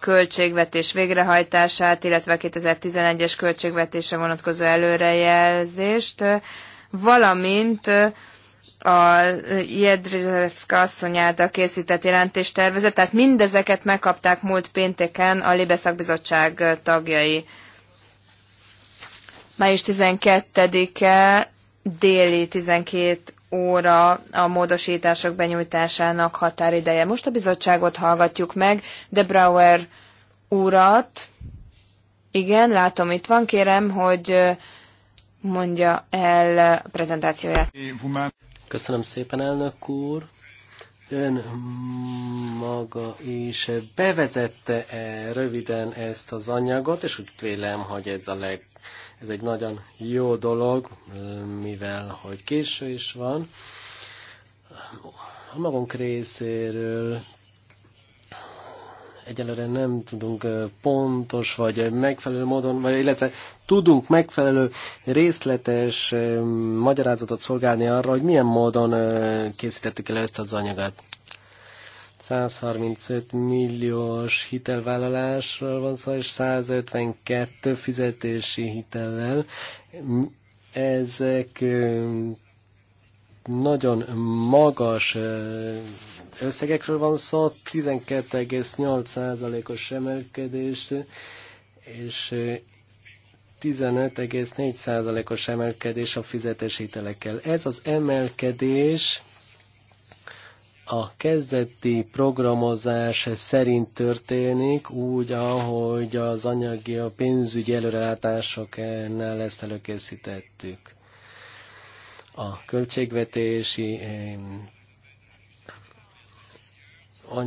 költségvetés végrehajtását, illetve a 2011-es költségvetése vonatkozó előrejelzést, valamint a Jedrzejewska asszony által készített jelentéstervezet, tehát mindezeket megkapták múlt pénteken a Libe bizottság tagjai. Május 12-e déli 12 óra a módosítások benyújtásának határideje. Most a bizottságot hallgatjuk meg, de Brauer urat, igen, látom itt van, kérem, hogy mondja el a prezentációját. Köszönöm szépen, elnök úr. Ön maga is bevezette -e röviden ezt az anyagot, és úgy vélem, hogy ez a leg, ez egy nagyon jó dolog, mivel hogy késő is van. A magunk részéről egyelőre nem tudunk pontos vagy megfelelő módon, vagy illetve tudunk megfelelő részletes magyarázatot szolgálni arra, hogy milyen módon készítettük el ezt az anyagát. 135 milliós hitelvállalásról van szó, és 152 fizetési hitellel. Ezek nagyon magas összegekről van szó, 12,8%-os emelkedés, és 15,4%-os emelkedés a fizetési Ez az emelkedés a kezdeti programozás szerint történik, úgy, ahogy az anyagi, a pénzügyi előrelátásoknál ezt előkészítettük. A költségvetési a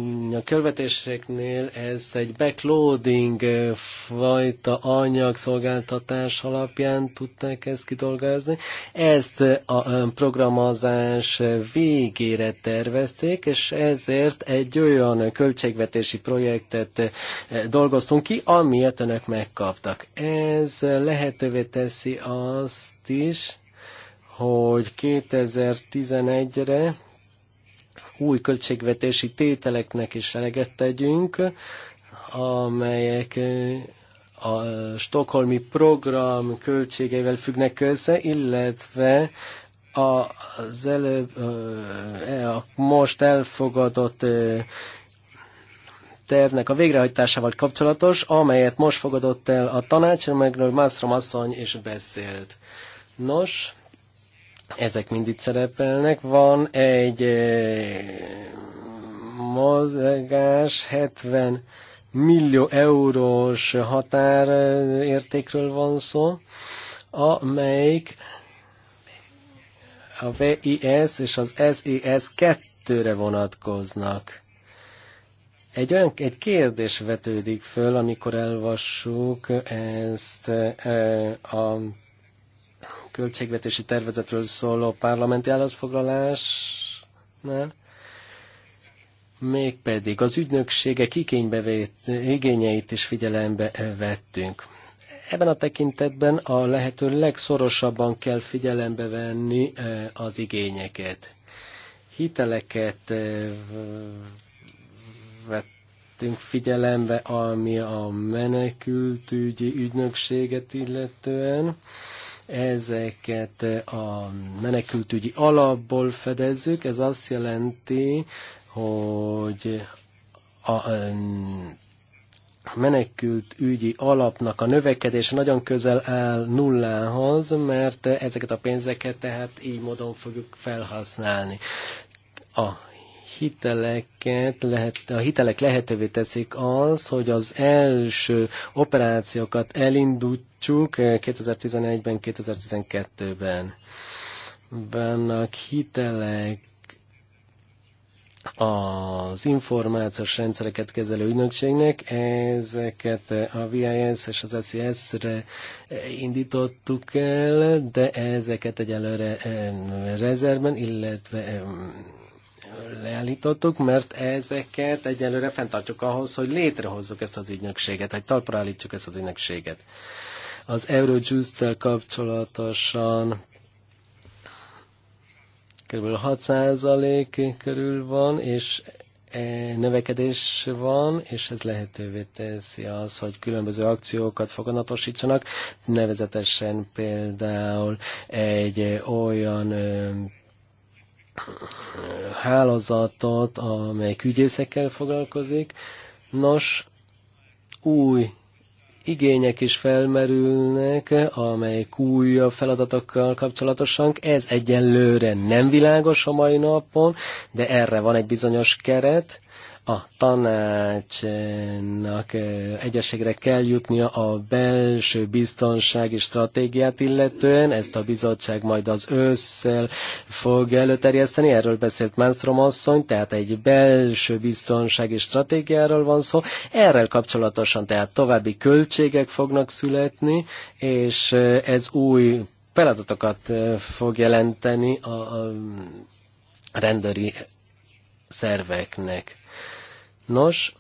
ez egy backloading fajta anyagszolgáltatás alapján tudták ezt kidolgozni. Ezt a programozás végére tervezték, és ezért egy olyan költségvetési projektet dolgoztunk ki, amilyet önök megkaptak. Ez lehetővé teszi azt is, hogy 2011-re új költségvetési tételeknek is eleget tegyünk, amelyek a stokholmi program költségeivel függnek össze, illetve az előbb, e, a most elfogadott tervnek a végrehajtásával kapcsolatos, amelyet most fogadott el a tanács, amelyről Mászrom asszony is beszélt. Nos, ezek mind itt szerepelnek. Van egy eh, mozgás 70 millió eurós határértékről van szó, amelyik a VIS és az SIS kettőre vonatkoznak. Egy, olyan, egy kérdés vetődik föl, amikor elvassuk ezt e, a költségvetési tervezetről szóló parlamenti állásfoglalásnál, mégpedig az ügynökségek igénybevét, igényeit is figyelembe vettünk. Ebben a tekintetben a lehető legszorosabban kell figyelembe venni e, az igényeket. Hiteleket e, vettünk figyelembe, ami a menekültügyi ügynökséget illetően ezeket a menekültügyi alapból fedezzük. Ez azt jelenti, hogy a menekült ügyi alapnak a növekedés nagyon közel áll nullához, mert ezeket a pénzeket tehát így módon fogjuk felhasználni. A hiteleket lehet, a hitelek lehetővé teszik az, hogy az első operációkat elindítsuk 2011-ben, eh, 2012-ben. Vannak hitelek az információs rendszereket kezelő ügynökségnek, ezeket a VIS és az sis re eh, indítottuk el, de ezeket egyelőre eh, rezervben, illetve leállítottuk, mert ezeket egyelőre fenntartjuk ahhoz, hogy létrehozzuk ezt az ügynökséget, hogy talpra állítsuk ezt az ügynökséget. Az eurojuice tel kapcsolatosan kb. 6% körül van, és e, növekedés van, és ez lehetővé teszi az, hogy különböző akciókat foganatosítsanak, nevezetesen például egy olyan hálózatot, amelyik ügyészekkel foglalkozik. Nos, új igények is felmerülnek, amelyek újabb feladatokkal kapcsolatosan. Ez egyenlőre nem világos a mai napon, de erre van egy bizonyos keret a tanácsnak egyességre kell jutnia a belső biztonsági stratégiát illetően, ezt a bizottság majd az ősszel fog előterjeszteni, erről beszélt Mánstrom asszony, tehát egy belső biztonsági stratégiáról van szó, Erről kapcsolatosan tehát további költségek fognak születni, és ez új feladatokat fog jelenteni a rendőri szerveknek. Nos,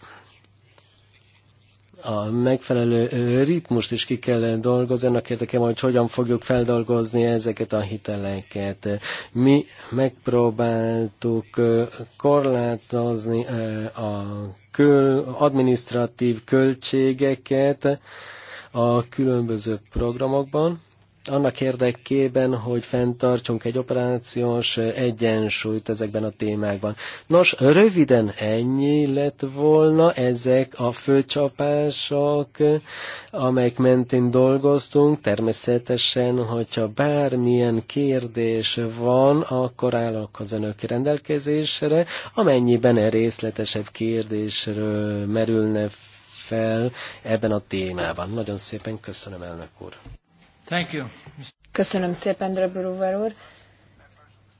a megfelelő ritmust is ki kell dolgozni, annak érdekem, hogy hogyan fogjuk feldolgozni ezeket a hiteleket. Mi megpróbáltuk korlátozni a kül adminisztratív költségeket a különböző programokban, annak érdekében, hogy fenntartsunk egy operációs egyensúlyt ezekben a témákban. Nos, röviden ennyi lett volna ezek a főcsapások, amelyek mentén dolgoztunk. Természetesen, hogyha bármilyen kérdés van, akkor állok az önök rendelkezésre, amennyiben e részletesebb kérdésről merülne fel ebben a témában. Nagyon szépen köszönöm, elnök úr! Thank you. Köszönöm szépen, Dröbber úr.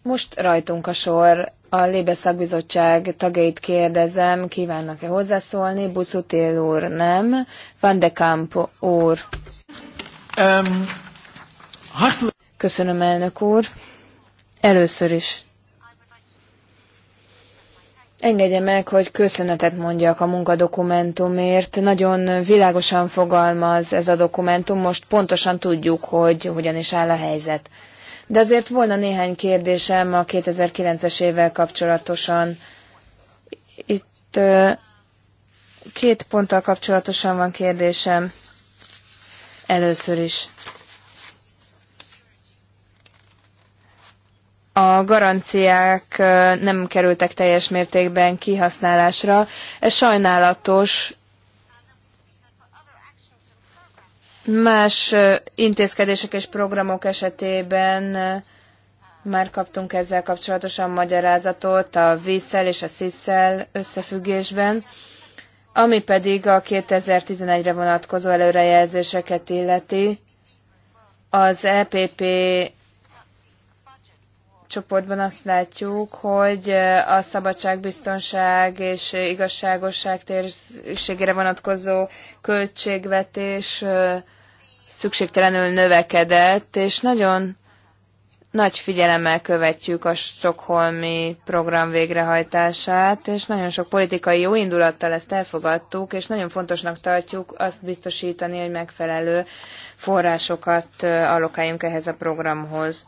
Most rajtunk a sor. A Lébe szakbizottság tagjait kérdezem, kívánnak-e hozzászólni? Buszutél úr nem. Van de Kamp úr. Um, hát- Köszönöm, elnök úr. Először is Engedje meg, hogy köszönetet mondjak a munkadokumentumért. Nagyon világosan fogalmaz ez a dokumentum, most pontosan tudjuk, hogy hogyan is áll a helyzet. De azért volna néhány kérdésem a 2009-es évvel kapcsolatosan. Itt két ponttal kapcsolatosan van kérdésem. Először is. a garanciák nem kerültek teljes mértékben kihasználásra. Ez sajnálatos. Más intézkedések és programok esetében már kaptunk ezzel kapcsolatosan magyarázatot a vízszel és a sziszel összefüggésben, ami pedig a 2011-re vonatkozó előrejelzéseket illeti. Az EPP csoportban azt látjuk, hogy a szabadságbiztonság és igazságosság térségére vonatkozó költségvetés szükségtelenül növekedett, és nagyon nagy figyelemmel követjük a Stockholmi program végrehajtását, és nagyon sok politikai jó indulattal ezt elfogadtuk, és nagyon fontosnak tartjuk azt biztosítani, hogy megfelelő forrásokat alokáljunk ehhez a programhoz.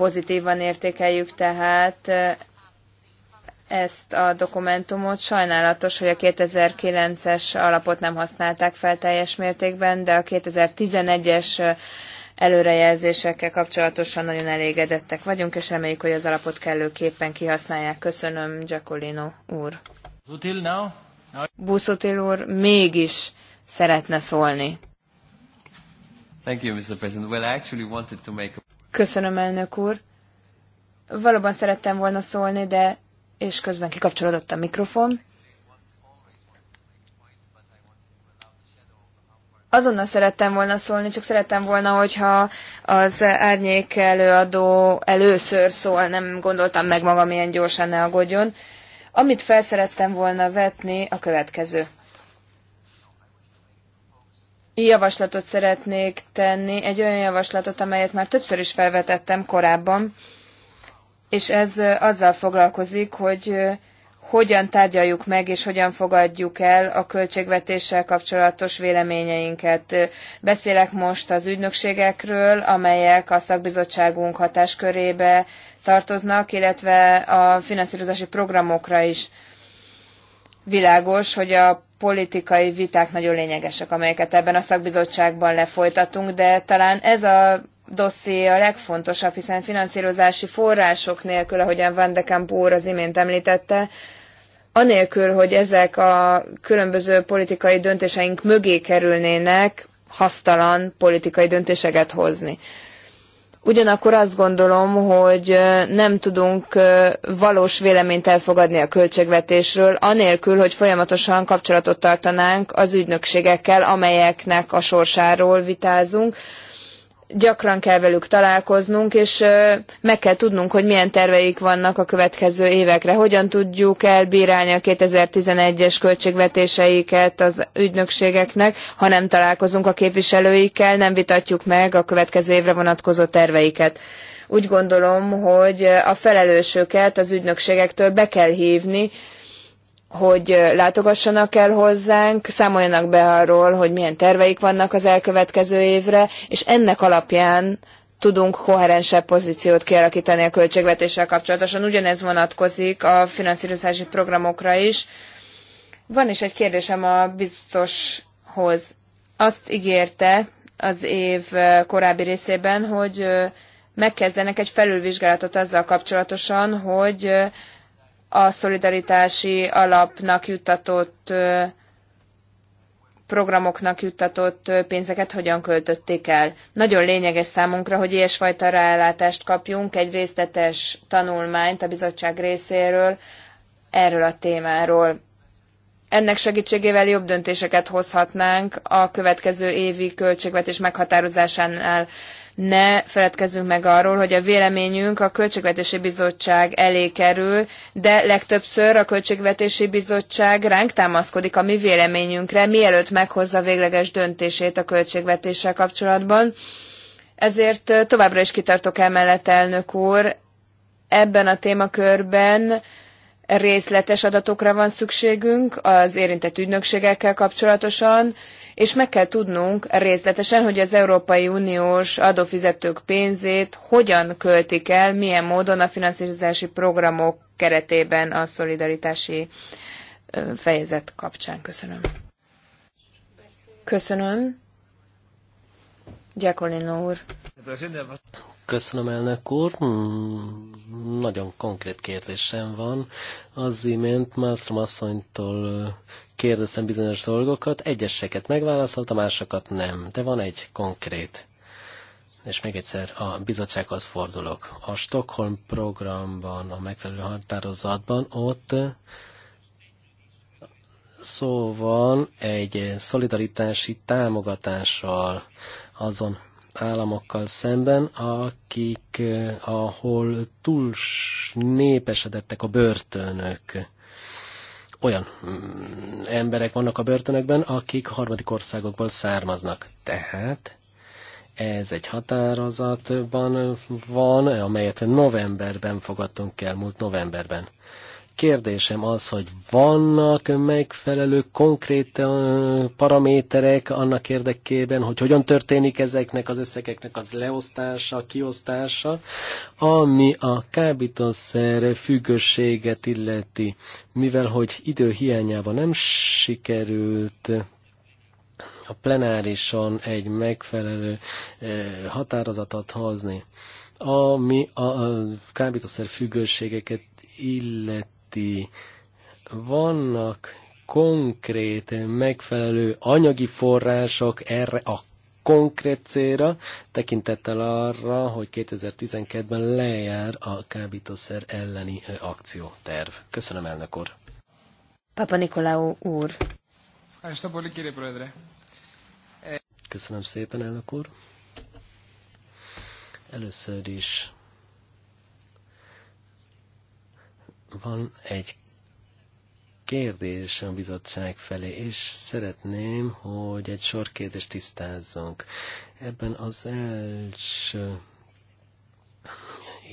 Pozitívan értékeljük tehát ezt a dokumentumot. Sajnálatos, hogy a 2009-es alapot nem használták fel teljes mértékben, de a 2011-es előrejelzésekkel kapcsolatosan nagyon elégedettek vagyunk, és reméljük, hogy az alapot kellőképpen kihasználják. Köszönöm, Giacolino úr. Buszotil úr mégis szeretne szólni. Thank you, Mr. President. Well, I actually wanted to make a... Köszönöm, elnök úr. Valóban szerettem volna szólni, de és közben kikapcsolódott a mikrofon. Azonnal szerettem volna szólni, csak szerettem volna, hogyha az árnyék előadó először szól, nem gondoltam meg magam ilyen gyorsan, ne aggódjon. Amit felszerettem volna vetni, a következő javaslatot szeretnék tenni, egy olyan javaslatot, amelyet már többször is felvetettem korábban, és ez azzal foglalkozik, hogy hogyan tárgyaljuk meg és hogyan fogadjuk el a költségvetéssel kapcsolatos véleményeinket. Beszélek most az ügynökségekről, amelyek a szakbizottságunk hatáskörébe tartoznak, illetve a finanszírozási programokra is. Világos, hogy a politikai viták nagyon lényegesek, amelyeket ebben a szakbizottságban lefolytatunk, de talán ez a dosszié a legfontosabb, hiszen finanszírozási források nélkül, ahogyan Van de Kamp úr az imént említette, anélkül, hogy ezek a különböző politikai döntéseink mögé kerülnének, hasztalan politikai döntéseket hozni. Ugyanakkor azt gondolom, hogy nem tudunk valós véleményt elfogadni a költségvetésről, anélkül, hogy folyamatosan kapcsolatot tartanánk az ügynökségekkel, amelyeknek a sorsáról vitázunk, gyakran kell velük találkoznunk, és meg kell tudnunk, hogy milyen terveik vannak a következő évekre. Hogyan tudjuk elbírálni a 2011-es költségvetéseiket az ügynökségeknek, ha nem találkozunk a képviselőikkel, nem vitatjuk meg a következő évre vonatkozó terveiket. Úgy gondolom, hogy a felelősöket az ügynökségektől be kell hívni, hogy látogassanak el hozzánk, számoljanak be arról, hogy milyen terveik vannak az elkövetkező évre, és ennek alapján tudunk koherensebb pozíciót kialakítani a költségvetéssel kapcsolatosan. Ugyanez vonatkozik a finanszírozási programokra is. Van is egy kérdésem a biztoshoz. Azt ígérte az év korábbi részében, hogy megkezdenek egy felülvizsgálatot azzal kapcsolatosan, hogy a szolidaritási alapnak juttatott programoknak juttatott pénzeket hogyan költötték el. Nagyon lényeges számunkra, hogy ilyesfajta rálátást kapjunk, egy részletes tanulmányt a bizottság részéről erről a témáról. Ennek segítségével jobb döntéseket hozhatnánk a következő évi költségvetés meghatározásánál ne feledkezzünk meg arról, hogy a véleményünk a Költségvetési Bizottság elé kerül, de legtöbbször a Költségvetési Bizottság ránk támaszkodik a mi véleményünkre, mielőtt meghozza végleges döntését a költségvetéssel kapcsolatban. Ezért továbbra is kitartok emellett, elnök úr, ebben a témakörben részletes adatokra van szükségünk az érintett ügynökségekkel kapcsolatosan, és meg kell tudnunk részletesen, hogy az Európai Uniós adófizetők pénzét hogyan költik el, milyen módon a finanszírozási programok keretében a szolidaritási fejezet kapcsán. Köszönöm. Köszönöm. Gyakolino úr. Köszönöm, elnök úr. Hmm, nagyon konkrét kérdésem van. Az imént Malmström asszonytól kérdeztem bizonyos dolgokat, egyeseket megválaszolta, másokat nem, de van egy konkrét. És még egyszer a bizottsághoz fordulok. A Stockholm programban, a megfelelő határozatban ott szó van egy szolidaritási támogatással azon államokkal szemben, akik, eh, ahol túl népesedettek a börtönök. Olyan mm, emberek vannak a börtönökben, akik harmadik országokból származnak. Tehát ez egy határozatban van, amelyet novemberben fogadtunk el, múlt novemberben kérdésem az, hogy vannak megfelelő konkrét paraméterek annak érdekében, hogy hogyan történik ezeknek az összegeknek az leosztása, kiosztása, ami a kábítószer függőséget illeti, mivel hogy idő hiányában nem sikerült a plenárison egy megfelelő határozatot hozni ami a kábítószer függőségeket illet illeti, vannak konkrét, megfelelő anyagi források erre a konkrét célra, tekintettel arra, hogy 2012-ben lejár a kábítószer elleni akcióterv. Köszönöm, elnök úr. Papa Nikolaou úr. Köszönöm szépen, elnök úr. Először is van egy kérdés a bizottság felé, és szeretném, hogy egy sor kérdést tisztázzunk. Ebben az első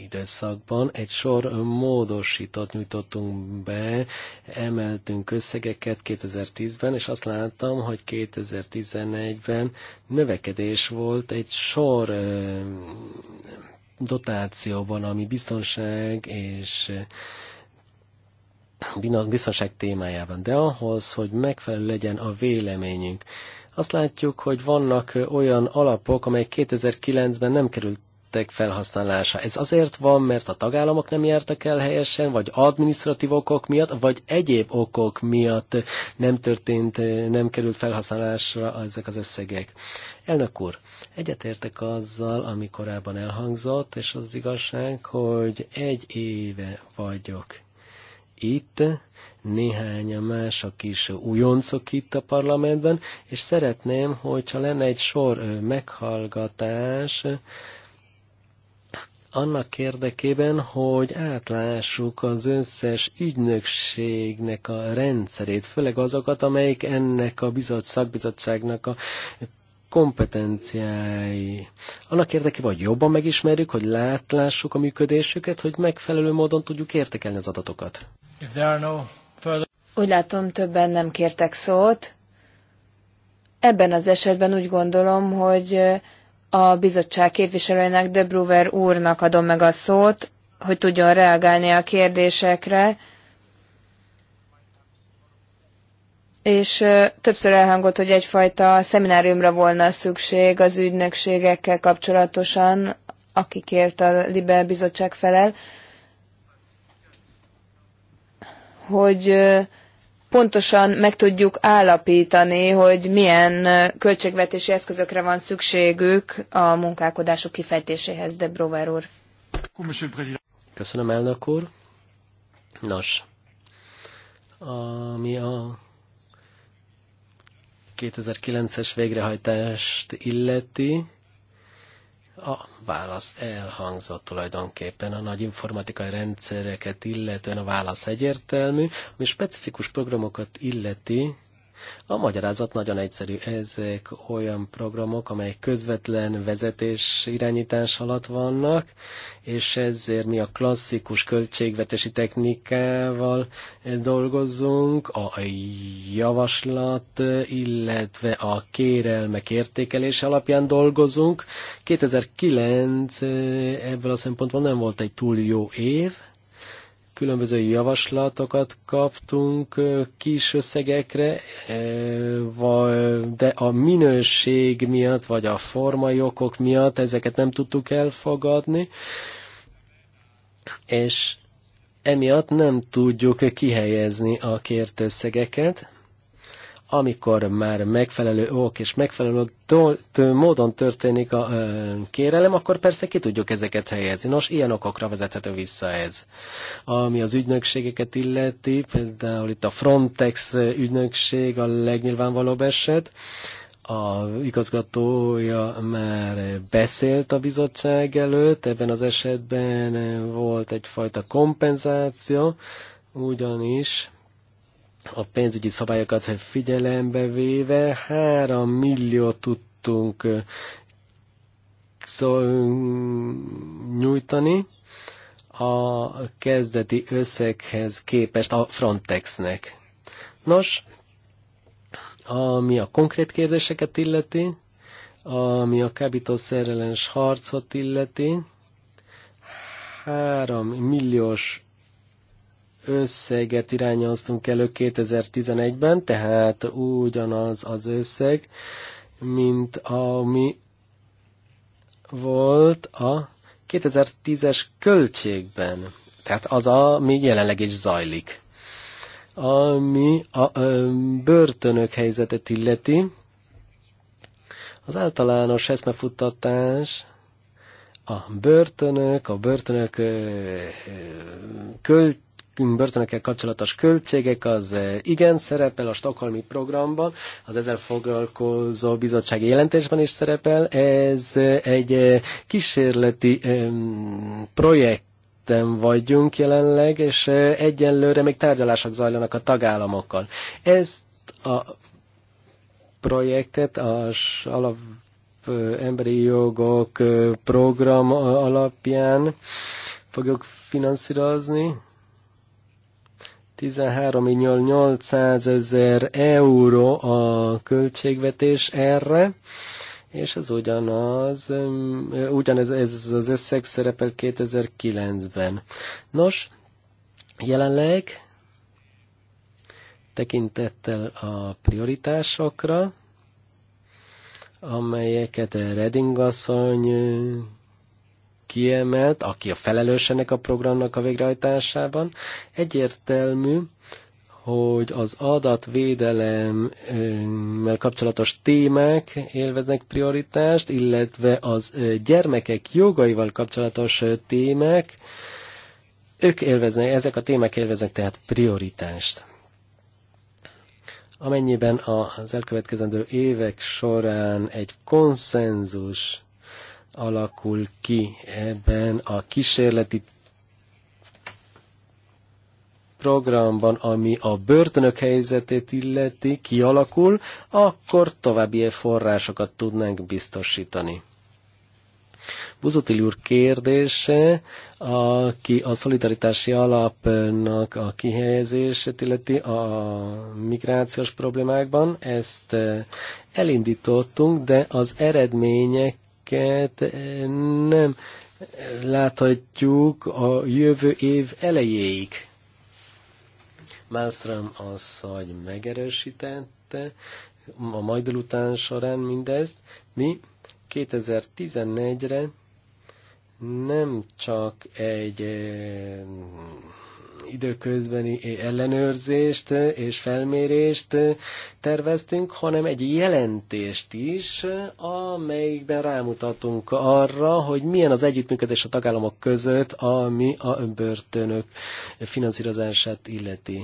időszakban egy sor módosítót nyújtottunk be, emeltünk összegeket 2010-ben, és azt láttam, hogy 2011-ben növekedés volt egy sor dotációban, ami biztonság és biztonság témájában, de ahhoz, hogy megfelelő legyen a véleményünk, azt látjuk, hogy vannak olyan alapok, amelyek 2009-ben nem kerültek felhasználása. Ez azért van, mert a tagállamok nem jártak el helyesen, vagy administratív okok miatt, vagy egyéb okok miatt nem történt, nem került felhasználásra ezek az összegek. Elnök úr, egyetértek azzal, ami korábban elhangzott, és az igazság, hogy egy éve vagyok itt, néhányan mások is újoncok itt a parlamentben, és szeretném, hogyha lenne egy sor meghallgatás, annak érdekében, hogy átlássuk az összes ügynökségnek a rendszerét, főleg azokat, amelyik ennek a bizott szakbizottságnak a kompetenciái. Annak érdekében, hogy jobban megismerjük, hogy látlássuk a működésüket, hogy megfelelő módon tudjuk értékelni az adatokat. No further... Úgy látom, többen nem kértek szót. Ebben az esetben úgy gondolom, hogy a bizottság képviselőjének De Bruver úrnak adom meg a szót, hogy tudjon reagálni a kérdésekre és többször elhangolt, hogy egyfajta szemináriumra volna szükség az ügynökségekkel kapcsolatosan, akikért a Libel Bizottság felel, hogy pontosan meg tudjuk állapítani, hogy milyen költségvetési eszközökre van szükségük a munkálkodások kifejtéséhez, de Brover úr. Köszönöm, elnök úr. Nos, ami a 2009-es végrehajtást illeti, a válasz elhangzott tulajdonképpen. A nagy informatikai rendszereket illetően a válasz egyértelmű, ami specifikus programokat illeti, a magyarázat nagyon egyszerű. Ezek olyan programok, amelyek közvetlen vezetés irányítás alatt vannak, és ezért mi a klasszikus költségvetési technikával dolgozunk, a javaslat, illetve a kérelmek értékelés alapján dolgozunk. 2009 eh, ebből a szempontból nem volt egy túl jó év, különböző javaslatokat kaptunk kis összegekre, de a minőség miatt, vagy a formai okok miatt ezeket nem tudtuk elfogadni, és emiatt nem tudjuk kihelyezni a kért összegeket amikor már megfelelő ok és megfelelő módon történik a kérelem, akkor persze ki tudjuk ezeket helyezni. Nos, ilyen okokra vezethető vissza ez. Ami az ügynökségeket illeti, például itt a Frontex ügynökség a legnyilvánvalóbb eset, a igazgatója már beszélt a bizottság előtt, ebben az esetben volt egyfajta kompenzáció, ugyanis a pénzügyi szabályokat figyelembe véve 3 millió tudtunk szó, nyújtani a kezdeti összeghez képest a Frontexnek. Nos, ami a konkrét kérdéseket illeti, ami a kábítószer ellenes harcot illeti, 3 milliós összeget irányoztunk elő 2011-ben, tehát ugyanaz az összeg, mint ami volt a 2010-es költségben. Tehát az, ami jelenleg is zajlik. Ami a ö, börtönök helyzetet illeti, az általános eszmefuttatás a börtönök, a börtönök költ, börtönökkel kapcsolatos költségek, az eh, igen szerepel a Stockholmi programban, az ezzel foglalkozó bizottsági jelentésben is szerepel. Ez eh, egy eh, kísérleti projekt vagyunk jelenleg, és egyenlőre még tárgyalások zajlanak a tagállamokkal. Ezt a projektet az alap emberi jogok program alapján fogjuk finanszírozni. 13 millió 800 ezer euró a költségvetés erre, és ez ugyanaz, ugyanez ez az összeg szerepel 2009-ben. Nos, jelenleg tekintettel a prioritásokra, amelyeket Redding asszony kiemelt, aki a felelős ennek a programnak a végrehajtásában. Egyértelmű, hogy az adatvédelemmel kapcsolatos témák élveznek prioritást, illetve az gyermekek jogaival kapcsolatos témák, ők élveznek, ezek a témák élveznek tehát prioritást. Amennyiben az elkövetkezendő évek során egy konszenzus alakul ki ebben a kísérleti programban, ami a börtönök helyzetét illeti, kialakul, akkor további forrásokat tudnánk biztosítani. Buzotil úr kérdése, aki a szolidaritási alapnak a kihelyezését illeti a migrációs problémákban, ezt eh, elindítottunk, de az eredmények ezeket nem láthatjuk a jövő év elejéig. Malmström hogy megerősítette a majd délután során mindezt. Mi 2014-re nem csak egy eh, időközbeni ellenőrzést és felmérést terveztünk, hanem egy jelentést is, amelyikben rámutatunk arra, hogy milyen az együttműködés a tagállamok között, ami a börtönök finanszírozását illeti.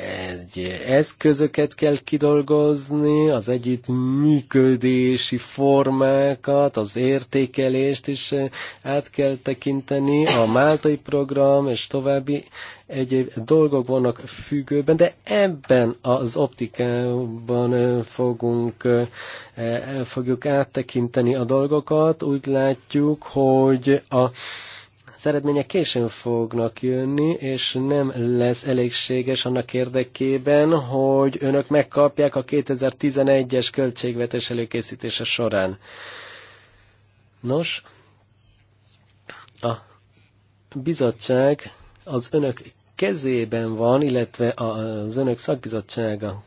egy eszközöket kell kidolgozni, az együttműködési formákat, az értékelést is eh, át kell tekinteni, a máltai program és további egyéb dolgok vannak függőben, de ebben az optikában eh, fogunk, eh, fogjuk áttekinteni a dolgokat. Úgy látjuk, hogy a az eredmények későn fognak jönni, és nem lesz elégséges annak érdekében, hogy önök megkapják a 2011-es költségvetés előkészítése során. Nos, a bizottság az önök kezében van, illetve az önök szakbizottsága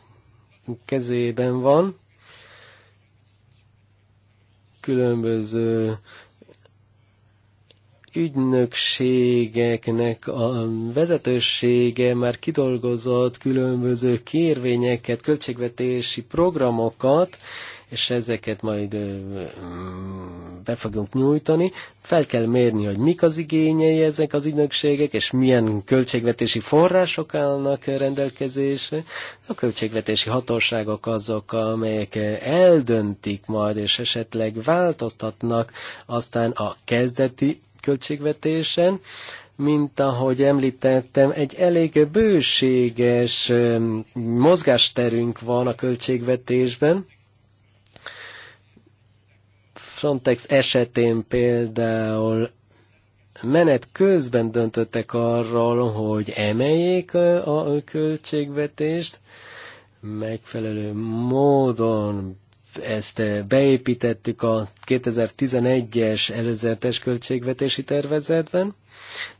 kezében van, különböző ügynökségeknek a vezetősége már kidolgozott különböző kérvényeket, költségvetési programokat, és ezeket majd mm, be fogunk nyújtani. Fel kell mérni, hogy mik az igényei ezek az ügynökségek, és milyen költségvetési források állnak rendelkezésre. A költségvetési hatóságok azok, amelyek eldöntik majd, és esetleg változtatnak aztán a kezdeti költségvetésen, mint ahogy említettem, egy elég bőséges mozgásterünk van a költségvetésben. Frontex esetén például menet közben döntöttek arról, hogy emeljék a költségvetést, megfelelő módon ezt eh, beépítettük a 2011-es előzetes költségvetési tervezetben.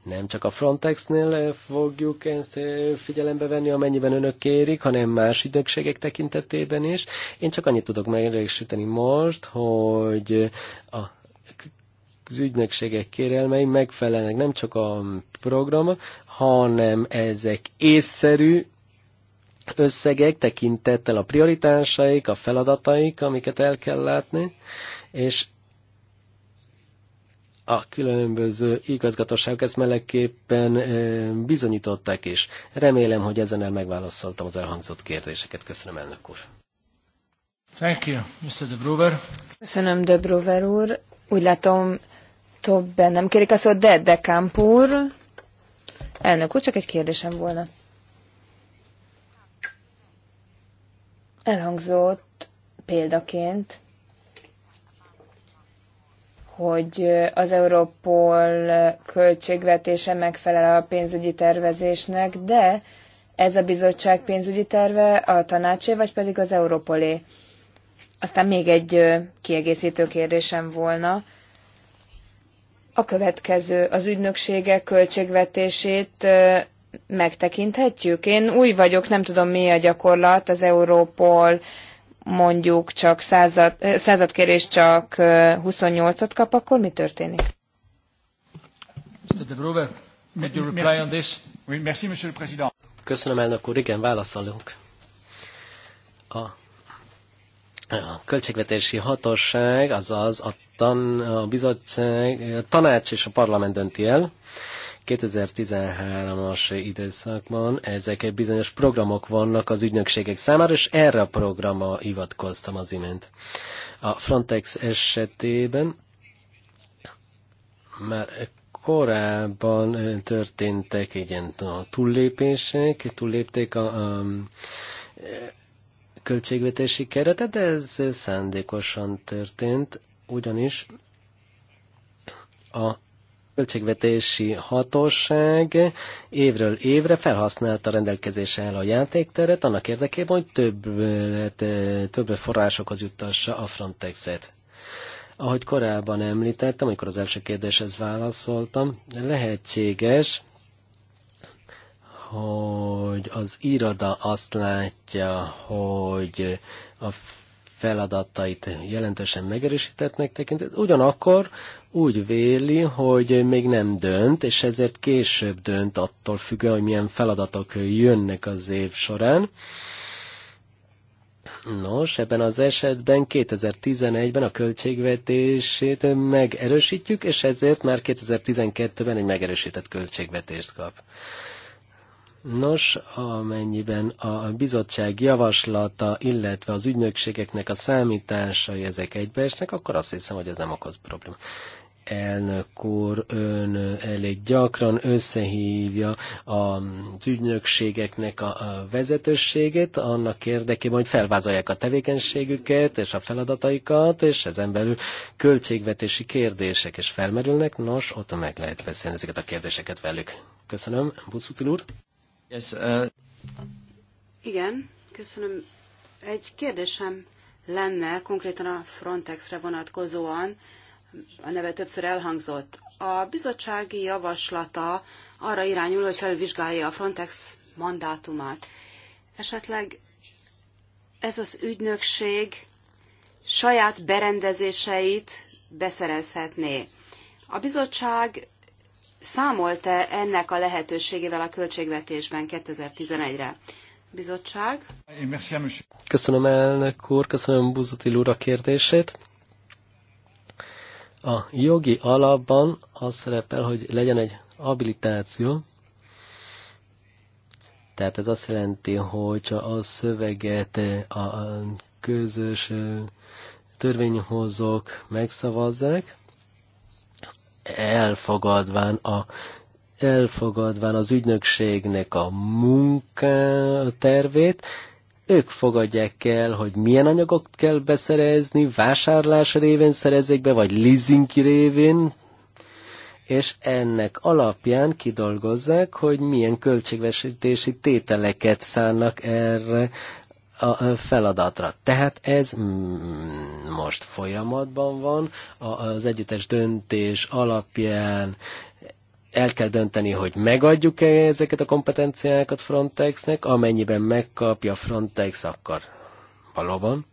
Nem csak a Frontexnél eh, fogjuk ezt eh, figyelembe venni, amennyiben önök kérik, hanem más időkségek tekintetében is. Én csak annyit tudok megerősíteni most, hogy a az ügynökségek kérelmei megfelelnek nem csak a program, hanem ezek észszerű összegek tekintettel a prioritásaik, a feladataik, amiket el kell látni, és a különböző igazgatóságok ezt melegképpen bizonyították is. Remélem, hogy ezen el megválaszoltam az elhangzott kérdéseket. Köszönöm, elnök úr. Thank you, Mr. De Bruver. Köszönöm, De Bruver úr. Úgy látom, többen nem kérik a szót, de De Kamp úr. Elnök úr, csak egy kérdésem volna. Elhangzott példaként, hogy az Európol költségvetése megfelel a pénzügyi tervezésnek, de ez a bizottság pénzügyi terve a tanácsé, vagy pedig az Európolé? Aztán még egy kiegészítő kérdésem volna. A következő, az ügynökségek költségvetését megtekinthetjük? Én új vagyok, nem tudom mi a gyakorlat, az Európol mondjuk csak század, eh, századkérés csak 28-ot eh, kap, akkor mi történik? Mr. Köszönöm, elnök úr. Igen, válaszolunk. A, a költségvetési hatóság, azaz a, tan, a bizottság, a tanács és a parlament dönti el. 2013-as időszakban ezek bizonyos programok vannak az ügynökségek számára, és erre a programra hivatkoztam az imént. A Frontex esetében már korábban történtek ilyen túllépések, túllépték a, a költségvetési keretet, de ez szándékosan történt, ugyanis a költségvetési hatóság évről évre felhasználta rendelkezésre el a játékteret annak érdekében, hogy több, hát, eh, több forrásokhoz juttassa a Frontexet. Ahogy korábban említettem, amikor az első kérdéshez válaszoltam, lehetséges, hogy az iroda azt látja, hogy a feladatait jelentősen megerősítettnek tekintet. ugyanakkor úgy véli, hogy még nem dönt, és ezért később dönt attól függően, hogy milyen feladatok jönnek az év során. Nos, ebben az esetben 2011-ben a költségvetését megerősítjük, és ezért már 2012-ben egy megerősített költségvetést kap. Nos, amennyiben a bizottság javaslata, illetve az ügynökségeknek a számításai ezek egybeesnek, akkor azt hiszem, hogy ez nem okoz problémát elnök úr, ön elég gyakran összehívja az ügynökségeknek a vezetőségét, annak érdekében, hogy felvázolják a tevékenységüket és a feladataikat, és ezen belül költségvetési kérdések is felmerülnek. Nos, ott meg lehet beszélni ezeket a kérdéseket velük. Köszönöm. Buszutil úr? Yes, uh... Igen, köszönöm. Egy kérdésem lenne konkrétan a Frontexre vonatkozóan a neve többször elhangzott. A bizottsági javaslata arra irányul, hogy felvizsgálja a Frontex mandátumát. Esetleg ez az ügynökség saját berendezéseit beszerezhetné. A bizottság számolt-e ennek a lehetőségével a költségvetésben 2011-re? Bizottság. Köszönöm elnök úr, köszönöm Buzotil úr a kérdését. A jogi alapban az szerepel, hogy legyen egy habilitáció, tehát ez azt jelenti, hogyha a szöveget a közös törvényhozók megszavazzák, elfogadván a elfogadván az ügynökségnek a munkatervét, ők fogadják el, hogy milyen anyagot kell beszerezni, vásárlás révén szerezzék be, vagy leasing révén, és ennek alapján kidolgozzák, hogy milyen költségvetési tételeket szánnak erre a feladatra. Tehát ez most folyamatban van, az együttes döntés alapján el kell dönteni, hogy megadjuk-e ezeket a kompetenciákat Frontexnek, amennyiben megkapja Frontex, akkor valóban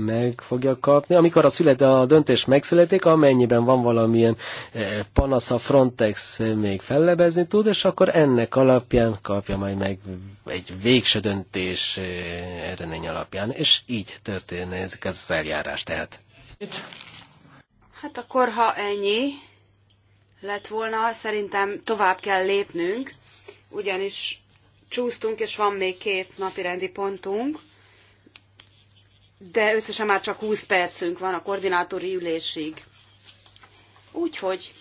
meg fogja kapni. Amikor a, szület, a döntés megszületik, amennyiben van valamilyen eh, panasz a Frontex még fellebezni tud, és akkor ennek alapján kapja majd meg egy végső döntés eh, eredmény alapján, és így történik ez az eljárás tehát. Hát akkor, ha ennyi, lett volna, szerintem tovább kell lépnünk, ugyanis csúsztunk, és van még két napi rendi pontunk, de összesen már csak 20 percünk van a koordinátori ülésig. Úgyhogy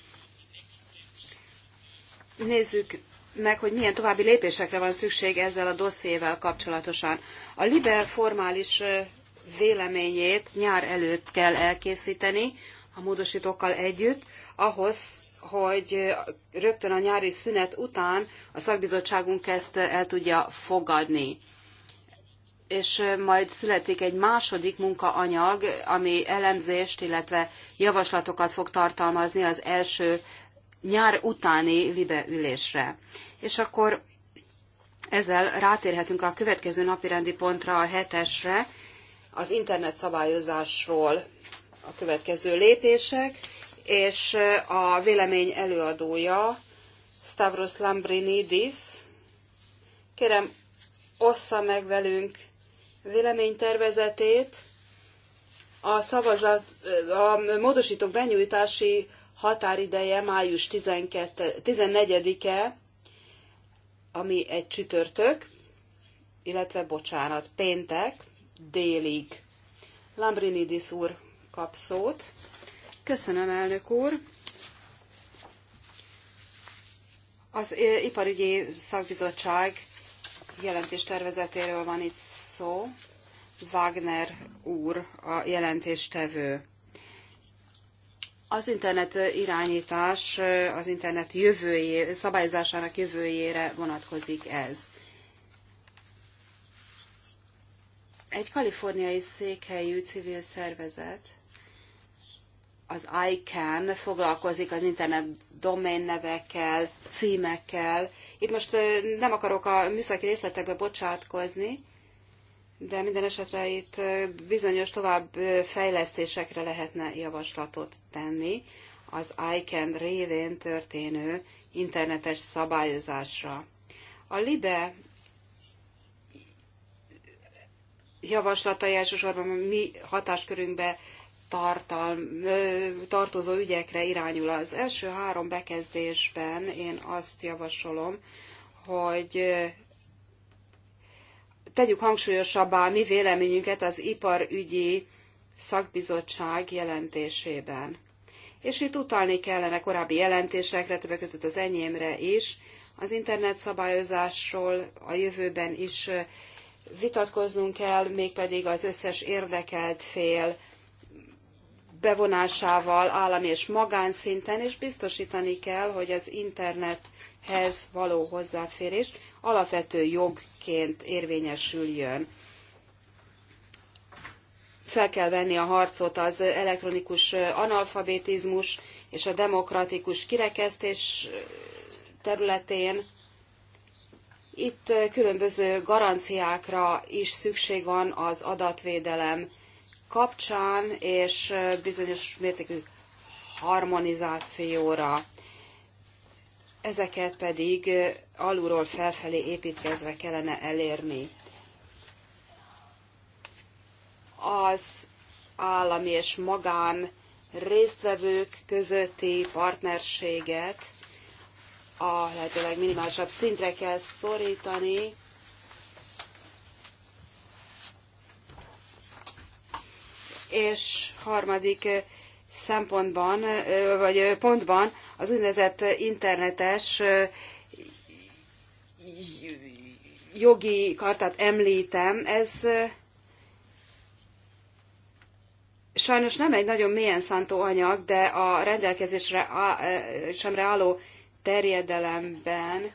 nézzük meg, hogy milyen további lépésekre van szükség ezzel a dossziével kapcsolatosan. A LIBE formális véleményét nyár előtt kell elkészíteni, a módosítókkal együtt, ahhoz, hogy rögtön a nyári szünet után a szakbizottságunk ezt el tudja fogadni. És majd születik egy második munkaanyag, ami elemzést, illetve javaslatokat fog tartalmazni az első nyár utáni libe ülésre. És akkor ezzel rátérhetünk a következő napirendi pontra, a hetesre, az internet szabályozásról a következő lépések és a vélemény előadója Stavros Lambrinidis. Kérem, ossza meg velünk véleménytervezetét. A, szavazat, a módosítók benyújtási határideje május 14-e, ami egy csütörtök, illetve bocsánat, péntek délig. Lambrinidis úr kap szót. Köszönöm, elnök úr. Az Iparügyi Szakbizottság jelentéstervezetéről van itt szó. Wagner úr a jelentéstevő. Az internet irányítás, az internet jövőjé, szabályozásának jövőjére vonatkozik ez. Egy kaliforniai székhelyű civil szervezet az ICANN foglalkozik az internet domain nevekkel, címekkel. Itt most nem akarok a műszaki részletekbe bocsátkozni, de minden esetre itt bizonyos tovább fejlesztésekre lehetne javaslatot tenni az ICANN révén történő internetes szabályozásra. A LIBE javaslatai elsősorban mi hatáskörünkbe tartalm, tartozó ügyekre irányul. Az első három bekezdésben én azt javasolom, hogy tegyük hangsúlyosabbá mi véleményünket az iparügyi szakbizottság jelentésében. És itt utalni kellene korábbi jelentésekre, többek között az enyémre is. Az internet szabályozásról a jövőben is vitatkoznunk kell, mégpedig az összes érdekelt fél bevonásával állami és magánszinten, és biztosítani kell, hogy az internethez való hozzáférés alapvető jogként érvényesüljön. Fel kell venni a harcot az elektronikus analfabetizmus és a demokratikus kirekesztés területén. Itt különböző garanciákra is szükség van az adatvédelem kapcsán, és bizonyos mértékű harmonizációra. Ezeket pedig alulról felfelé építkezve kellene elérni. Az állami és magán résztvevők közötti partnerséget a lehetőleg minimálisabb szintre kell szorítani, és harmadik eh, szempontban, eh, vagy eh, pontban az úgynevezett internetes jogi kartát említem, ez sajnos nem egy nagyon mélyen szántó anyag, de a rendelkezésre semre álló terjedelemben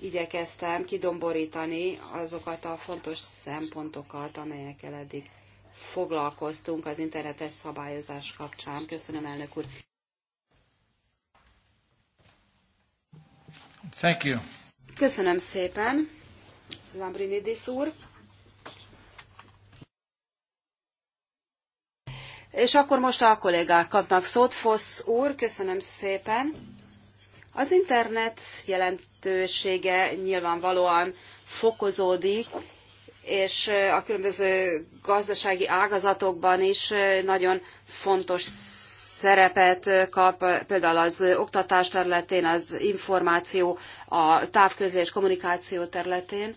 igyekeztem kidomborítani azokat a fontos szempontokat, amelyekkel eddig foglalkoztunk az internetes szabályozás kapcsán. Köszönöm, elnök úr. Thank you. Köszönöm szépen, Lambrinidis úr. És akkor most a kollégák kapnak szót. Fosz úr, köszönöm szépen. Az internet jelentősége nyilvánvalóan fokozódik, és a különböző gazdasági ágazatokban is nagyon fontos szerepet kap, például az oktatás területén, az információ, a távközlés, kommunikáció területén,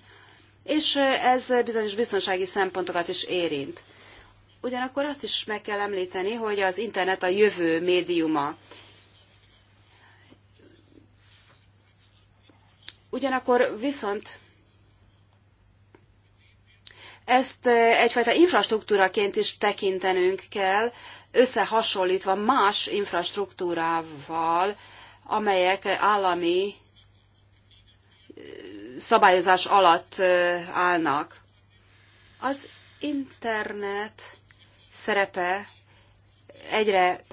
és ez bizonyos biztonsági szempontokat is érint. Ugyanakkor azt is meg kell említeni, hogy az internet a jövő médiuma. Ugyanakkor viszont ezt egyfajta infrastruktúraként is tekintenünk kell, összehasonlítva más infrastruktúrával, amelyek állami szabályozás alatt állnak. Az internet szerepe egyre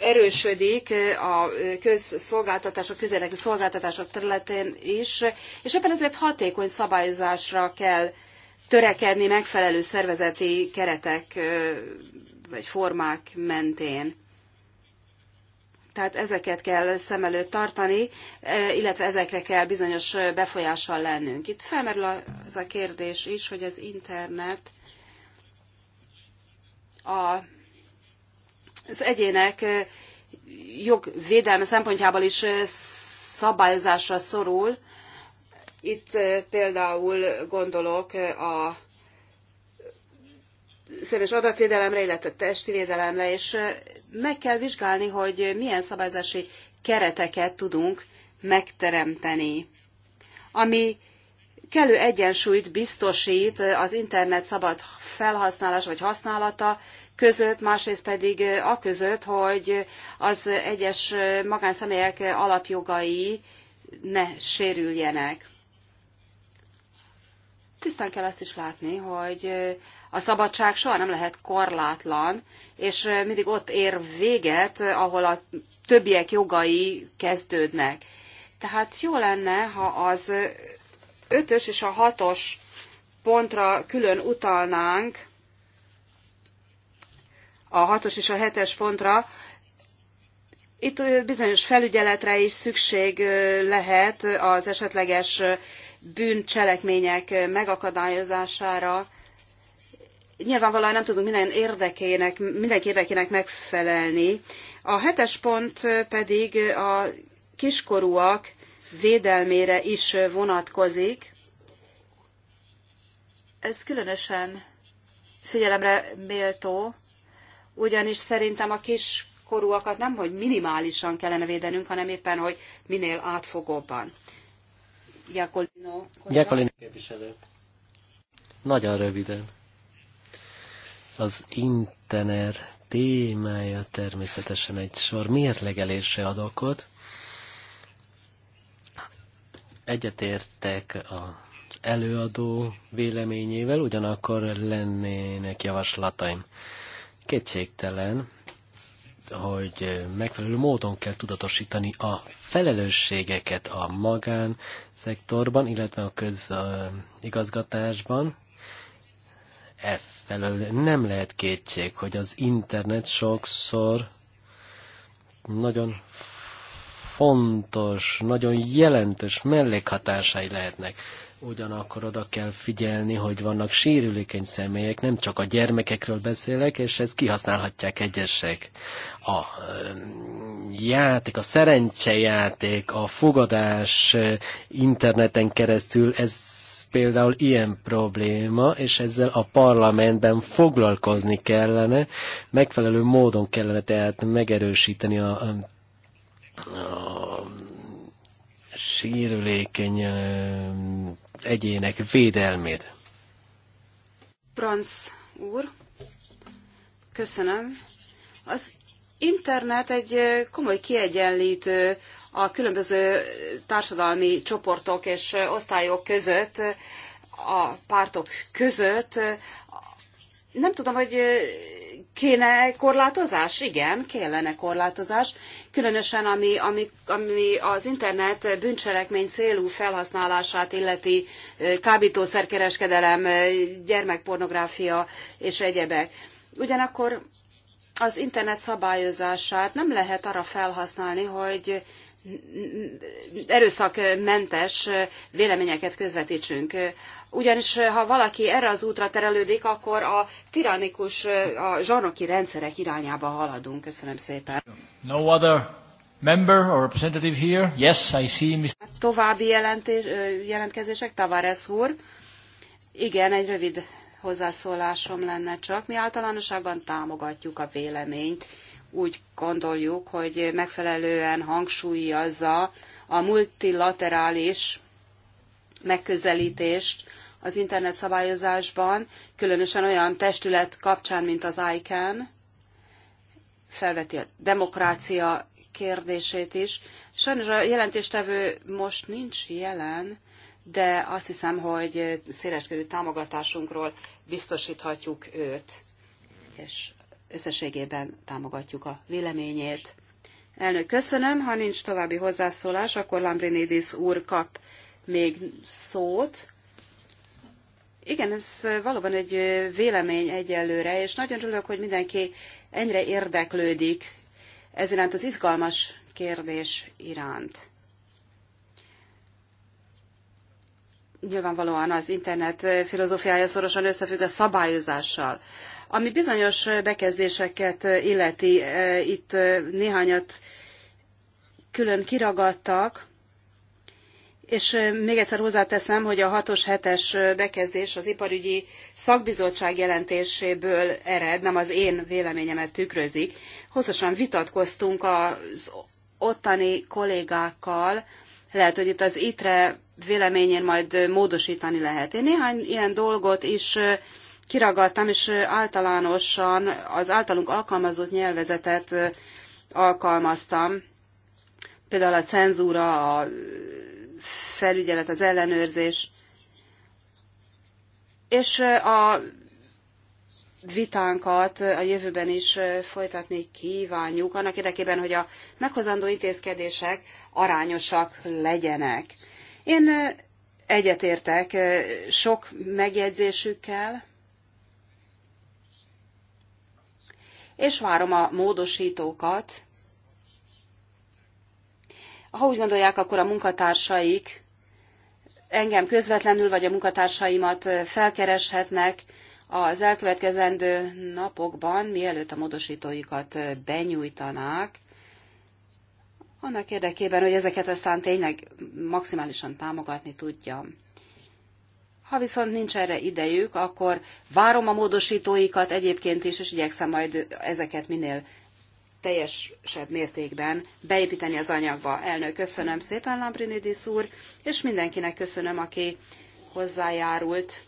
erősödik a közszolgáltatások, közérdekű szolgáltatások területén is, és éppen ezért hatékony szabályozásra kell törekedni megfelelő szervezeti keretek vagy formák mentén. Tehát ezeket kell szem előtt tartani, illetve ezekre kell bizonyos befolyással lennünk. Itt felmerül az a kérdés is, hogy az internet a, az egyének jogvédelme szempontjából is szabályozásra szorul, itt eh, például gondolok eh, a személyes adatvédelemre, illetve testi védelemre, és eh, meg kell vizsgálni, hogy milyen szabályzási kereteket tudunk megteremteni, ami kellő egyensúlyt biztosít az internet szabad felhasználása vagy használata között, másrészt pedig a között, hogy az egyes magánszemélyek alapjogai ne sérüljenek tisztán kell ezt is látni, hogy a szabadság soha nem lehet korlátlan, és mindig ott ér véget, ahol a többiek jogai kezdődnek. Tehát jó lenne, ha az ötös és a hatos pontra külön utalnánk, a hatos és a hetes pontra, itt bizonyos felügyeletre is szükség lehet az esetleges bűncselekmények megakadályozására. Nyilvánvalóan nem tudunk minden érdekének, mindenki érdekének megfelelni. A hetes pont pedig a kiskorúak védelmére is vonatkozik. Ez különösen figyelemre méltó, ugyanis szerintem a kiskorúakat nem, hogy minimálisan kellene védenünk, hanem éppen, hogy minél átfogóbban. Gyakolino. Gyakolino képviselő. Nagyon röviden. Az Intener témája természetesen egy sor mérlegelésre ad okot. Egyetértek a előadó véleményével, ugyanakkor lennének javaslataim. Kétségtelen, hogy eh, megfelelő módon kell tudatosítani a felelősségeket a magán szektorban, illetve a közigazgatásban. Eh, e felől nem lehet kétség, hogy az internet sokszor nagyon fontos, nagyon jelentős mellékhatásai lehetnek. Ugyanakkor oda kell figyelni, hogy vannak sérülékeny személyek, nem csak a gyermekekről beszélek, és ezt kihasználhatják egyesek. A játék, a szerencsejáték, a fogadás interneten keresztül, ez például ilyen probléma, és ezzel a parlamentben foglalkozni kellene, megfelelő módon kellene tehát megerősíteni a, a, a sérülékeny egyének védelmét. Franz úr, köszönöm. Az internet egy komoly kiegyenlítő a különböző társadalmi csoportok és osztályok között, a pártok között. Nem tudom, hogy Kéne korlátozás? Igen, kellene korlátozás. Különösen ami, ami, ami az internet bűncselekmény célú felhasználását illeti kábítószerkereskedelem, gyermekpornográfia és egyebek. Ugyanakkor az internet szabályozását nem lehet arra felhasználni, hogy erőszakmentes véleményeket közvetítsünk ugyanis eh, ha valaki erre az útra terelődik, akkor a tiranikus, eh, a zsarnoki rendszerek irányába haladunk. Köszönöm szépen. No other member or representative here? Yes, I see Mr. További jelentés, eh, jelentkezések, Tavares úr. Igen, egy rövid hozzászólásom lenne csak. Mi általánosságban támogatjuk a véleményt. Úgy gondoljuk, hogy megfelelően hangsúlyozza a multilaterális megközelítést az internet szabályozásban, különösen olyan testület kapcsán, mint az ICANN, felveti a demokrácia kérdését is. Sajnos a jelentéstevő most nincs jelen, de azt hiszem, hogy széleskörű támogatásunkról biztosíthatjuk őt, és összességében támogatjuk a véleményét. Elnök, köszönöm. Ha nincs további hozzászólás, akkor Lambrinidis úr kap még szót. Igen, ez valóban egy vélemény egyelőre, és nagyon örülök, hogy mindenki ennyire érdeklődik ez iránt az izgalmas kérdés iránt. Nyilvánvalóan az internet filozófiája szorosan összefügg a szabályozással. Ami bizonyos bekezdéseket illeti, eh, itt eh, néhányat külön kiragadtak, és még egyszer hozzáteszem, hogy a 6-os 7-es bekezdés az iparügyi szakbizottság jelentéséből ered, nem az én véleményemet tükrözi. Hosszasan vitatkoztunk az ottani kollégákkal, lehet, hogy itt az ITRE véleményén majd módosítani lehet. Én néhány ilyen dolgot is kiragadtam, és általánosan az általunk alkalmazott nyelvezetet alkalmaztam. Például a cenzúra, a felügyelet, az ellenőrzés. És a vitánkat a jövőben is folytatni kívánjuk, annak érdekében, hogy a meghozandó intézkedések arányosak legyenek. Én egyetértek sok megjegyzésükkel, és várom a módosítókat. Ha úgy gondolják, akkor a munkatársaik engem közvetlenül vagy a munkatársaimat felkereshetnek az elkövetkezendő napokban, mielőtt a módosítóikat benyújtanák, annak érdekében, hogy ezeket aztán tényleg maximálisan támogatni tudjam. Ha viszont nincs erre idejük, akkor várom a módosítóikat egyébként is, és igyekszem majd ezeket minél teljesebb mértékben beépíteni az anyagba. Elnök, köszönöm szépen, Lambrinidis úr, és mindenkinek köszönöm, aki hozzájárult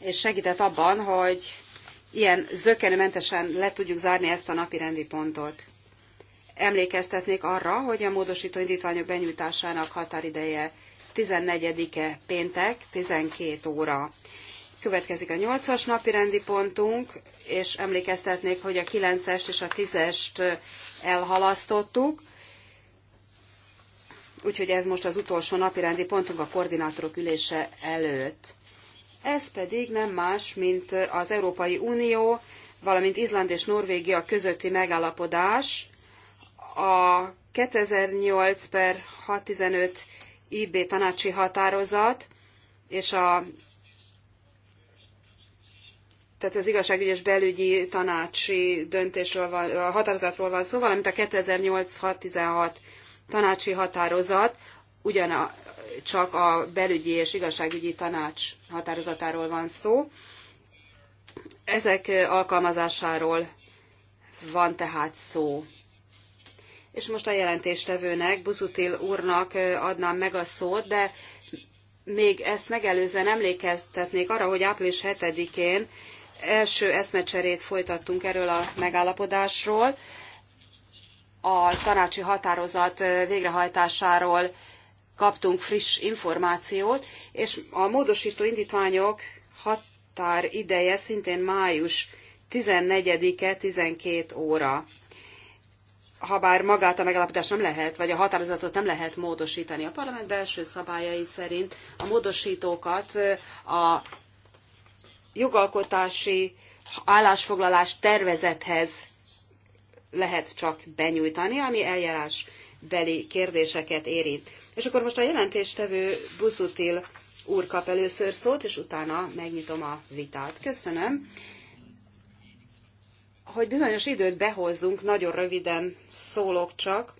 és segített abban, hogy ilyen zökkenőmentesen le tudjuk zárni ezt a napi rendi pontot. Emlékeztetnék arra, hogy a módosító indítványok benyújtásának határideje 14-e péntek, 12 óra. Következik a nyolcas napi rendi pontunk, és emlékeztetnék, hogy a 9 és a tízest elhalasztottuk, úgyhogy ez most az utolsó napi rendi pontunk a koordinátorok ülése előtt. Ez pedig nem más, mint az Európai Unió, valamint Izland és Norvégia közötti megállapodás, a 2008 per 615 IB tanácsi határozat és a tehát az igazságügyes belügyi tanácsi döntésről van, a határozatról van szó, valamint a 2008 16 tanácsi határozat, ugyan csak a belügyi és igazságügyi tanács határozatáról van szó. Ezek alkalmazásáról van tehát szó. És most a jelentéstevőnek, Buzutil úrnak adnám meg a szót, de még ezt megelőzően emlékeztetnék arra, hogy április 7-én első eszmecserét folytattunk erről a megállapodásról, a tanácsi határozat végrehajtásáról kaptunk friss információt, és a módosító indítványok határideje szintén május 14-e 12 óra. Habár magát a megállapodást nem lehet, vagy a határozatot nem lehet módosítani. A parlament belső szabályai szerint a módosítókat a jogalkotási állásfoglalás tervezethez lehet csak benyújtani, ami eljárás beli kérdéseket érint. És akkor most a jelentéstevő Buzutil úr kap először szót, és utána megnyitom a vitát. Köszönöm. Hogy bizonyos időt behozzunk, nagyon röviden szólok csak.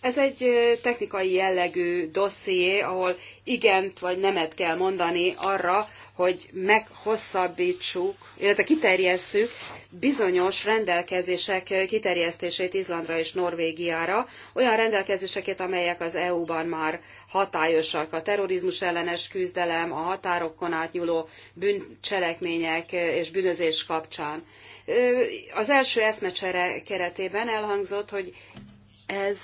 Ez egy technikai jellegű dosszié, ahol igent vagy nemet kell mondani arra, hogy meghosszabbítsuk, illetve kiterjesszük bizonyos rendelkezések kiterjesztését Izlandra és Norvégiára, olyan rendelkezéseket, amelyek az EU-ban már hatályosak, a terrorizmus ellenes küzdelem, a határokon átnyúló bűncselekmények és bűnözés kapcsán. Az első eszmecsere keretében elhangzott, hogy ez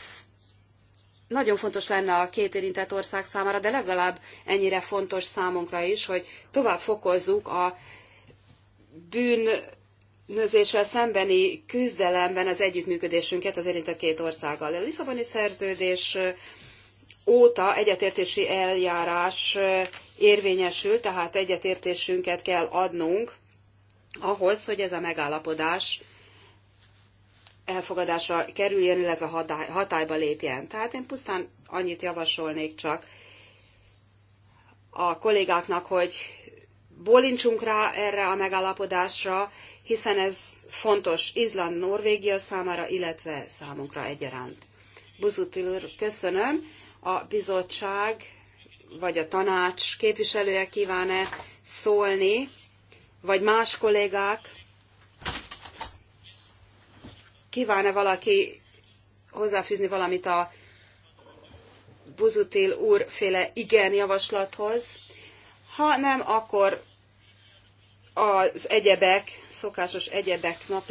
nagyon fontos lenne a két érintett ország számára, de legalább ennyire fontos számunkra is, hogy tovább fokozzuk a bűnözéssel szembeni küzdelemben az együttműködésünket az érintett két országgal. A Lisszaboni szerződés óta egyetértési eljárás érvényesül, tehát egyetértésünket kell adnunk ahhoz, hogy ez a megállapodás elfogadásra kerüljön, illetve hatályba lépjen. Tehát én pusztán annyit javasolnék csak a kollégáknak, hogy bólintsunk rá erre a megállapodásra, hiszen ez fontos Izland Norvégia számára, illetve számunkra egyaránt. Buzutil köszönöm. A bizottság vagy a tanács képviselője kíván-e szólni, vagy más kollégák? Kíván-e valaki hozzáfűzni valamit a Buzutil úrféle igen javaslathoz? Ha nem, akkor az egyebek, szokásos egyebek napi